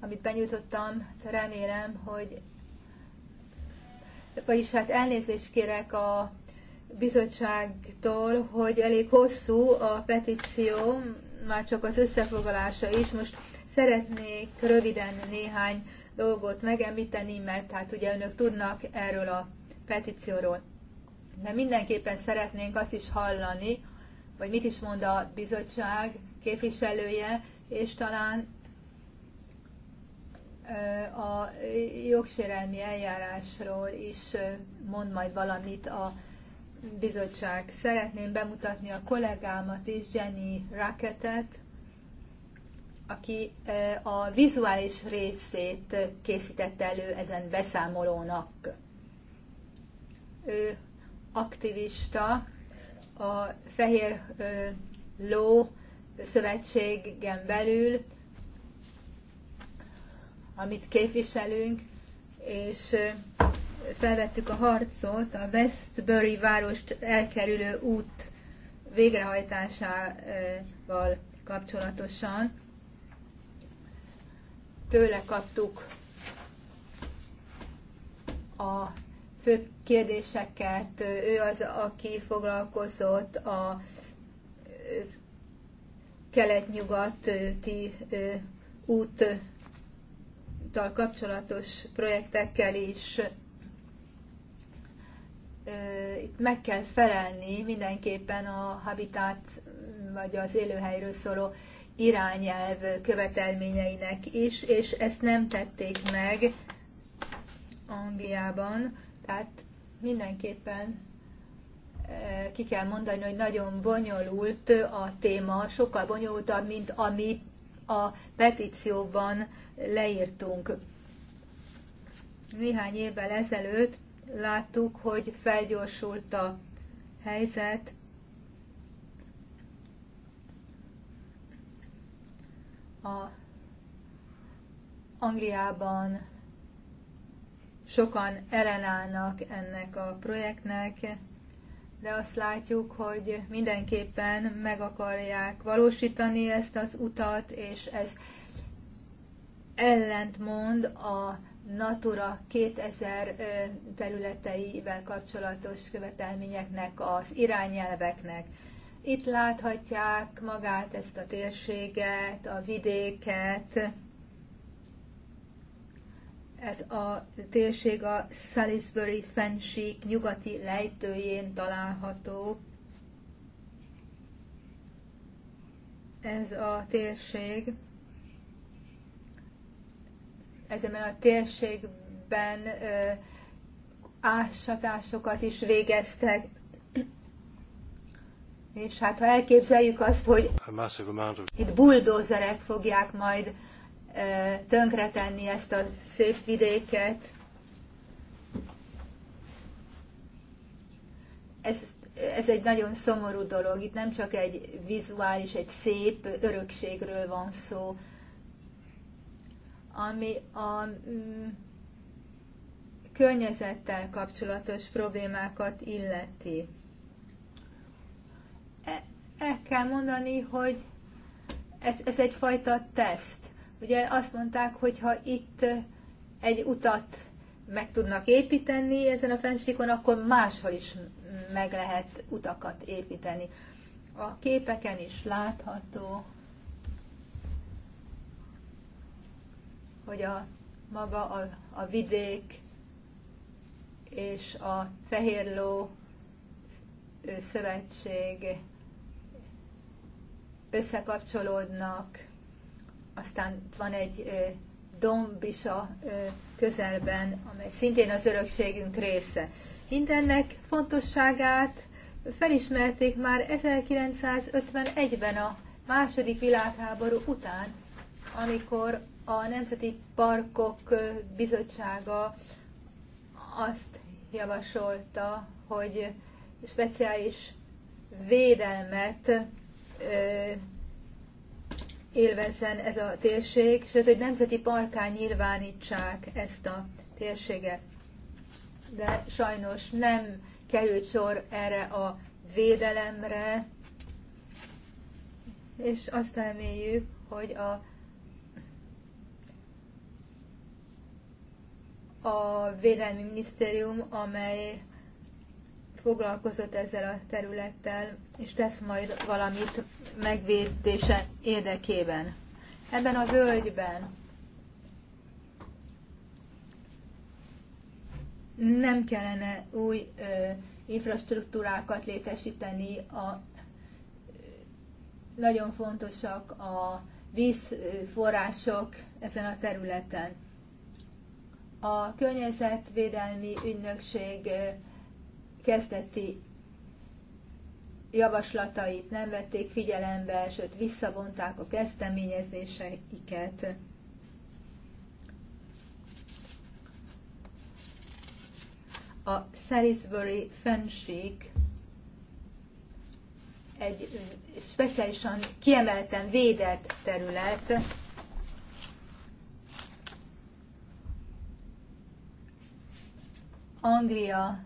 amit benyújtottam, remélem, hogy vagyis hát elnézést kérek a bizottságtól, hogy elég hosszú a petíció, már csak az összefoglalása is. Most szeretnék röviden néhány dolgot megemlíteni, mert hát ugye önök tudnak erről a petícióról. De mindenképpen szeretnénk azt is hallani, hogy mit is mond a bizottság képviselője, és talán a jogsérelmi eljárásról is mond majd valamit a bizottság. Szeretném bemutatni a kollégámat is, Jenny Racketet, aki e, a vizuális részét készítette elő ezen beszámolónak. Ő aktivista, a Fehér e, Ló Szövetségen belül, amit képviselünk, és felvettük a harcot a Westbury várost elkerülő út végrehajtásával kapcsolatosan. Tőle kaptuk a fő kérdéseket, ő az, aki foglalkozott a kelet-nyugati út tal kapcsolatos projektekkel is itt meg kell felelni mindenképpen a habitat vagy az élőhelyről szóló irányelv követelményeinek is, és ezt nem tették meg Angliában, tehát mindenképpen ki kell mondani, hogy nagyon bonyolult a téma, sokkal bonyolultabb, mint amit a petícióban leírtunk. Néhány évvel ezelőtt láttuk, hogy felgyorsult a helyzet, a Angliában sokan ellenállnak ennek a projektnek, de azt látjuk, hogy mindenképpen meg akarják valósítani ezt az utat, és ez ellentmond a Natura 2000 területeivel kapcsolatos követelményeknek, az irányelveknek. Itt láthatják magát ezt a térséget, a vidéket, ez a térség a Salisbury fensík nyugati lejtőjén található. Ez a térség, Ezen a térségben ö, ásatásokat is végeztek. És hát ha elképzeljük azt, hogy itt buldózerek fogják majd tönkretenni ezt a szép vidéket. Ez, ez egy nagyon szomorú dolog. Itt nem csak egy vizuális, egy szép örökségről van szó, ami a mm, környezettel kapcsolatos problémákat illeti. E, el kell mondani, hogy ez, ez egyfajta teszt. Ugye azt mondták, hogy ha itt eh, egy utat meg tudnak építeni ezen a fensíkon, akkor máshol is meg lehet utakat építeni. A képeken is látható, hogy a maga a, a vidék és a Fehérló szövetség összekapcsolódnak, aztán van egy dombisa közelben, amely szintén az örökségünk része. Mindennek fontosságát felismerték már 1951-ben a második világháború után, amikor a Nemzeti Parkok Bizottsága azt javasolta, hogy speciális védelmet élvezzen ez a térség, sőt, hogy nemzeti parká nyilvánítsák ezt a térséget. De sajnos nem került sor erre a védelemre, és azt reméljük, hogy a a Védelmi Minisztérium, amely foglalkozott ezzel a területtel, és tesz majd valamit megvédése érdekében. Ebben a völgyben nem kellene új ö, infrastruktúrákat létesíteni, a, nagyon fontosak a vízforrások ezen a területen. A környezetvédelmi ügynökség ö, kezdeti javaslatait nem vették figyelembe, sőt visszavonták a kezdeményezéseiket. A Salisbury fenség egy speciálisan kiemelten védett terület, Anglia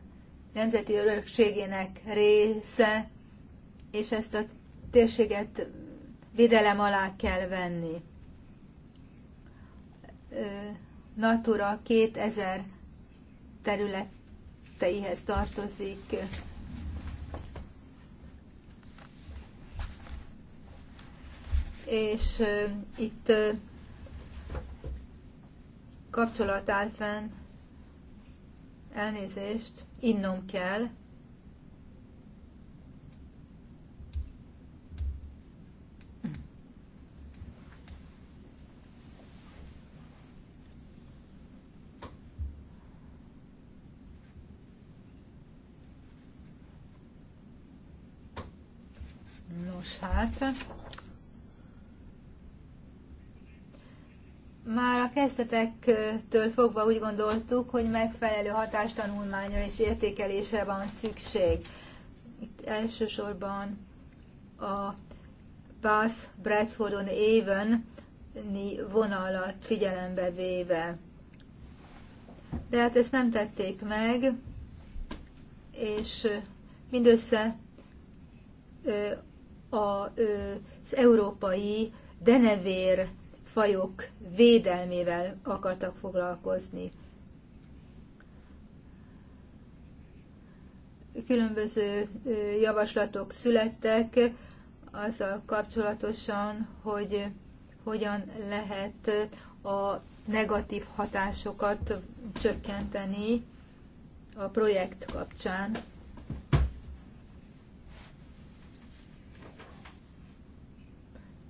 nemzeti örökségének része, és ezt a térséget védelem alá kell venni. Natura 2000 területeihez tartozik. És itt kapcsolat áll fenn Elnézést, innom kell. Nos, hát... Már a kezdetektől fogva úgy gondoltuk, hogy megfelelő hatástanulmányra és értékelésre van szükség. Itt elsősorban a Bath, Bradfordon, éven vonalat figyelembe véve. De hát ezt nem tették meg, és mindössze az európai denevér fajok védelmével akartak foglalkozni. Különböző javaslatok születtek azzal kapcsolatosan, hogy hogyan lehet a negatív hatásokat csökkenteni a projekt kapcsán.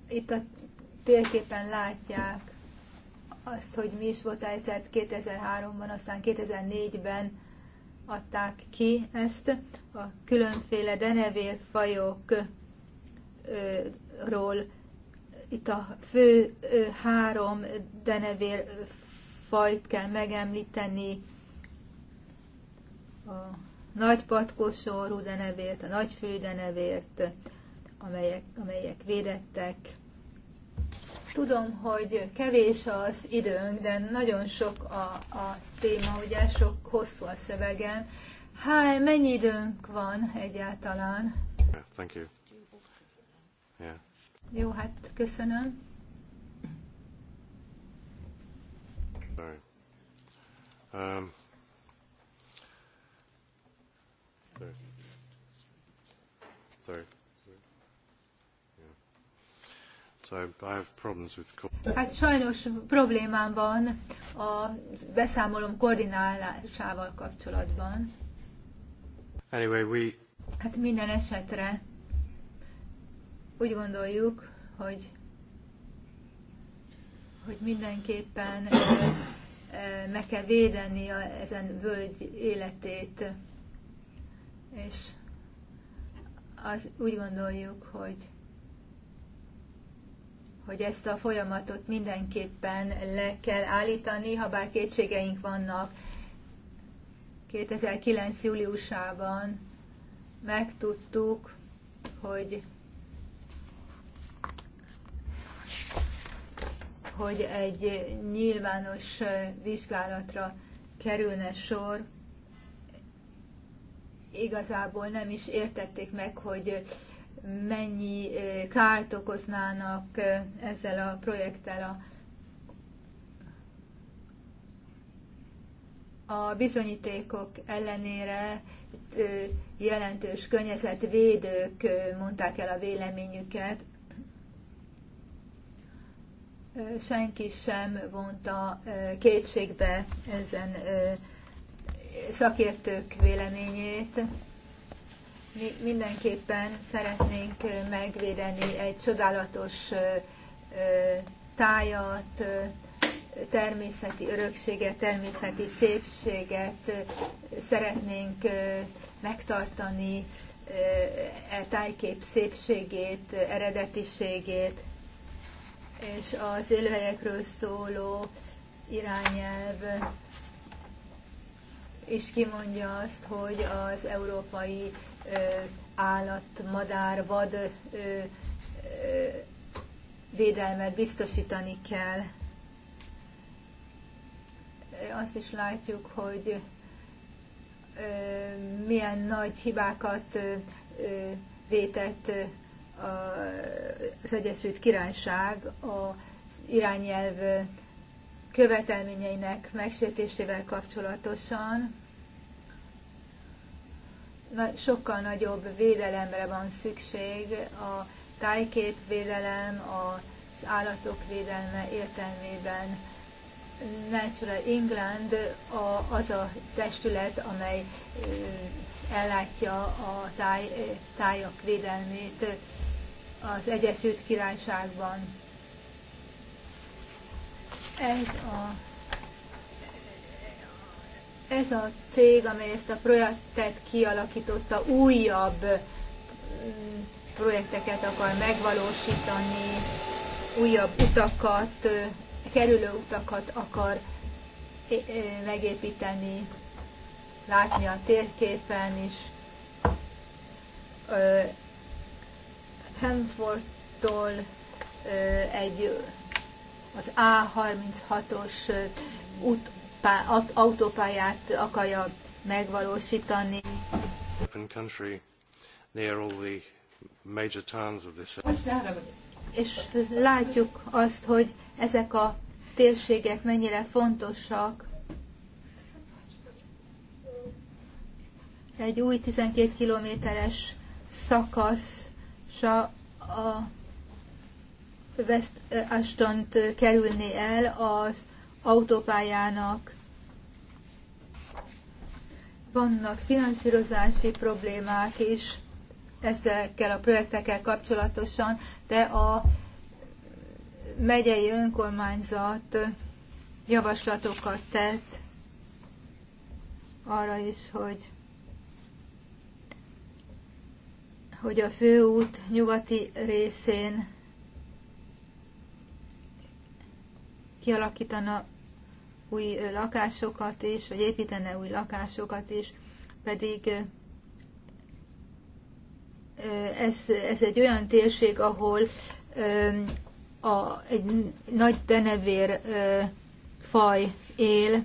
Itt a térképen látják azt, hogy mi is volt a helyzet 2003-ban, aztán 2004-ben adták ki ezt a különféle denevérfajokról. Itt a fő három denevérfajt kell megemlíteni, a nagy patkósorú denevért, a nagyfülű denevért, amelyek, amelyek védettek, Tudom, hogy kevés az időnk, de nagyon sok a, a téma, ugye sok hosszú a szövegem. Hány mennyi időnk van egyáltalán? Yeah, thank you. Yeah. Jó, hát köszönöm. Sorry. Um, sorry. sorry. Hát sajnos problémám van a beszámolom koordinálásával kapcsolatban. Anyway, we... Hát minden esetre úgy gondoljuk, hogy, hogy mindenképpen meg kell védeni a, ezen völgy életét, és az, úgy gondoljuk, hogy hogy ezt a folyamatot mindenképpen le kell állítani, ha bár kétségeink vannak. 2009. júliusában megtudtuk, hogy hogy egy nyilvános vizsgálatra kerülne sor, igazából nem is értették meg, hogy mennyi eh, kárt okoznának eh, ezzel a projekttel a, a bizonyítékok ellenére eh, jelentős környezetvédők mondták el a véleményüket. Senki sem vonta kétségbe ezen szakértők véleményét mi mindenképpen szeretnénk megvédeni egy csodálatos tájat, természeti örökséget, természeti szépséget szeretnénk megtartani, e tájkép szépségét, eredetiségét, és az élőhelyekről szóló irányelv is kimondja azt, hogy az európai állat, madár, vad védelmet biztosítani kell. Azt is látjuk, hogy milyen nagy hibákat vétett az Egyesült Királyság az irányelv követelményeinek megsértésével kapcsolatosan sokkal nagyobb védelemre van szükség, a tájképvédelem, az állatok védelme értelmében. Natural England a, az a testület, amely ellátja a táj, tájak védelmét az Egyesült Királyságban. Ez a ez a cég, amely ezt a projektet kialakította, újabb mm, projekteket akar megvalósítani, újabb utakat, kerülő utakat akar megépíteni, látni a térképen is. Hemfordtól egy az A36-os út autópályát akarja megvalósítani. És látjuk azt, hogy ezek a térségek mennyire fontosak. Egy új 12 kilométeres szakaszra a West Ashton-t kerülni el az autópályának. Vannak finanszírozási problémák is ezekkel a projektekkel kapcsolatosan, de a megyei önkormányzat javaslatokat tett arra is, hogy hogy a főút nyugati részén kialakítana új lakásokat is, vagy építene új lakásokat is, pedig ez, ez egy olyan térség, ahol a, egy nagy denevér faj él,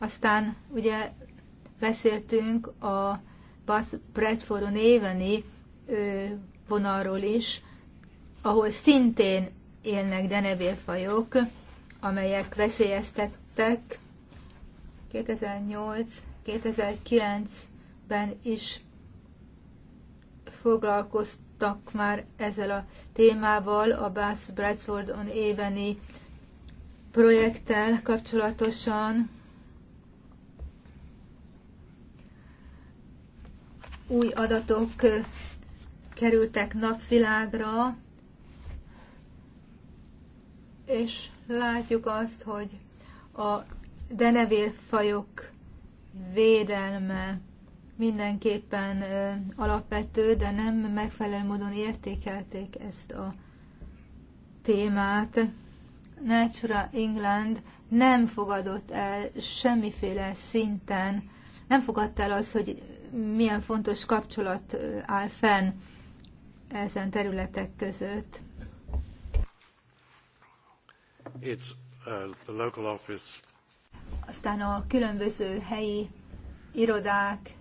Aztán ugye beszéltünk a Bradford éveni vonalról is, ahol szintén élnek denevérfajok, amelyek veszélyeztettek. 2008-2009-ben is foglalkoztak már ezzel a témával a Bass Bradfordon éveni projekttel kapcsolatosan. Új adatok kerültek napvilágra, és látjuk azt, hogy a denevérfajok védelme mindenképpen alapvető, de nem megfelelő módon értékelték ezt a témát. Natura England nem fogadott el semmiféle szinten, nem fogadta el az, hogy milyen fontos kapcsolat áll fenn ezen területek között. It's, uh, the local office. Aztán a különböző helyi irodák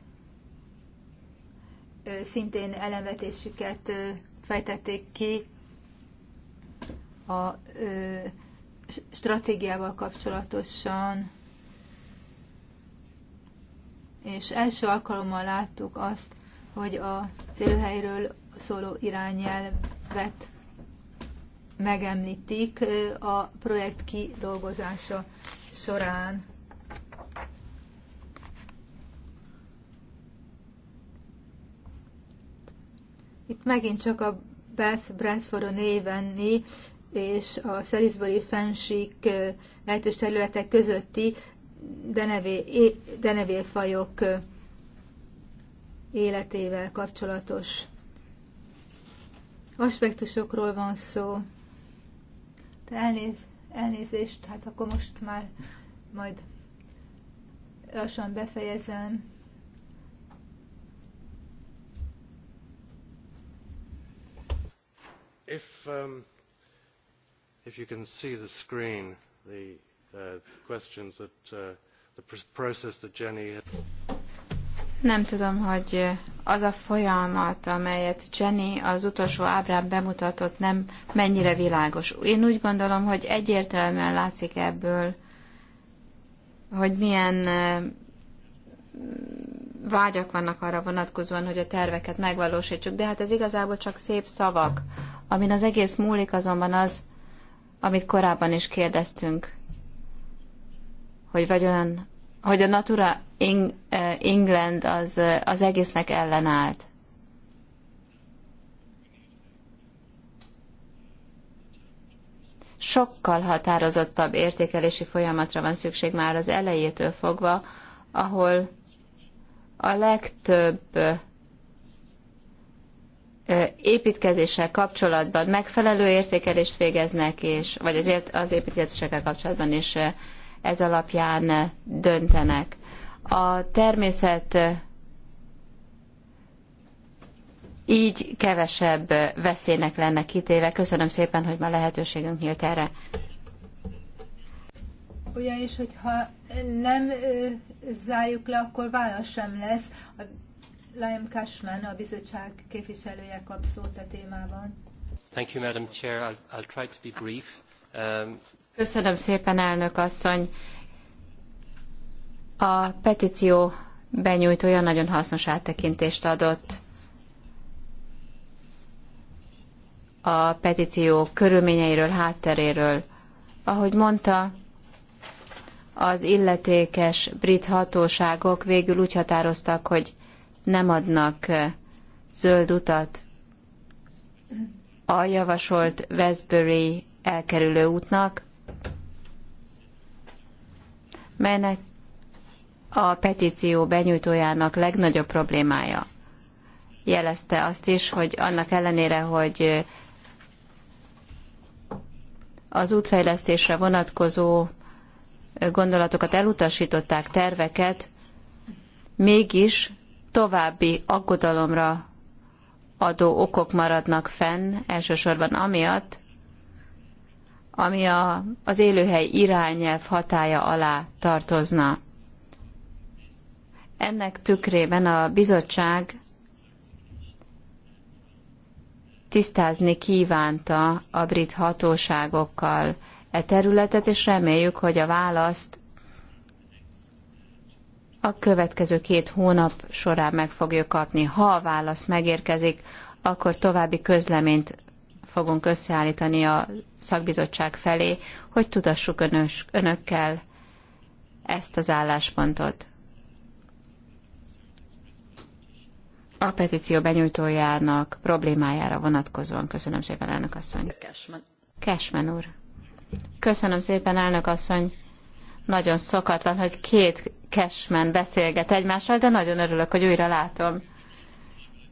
szintén elemetésüket fejtették ki a stratégiával kapcsolatosan, és első alkalommal láttuk azt, hogy a célhelyről szóló irányelvet megemlítik a projekt kidolgozása során. Itt megint csak a Beth Bradford névenni és a Salisbury fensík lehetős területek közötti denevérfajok életével kapcsolatos aspektusokról van szó elnéz, elnézést, hát akkor most már majd lassan befejezem. If, um, if you can see the screen, the, uh, the questions that uh, the process that Jenny had nem tudom, hogy az a folyamat, amelyet Jenny az utolsó ábrán bemutatott, nem mennyire világos. Én úgy gondolom, hogy egyértelműen látszik ebből, hogy milyen vágyak vannak arra vonatkozóan, hogy a terveket megvalósítsuk, de hát ez igazából csak szép szavak. Amin az egész múlik azonban az, amit korábban is kérdeztünk, hogy vagy olyan, hogy a natura Ing eh, England az, eh, az egésznek ellenállt. Sokkal határozottabb értékelési folyamatra van szükség már az elejétől fogva, ahol a legtöbb eh, építkezéssel kapcsolatban megfelelő értékelést végeznek, és, vagy az, az építkezésekkel kapcsolatban is ez alapján döntenek a természet így kevesebb veszélynek lenne kitéve. Köszönöm szépen, hogy ma lehetőségünk nyílt erre. Ugyanis, hogyha nem ö, zárjuk le, akkor válasz sem lesz. A Liam Cashman, a bizottság képviselője kap szót a témában. Thank you, Madam Chair. I'll, I'll try to be brief. Um... Köszönöm szépen, elnök asszony. Uh, a petíció benyújtója nagyon hasznos áttekintést adott a petíció körülményeiről, hátteréről. Ahogy mondta, az illetékes brit hatóságok végül úgy határoztak, hogy nem adnak eh, zöld utat a javasolt Westbury elkerülő útnak, melynek a petíció benyújtójának legnagyobb problémája. Jelezte azt is, hogy annak ellenére, hogy az útfejlesztésre vonatkozó gondolatokat elutasították, terveket, mégis további aggodalomra adó okok maradnak fenn, elsősorban amiatt, ami a, az élőhely irányelv hatája alá tartozna. Ennek tükrében a bizottság tisztázni kívánta a brit hatóságokkal e területet, és reméljük, hogy a választ a következő két hónap során meg fogjuk kapni. Ha a válasz megérkezik, akkor további közleményt fogunk összeállítani a szakbizottság felé, hogy tudassuk önös, önökkel ezt az álláspontot. a petíció benyújtójának problémájára vonatkozóan. Köszönöm szépen, elnök asszony. Cashman. Cashman úr. Köszönöm szépen, elnök asszony. Nagyon szokatlan, hogy két Cashman beszélget egymással, de nagyon örülök, hogy újra látom.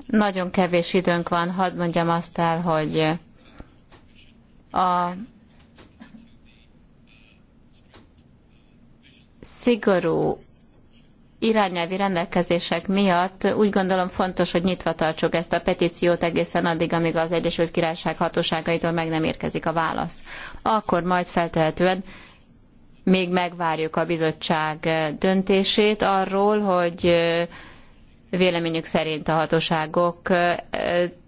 Nagyon kevés időnk van, hadd mondjam azt el, hogy a szigorú irányelvi rendelkezések miatt úgy gondolom fontos, hogy nyitva tartsuk ezt a petíciót egészen addig, amíg az Egyesült Királyság hatóságaitól meg nem érkezik a válasz. Akkor majd feltehetően még megvárjuk a bizottság döntését arról, hogy Véleményük szerint a hatóságok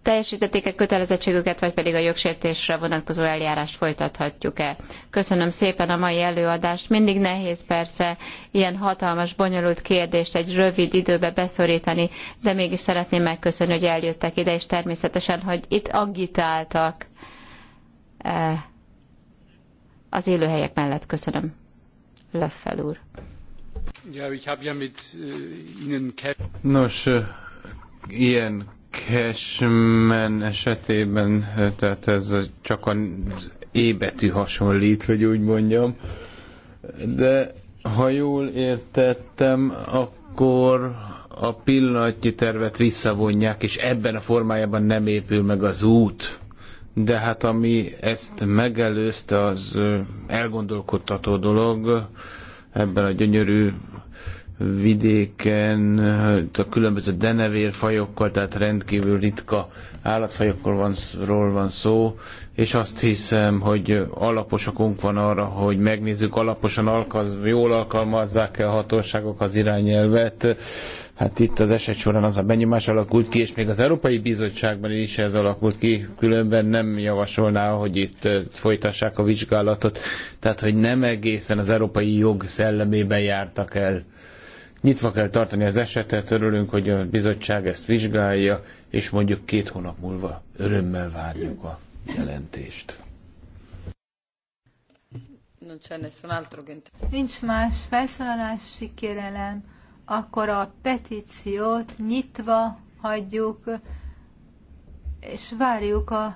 teljesítették-e kötelezettségüket, vagy pedig a jogsértésre vonatkozó eljárást folytathatjuk-e. Köszönöm szépen a mai előadást. Mindig nehéz persze ilyen hatalmas, bonyolult kérdést egy rövid időbe beszorítani, de mégis szeretném megköszönni, hogy eljöttek ide, és természetesen, hogy itt agitáltak eh, az élőhelyek mellett. Köszönöm. Löffel úr. Äh, Nos, ilyen Cashman esetében, tehát ez csak a E betű hasonlít, hogy úgy mondjam. De ha jól értettem, akkor a pillanatnyi tervet visszavonják, és ebben a formájában nem épül meg az út. De hát ami ezt megelőzte, az elgondolkodtató dolog, ebben a gyönyörű vidéken, hát a különböző denevérfajokkal, tehát rendkívül ritka állatfajokról van, ról van szó, és azt hiszem, hogy alapos van arra, hogy megnézzük alaposan, alkaz, jól alkalmazzák-e a hatóságok az irányelvet, Hát itt az eset során az a benyomás alakult ki, és még az Európai Bizottságban is ez alakult ki, különben nem javasolná, hogy itt folytassák a vizsgálatot, tehát hogy nem egészen az európai jog szellemében jártak el. Nyitva kell tartani az esetet, örülünk, hogy a bizottság ezt vizsgálja, és mondjuk két hónap múlva örömmel várjuk a jelentést. Nincs más felszólalási kérelem akkor a petíciót nyitva hagyjuk, és várjuk a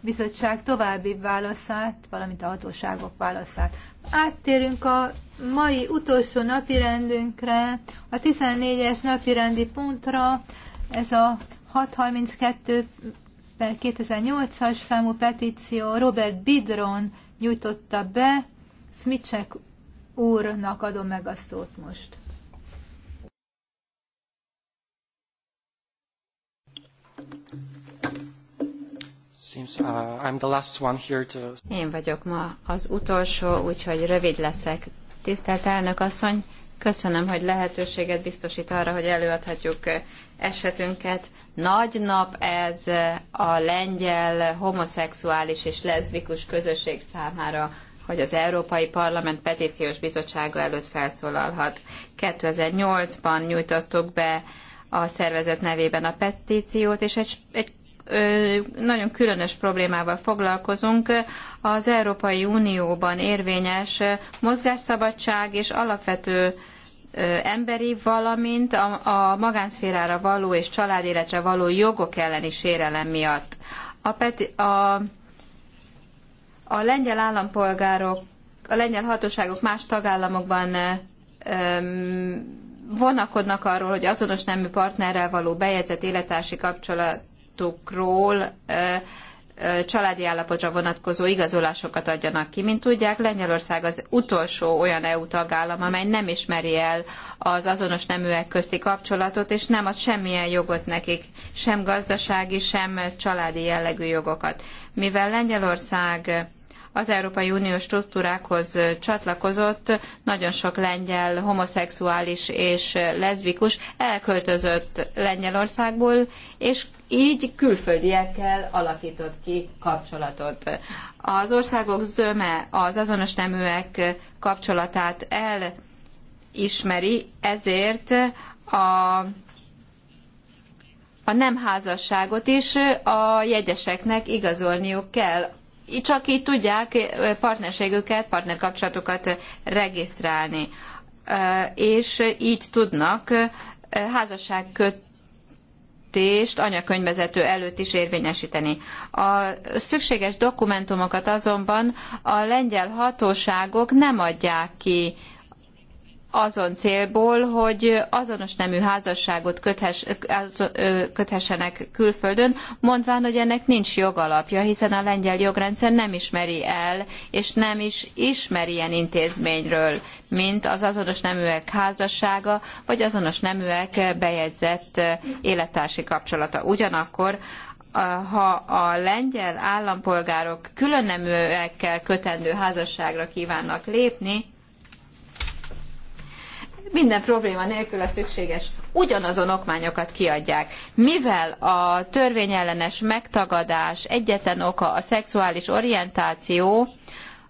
bizottság további válaszát, valamint a hatóságok válaszát. Áttérünk a mai utolsó napirendünkre, a 14-es napirendi pontra, ez a 632 per 2008-as számú petíció Robert Bidron nyújtotta be, Smicsek úrnak adom meg a szót most. Seems, uh, I'm the last one here to... Én vagyok ma az utolsó, úgyhogy rövid leszek. Tisztelt elnök asszony, köszönöm, hogy lehetőséget biztosít arra, hogy előadhatjuk uh, esetünket. Nagy nap ez uh, a lengyel homoszexuális és leszbikus közösség számára, hogy az Európai Parlament Petíciós Bizottsága előtt felszólalhat. 2008-ban nyújtottuk be a szervezet nevében a petíciót, és egy, egy nagyon különös problémával foglalkozunk. Az Európai Unióban érvényes mozgásszabadság és alapvető emberi, valamint a, a magánszférára való és családéletre való jogok elleni sérelem miatt. A, peti, a, a lengyel állampolgárok, a lengyel hatóságok más tagállamokban vonakodnak arról, hogy azonos nemű partnerrel való bejegyzett élettársi kapcsolat állapotokról családi állapotra vonatkozó igazolásokat adjanak ki. Mint tudják, Lengyelország az utolsó olyan EU tagállam, amely nem ismeri el az azonos neműek közti kapcsolatot, és nem ad semmilyen jogot nekik, sem gazdasági, sem családi jellegű jogokat. Mivel Lengyelország az Európai Uniós struktúrákhoz csatlakozott, nagyon sok lengyel homoszexuális és leszbikus elköltözött Lengyelországból, és így külföldiekkel alakított ki kapcsolatot. Az országok zöme az azonos neműek kapcsolatát elismeri, ezért a a nem házasságot is a jegyeseknek igazolniuk kell csak így tudják eh, partnerségüket, partnerkapcsolatokat regisztrálni, eh, és így tudnak eh, házasságkötést anyakönyvezető előtt is érvényesíteni. A szükséges dokumentumokat azonban a lengyel hatóságok nem adják ki azon célból, hogy azonos nemű házasságot köthessenek külföldön, mondván, hogy ennek nincs jogalapja, hiszen a lengyel jogrendszer nem ismeri el, és nem is ismer ilyen intézményről, mint az azonos neműek házassága, vagy azonos neműek bejegyzett élettársi kapcsolata. Ugyanakkor ha a lengyel állampolgárok külön neműekkel kötendő házasságra kívánnak lépni, minden probléma nélkül a szükséges ugyanazon okmányokat kiadják. Mivel a törvényellenes megtagadás egyetlen oka a szexuális orientáció,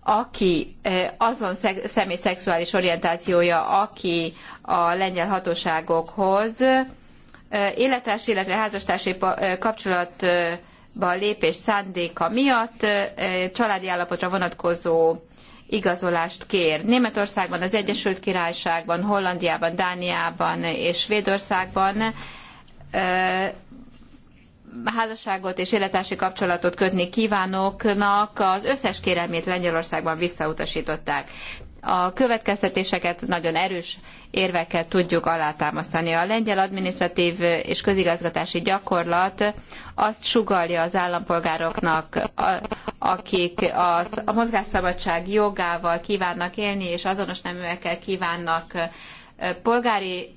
aki azon személy szexuális orientációja, aki a lengyel hatóságokhoz életes, illetve házastársi kapcsolatba lépés szándéka miatt családi állapotra vonatkozó igazolást kér. Németországban, az Egyesült Királyságban, Hollandiában, Dániában és Svédországban házasságot és élettársi kapcsolatot kötni kívánóknak az összes kérelmét Lengyelországban visszautasították. A következtetéseket nagyon erős érvekkel tudjuk alátámasztani. A lengyel adminisztratív és közigazgatási gyakorlat azt sugalja az állampolgároknak, akik az, a mozgásszabadság jogával kívánnak élni, és azonos neműekkel kívánnak polgári,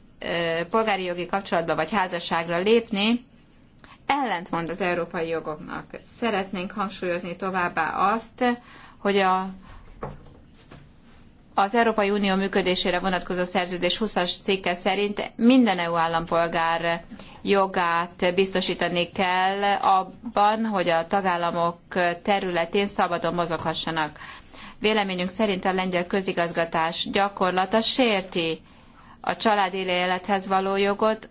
polgári jogi kapcsolatba vagy házasságra lépni, ellentmond az európai jogoknak. Szeretnénk hangsúlyozni továbbá azt, hogy a, az Európai Unió működésére vonatkozó szerződés 20-as cikke szerint minden EU állampolgár jogát biztosítani kell abban, hogy a tagállamok területén szabadon mozoghassanak. Véleményünk szerint a lengyel közigazgatás gyakorlata sérti a család élethez való jogot,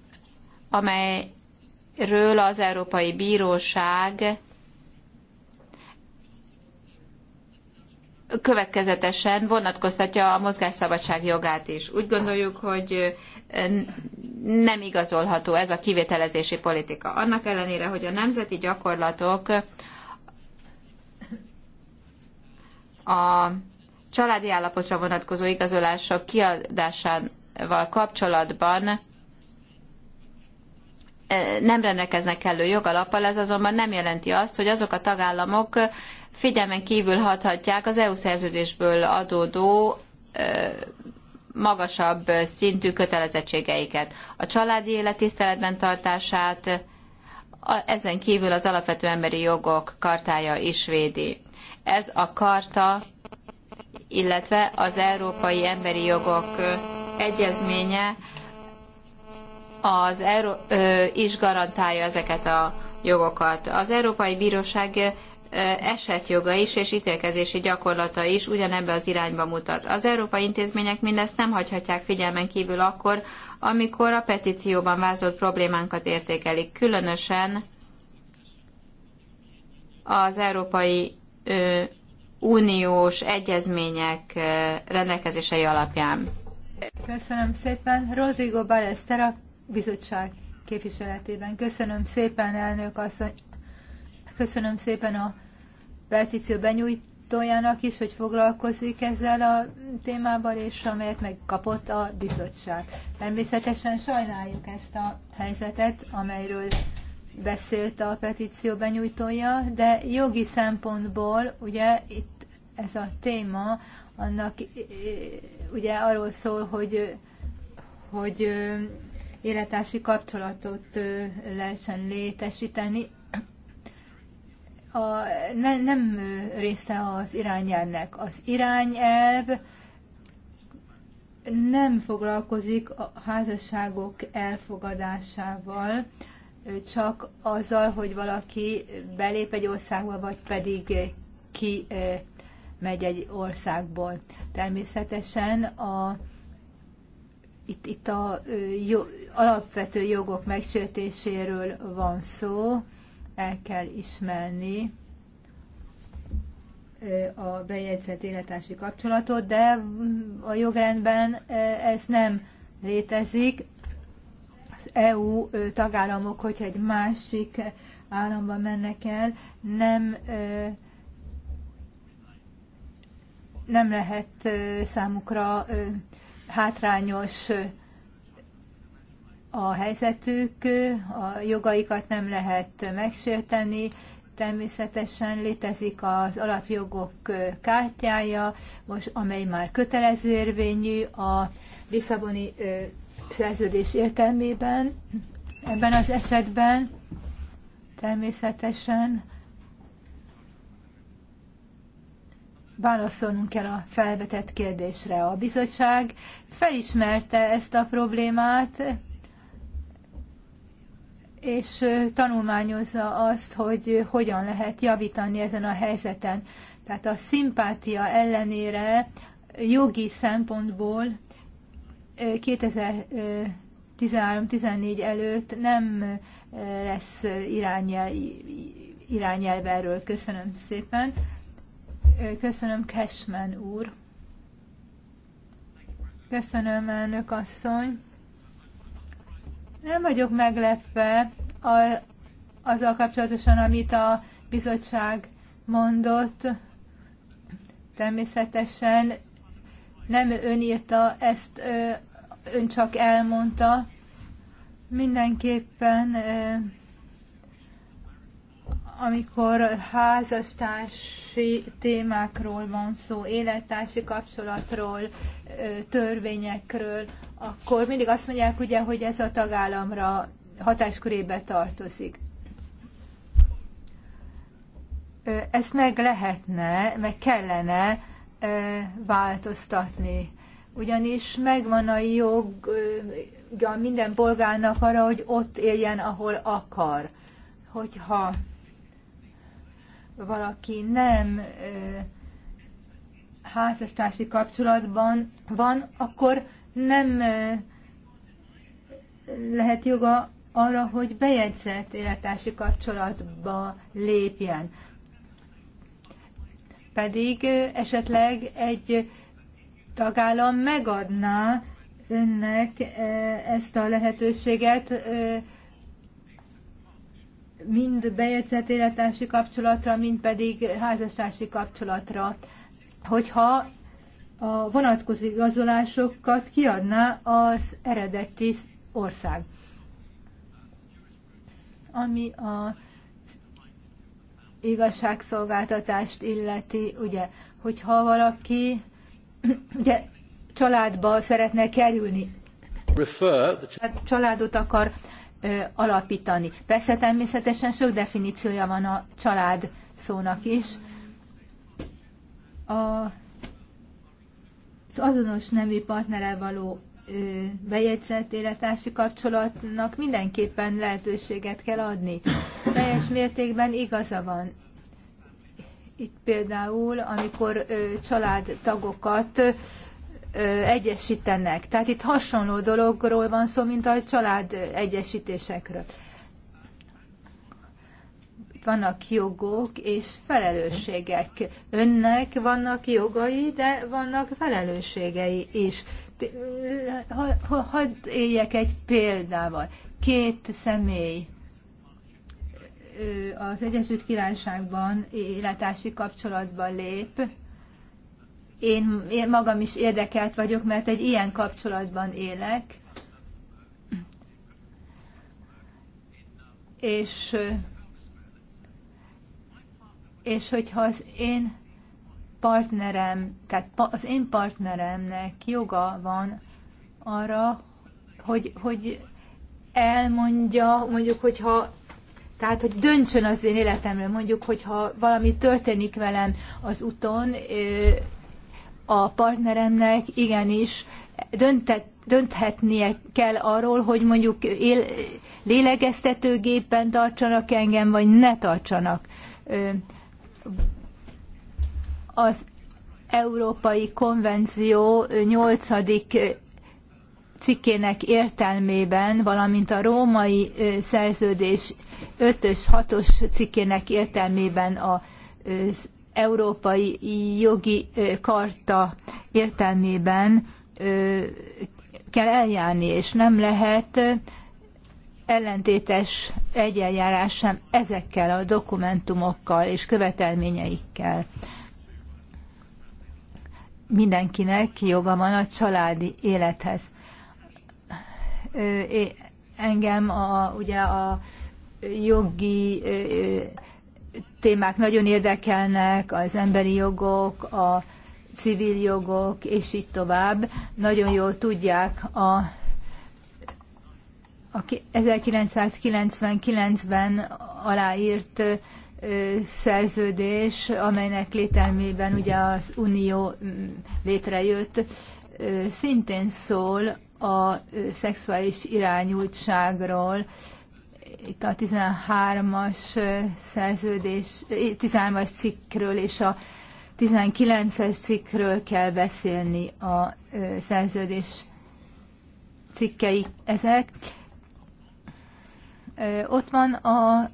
amelyről az Európai Bíróság következetesen vonatkoztatja a mozgásszabadság jogát is. Úgy gondoljuk, hogy nem igazolható ez a kivételezési politika. Annak ellenére, hogy a nemzeti gyakorlatok a családi állapotra vonatkozó igazolások kiadásával kapcsolatban nem rendelkeznek kellő jogalappal, ez azonban nem jelenti azt, hogy azok a tagállamok figyelmen kívül hathatják az EU szerződésből adódó magasabb szintű kötelezettségeiket. A családi élet tiszteletben tartását ezen kívül az alapvető emberi jogok kartája is védi. Ez a karta, illetve az Európai Emberi Jogok Egyezménye az Euró- is garantálja ezeket a jogokat. Az Európai Bíróság esetjoga is és ítélkezési gyakorlata is ugyanebbe az irányba mutat. Az európai intézmények mindezt nem hagyhatják figyelmen kívül akkor, amikor a petícióban vázolt problémánkat értékelik, különösen az Európai Uniós egyezmények rendelkezései alapján. Köszönöm szépen. Rodrigo Balester a bizottság képviseletében. Köszönöm szépen, elnök asszony. Köszönöm szépen a petíció benyújtójának is, hogy foglalkozik ezzel a témával, és amelyet megkapott a bizottság. Természetesen sajnáljuk ezt a helyzetet, amelyről beszélt a petíció benyújtója, de jogi szempontból ugye itt ez a téma, annak ugye arról szól, hogy, hogy életási kapcsolatot lehessen létesíteni a, ne, nem része az irányelvnek. Az irányelv nem foglalkozik a házasságok elfogadásával, csak azzal, hogy valaki belép egy országba, vagy pedig ki eh, megy egy országból. Természetesen a, itt, itt a eh, jó, alapvető jogok megsértéséről van szó, el kell ismerni a bejegyzett életási kapcsolatot, de mm, a jogrendben ez nem létezik. Az EU tagállamok, hogyha egy másik államba mennek el, nem nem lehet számukra hátrányos a helyzetük, a jogaikat nem lehet megsérteni, természetesen létezik az alapjogok kártyája, most, amely már kötelező érvényű a Lisszaboni szerződés értelmében. Ebben az esetben természetesen válaszolnunk kell a felvetett kérdésre. A bizottság felismerte ezt a problémát, és tanulmányozza azt, hogy hogyan lehet javítani ezen a helyzeten. Tehát a szimpátia ellenére jogi szempontból 2013-14 előtt nem lesz irányel, irányelv erről. Köszönöm szépen. Köszönöm Cashman úr. Köszönöm, elnök asszony. Nem vagyok meglepve a, azzal kapcsolatosan, amit a bizottság mondott. Természetesen nem ön írta, ezt ön csak elmondta. Mindenképpen amikor házastársi témákról van szó, élettársi kapcsolatról, törvényekről, akkor mindig azt mondják ugye, hogy ez a tagállamra hatáskörébe tartozik. Ezt meg lehetne, meg kellene változtatni. Ugyanis megvan a joga minden polgárnak arra, hogy ott éljen, ahol akar. Hogyha valaki nem házastársi kapcsolatban van, akkor nem lehet joga arra, hogy bejegyzett élettársi kapcsolatba lépjen. Pedig esetleg egy tagállam megadná önnek ezt a lehetőséget, mind bejegyzett élettársi kapcsolatra, mind pedig házastársi kapcsolatra, hogyha a vonatkozó igazolásokat kiadná az eredeti ország. Ami a igazságszolgáltatást illeti, ugye, hogyha valaki ugye, családba szeretne kerülni, családot akar alapítani. Persze természetesen sok definíciója van a család szónak is. A, az azonos nemű partnerrel való bejegyzett élettársi kapcsolatnak mindenképpen lehetőséget kell adni. Teljes mértékben igaza van. Itt például, amikor családtagokat egyesítenek. Tehát itt hasonló dologról van szó, mint a család egyesítésekről. Vannak jogok és felelősségek. Önnek vannak jogai, de vannak felelősségei is. Hadd ha éljek egy példával. Két személy az Egyesült Királyságban életási kapcsolatban lép, én, én magam is érdekelt vagyok, mert egy ilyen kapcsolatban élek. És, és hogyha az én partnerem, tehát az én partneremnek joga van arra, hogy, hogy elmondja, mondjuk, hogyha tehát, hogy döntsön az én életemről, mondjuk, hogyha valami történik velem az úton, a partneremnek igenis döntet, dönthetnie kell arról, hogy mondjuk él, lélegeztetőgépen tartsanak -e engem, vagy ne tartsanak. Az Európai Konvenció 8. cikkének értelmében, valamint a római szerződés 5 6 cikkének értelmében a európai jogi karta értelmében kell eljárni, és nem lehet ellentétes egyeljárás sem ezekkel a dokumentumokkal és követelményeikkel. Mindenkinek joga van a családi élethez. Engem a, ugye a jogi témák nagyon érdekelnek, az emberi jogok, a civil jogok, és így tovább. Nagyon jól tudják a, a 1999-ben aláírt szerződés, amelynek lételmében ugye az Unió mm, létrejött, szintén szól a szexuális irányultságról, itt a 13-as szerződés, 13-as cikkről és a 19-es cikkről kell beszélni a szerződés cikkei ezek. Ott van a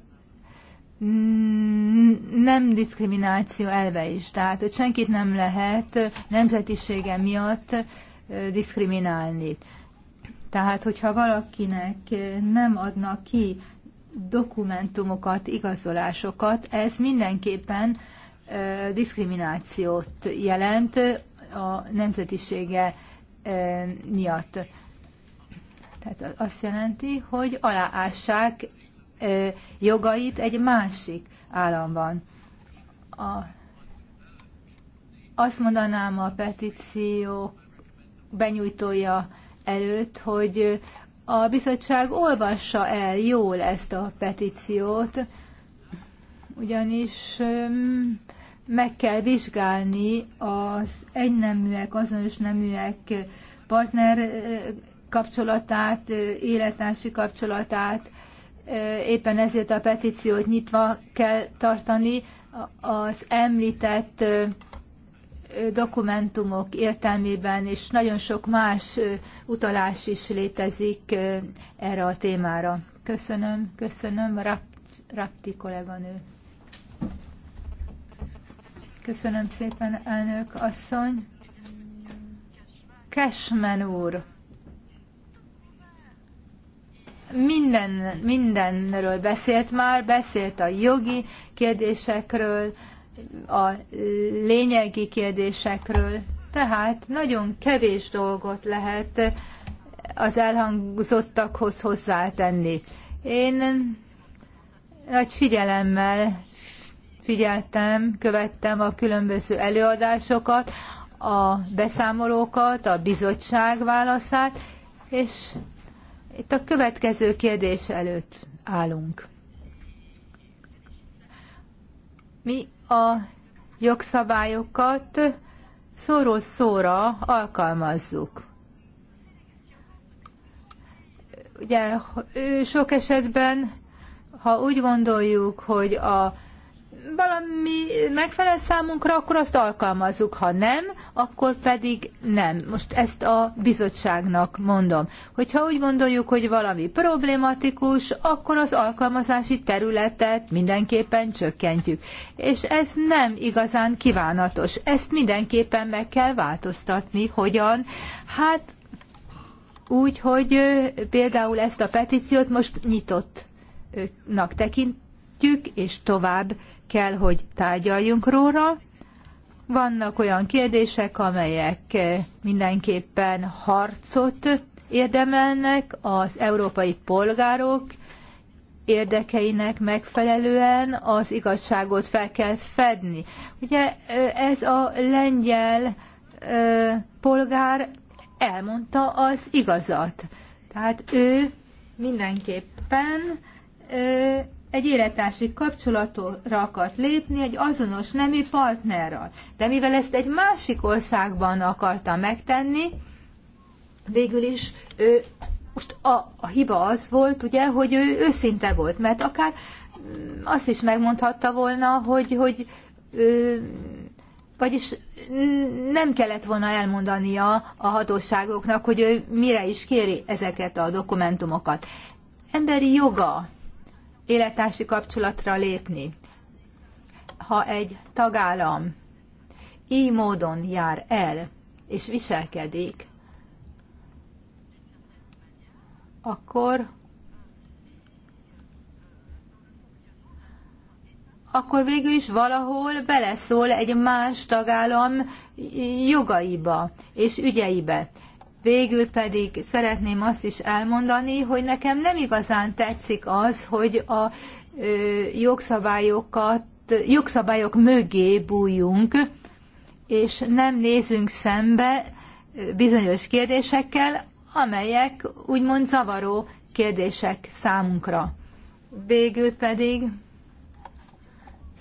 nem diszkrimináció elve is, tehát hogy senkit nem lehet nemzetisége miatt diszkriminálni. Tehát, hogyha valakinek nem adnak ki dokumentumokat, igazolásokat, ez mindenképpen diszkriminációt jelent a nemzetisége miatt. Tehát azt jelenti, hogy aláássák jogait egy másik államban. A, azt mondanám a petíció benyújtója előtt, hogy a bizottság olvassa el jól ezt a petíciót, ugyanis meg kell vizsgálni az egyneműek, azonos neműek partner kapcsolatát, élettársi kapcsolatát, éppen ezért a petíciót nyitva kell tartani. Az említett dokumentumok értelmében, és nagyon sok más utalás is létezik erre a témára. Köszönöm, köszönöm, Rapti kolléganő. Köszönöm szépen, elnök asszony. Cashman úr, minden, mindenről beszélt már, beszélt a jogi kérdésekről, a lényegi kérdésekről. Tehát nagyon kevés dolgot lehet az elhangzottakhoz hozzátenni. Én nagy figyelemmel figyeltem, követtem a különböző előadásokat, a beszámolókat, a bizottság válaszát, és itt a következő kérdés előtt állunk. Mi a jogszabályokat szóról szóra alkalmazzuk. Ugye sok esetben, ha úgy gondoljuk, hogy a valami megfelel számunkra, akkor azt alkalmazzuk, ha nem, akkor pedig nem. Most ezt a bizottságnak mondom. Hogyha úgy gondoljuk, hogy valami problématikus, akkor az alkalmazási területet mindenképpen csökkentjük. És ez nem igazán kívánatos. Ezt mindenképpen meg kell változtatni. Hogyan? Hát úgy, hogy például ezt a petíciót most nyitottnak tekintjük, és tovább kell, hogy tárgyaljunk róla. Vannak olyan kérdések, amelyek mindenképpen harcot érdemelnek az európai polgárok érdekeinek megfelelően az igazságot fel kell fedni. Ugye ez a lengyel polgár elmondta az igazat. Tehát ő mindenképpen egy élettársi kapcsolatra akart lépni egy azonos nemi partnerral. De mivel ezt egy másik országban akarta megtenni, végül is ő, most a, a hiba az volt, ugye, hogy ő őszinte volt, mert akár mm, azt is megmondhatta volna, hogy, hogy ő, vagyis nem kellett volna elmondania a hatóságoknak, hogy ő mire is kéri ezeket a dokumentumokat. Emberi joga élettársi kapcsolatra lépni. Ha egy tagállam így módon jár el és viselkedik, akkor akkor végül is valahol beleszól egy más tagállam jogaiba és ügyeibe. Végül pedig szeretném azt is elmondani, hogy nekem nem igazán tetszik az, hogy a jogszabályokat, jogszabályok mögé bújjunk, és nem nézünk szembe bizonyos kérdésekkel, amelyek úgymond zavaró kérdések számunkra. Végül pedig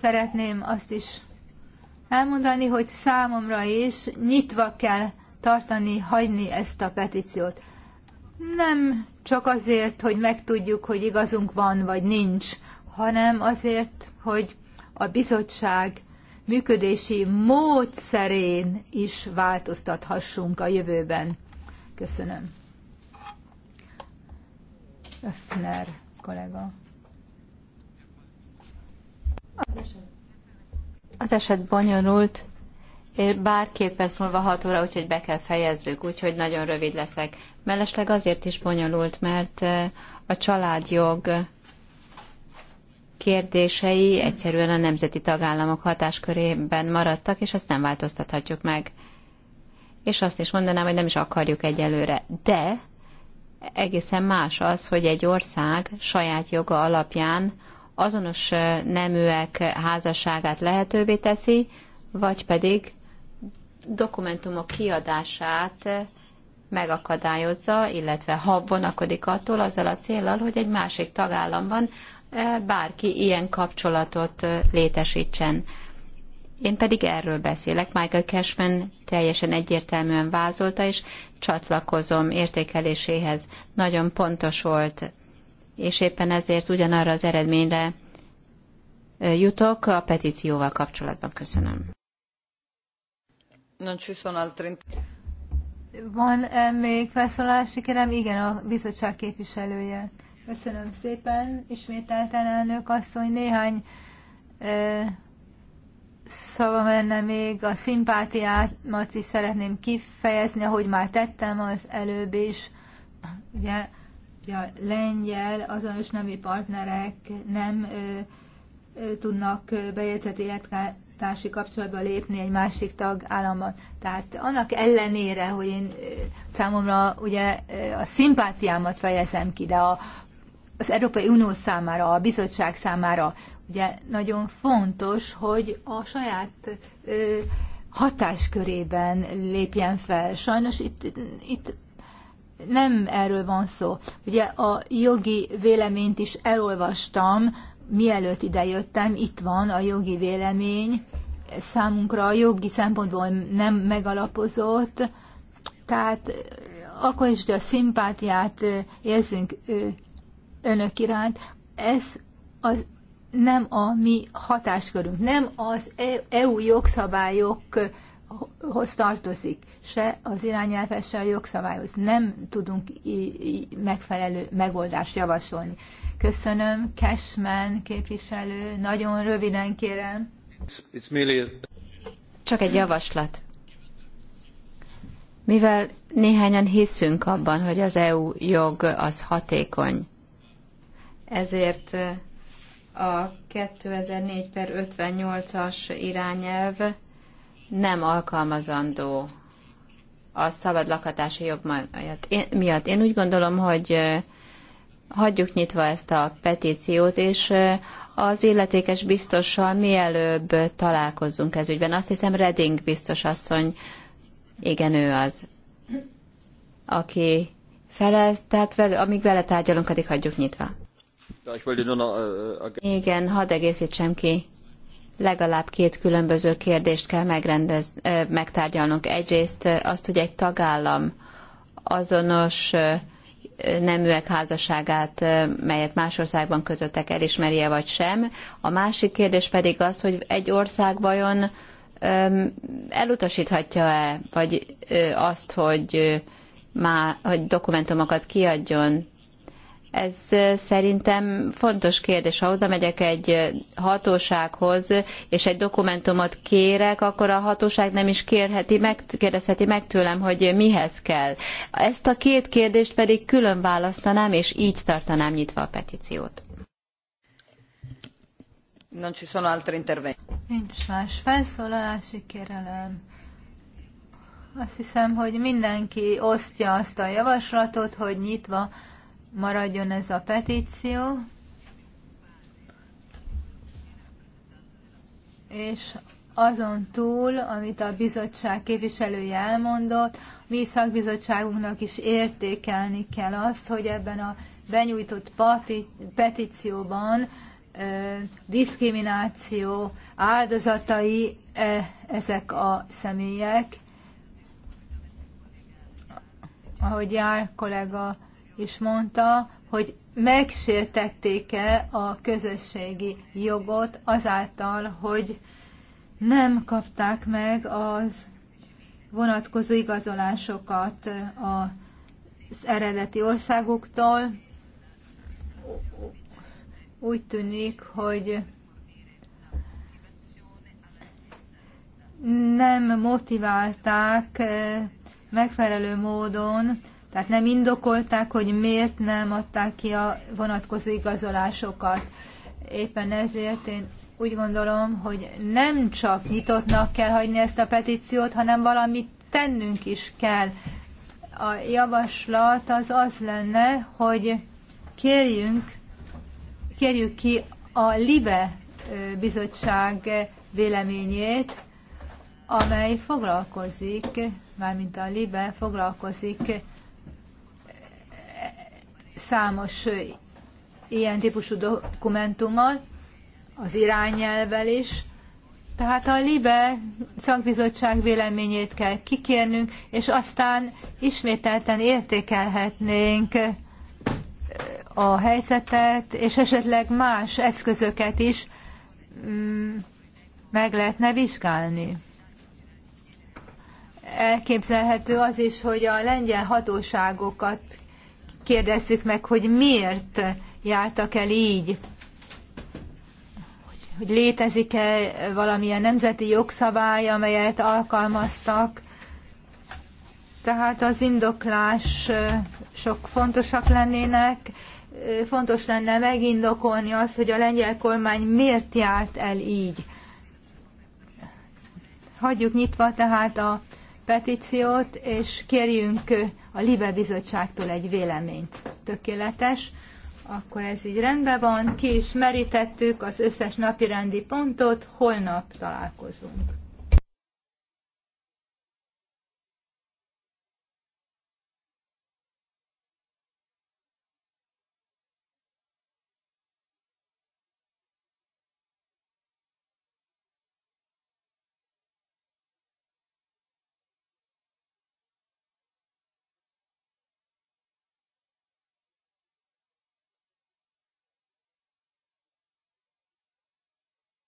szeretném azt is elmondani, hogy számomra is nyitva kell tartani, hagyni ezt a petíciót. Nem csak azért, hogy megtudjuk, hogy igazunk van vagy nincs, hanem azért, hogy a bizottság működési módszerén is változtathassunk a jövőben. Köszönöm. Öfner kollega. Az eset bonyolult, bár két perc múlva hat óra, úgyhogy be kell fejezzük, úgyhogy nagyon rövid leszek. Mellesleg azért is bonyolult, mert eh, a családjog kérdései egyszerűen a nemzeti tagállamok hatáskörében maradtak, és ezt nem változtathatjuk meg. És azt is mondanám, hogy nem is akarjuk egyelőre. De egészen más az, hogy egy ország saját joga alapján azonos eh, neműek házasságát lehetővé teszi, vagy pedig dokumentumok kiadását megakadályozza, illetve ha vonakodik attól, azzal a célral, hogy egy másik tagállamban eh, bárki ilyen kapcsolatot eh, létesítsen. Én pedig erről beszélek. Michael Cashman teljesen egyértelműen vázolta, és csatlakozom értékeléséhez. Nagyon pontos volt, és éppen ezért ugyanarra az eredményre eh, jutok a petícióval kapcsolatban. Köszönöm. Non ci sono altri... Van -e még felszólási kérem? Igen, a bizottság képviselője. Köszönöm szépen, ismételten elnök asszony, néhány ö, szava menne még, a szimpátiámat is szeretném kifejezni, ahogy már tettem az előbb is. Ugye a lengyel azonos nemű partnerek nem ö, ö, tudnak bejegyzett életkár, társi kapcsolatba lépni egy másik tagállamban. Tehát annak ellenére, hogy én számomra ugye a szimpátiámat fejezem ki, de a, az Európai Unió számára, a bizottság számára ugye nagyon fontos, hogy a saját ö, hatáskörében lépjen fel. Sajnos itt, itt nem erről van szó. Ugye a jogi véleményt is elolvastam, mielőtt idejöttem, itt van a jogi vélemény, számunkra a jogi szempontból nem megalapozott, tehát akkor is, hogy a szimpátiát érzünk önök iránt, ez az nem a mi hatáskörünk, nem az e-, EU jogszabályokhoz tartozik, se az irányelvhez, se a jogszabályhoz. Nem tudunk megfelelő megoldást javasolni. Köszönöm, Cashman képviselő. Nagyon röviden kérem. Csak egy javaslat. Mivel néhányan hiszünk abban, hogy az EU jog az hatékony, ezért eh, a 2004 per 58-as irányelv nem alkalmazandó a szabad lakhatási jog miatt. Én úgy gondolom, hogy eh, hagyjuk nyitva ezt a petíciót, és az illetékes biztossal mielőbb találkozzunk ez ügyben. Azt hiszem Reding biztos asszony, igen ő az, aki felel, tehát vele, amíg vele tárgyalunk, addig hagyjuk nyitva. Äh, äh, igen, hadd egészítsem ki. Legalább két különböző kérdést kell megrendez, megtárgyalnunk. Egyrészt azt, hogy egy tagállam azonos neműek házasságát, melyet más országban kötöttek, elismerje vagy sem. A másik kérdés pedig az, hogy egy ország vajon elutasíthatja-e, vagy azt, hogy, má, hogy dokumentumokat kiadjon ez szerintem fontos kérdés. Ha oda megyek egy hatósághoz, és egy dokumentumot kérek, akkor a hatóság nem is kérheti meg, kérdezheti meg tőlem, hogy mihez kell. Ezt a két kérdést pedig külön választanám, és így tartanám nyitva a petíciót. Non ci sono altri interventi. Nincs más felszólalási kérelem. Azt hiszem, hogy mindenki osztja azt a javaslatot, hogy nyitva maradjon ez a petíció, és azon túl, amit a bizottság képviselője elmondott, mi szakbizottságunknak is értékelni kell azt, hogy ebben a benyújtott petícióban ö, diszkrimináció áldozatai e, ezek a személyek. Ahogy jár kollega is mondta, hogy megsértették-e a közösségi jogot azáltal, hogy nem kapták meg az vonatkozó igazolásokat az eredeti országuktól. Úgy tűnik, hogy nem motiválták eh, megfelelő módon tehát nem indokolták, hogy miért nem adták ki a vonatkozó igazolásokat. Éppen ezért én úgy gondolom, hogy nem csak nyitottnak kell hagyni ezt a petíciót, hanem valamit tennünk is kell. A javaslat az az lenne, hogy kérjünk, kérjük ki a LIBE bizottság véleményét, amely foglalkozik, mármint a LIBE foglalkozik számos ilyen típusú dokumentummal, az irányelvel is. Tehát a LIBE szakbizottság véleményét kell kikérnünk, és aztán ismételten értékelhetnénk a helyzetet, és esetleg más eszközöket is mm, meg lehetne vizsgálni. Elképzelhető az is, hogy a lengyel hatóságokat kérdezzük meg, hogy miért jártak el így, hogy létezik-e valamilyen nemzeti jogszabály, amelyet alkalmaztak. Tehát az indoklás sok fontosak lennének, fontos lenne megindokolni azt, hogy a lengyel kormány miért járt el így. Hagyjuk nyitva tehát a petíciót, és kérjünk a Libe Bizottságtól egy véleményt. Tökéletes. Akkor ez így rendben van, ki is merítettük az összes napirendi pontot, holnap találkozunk.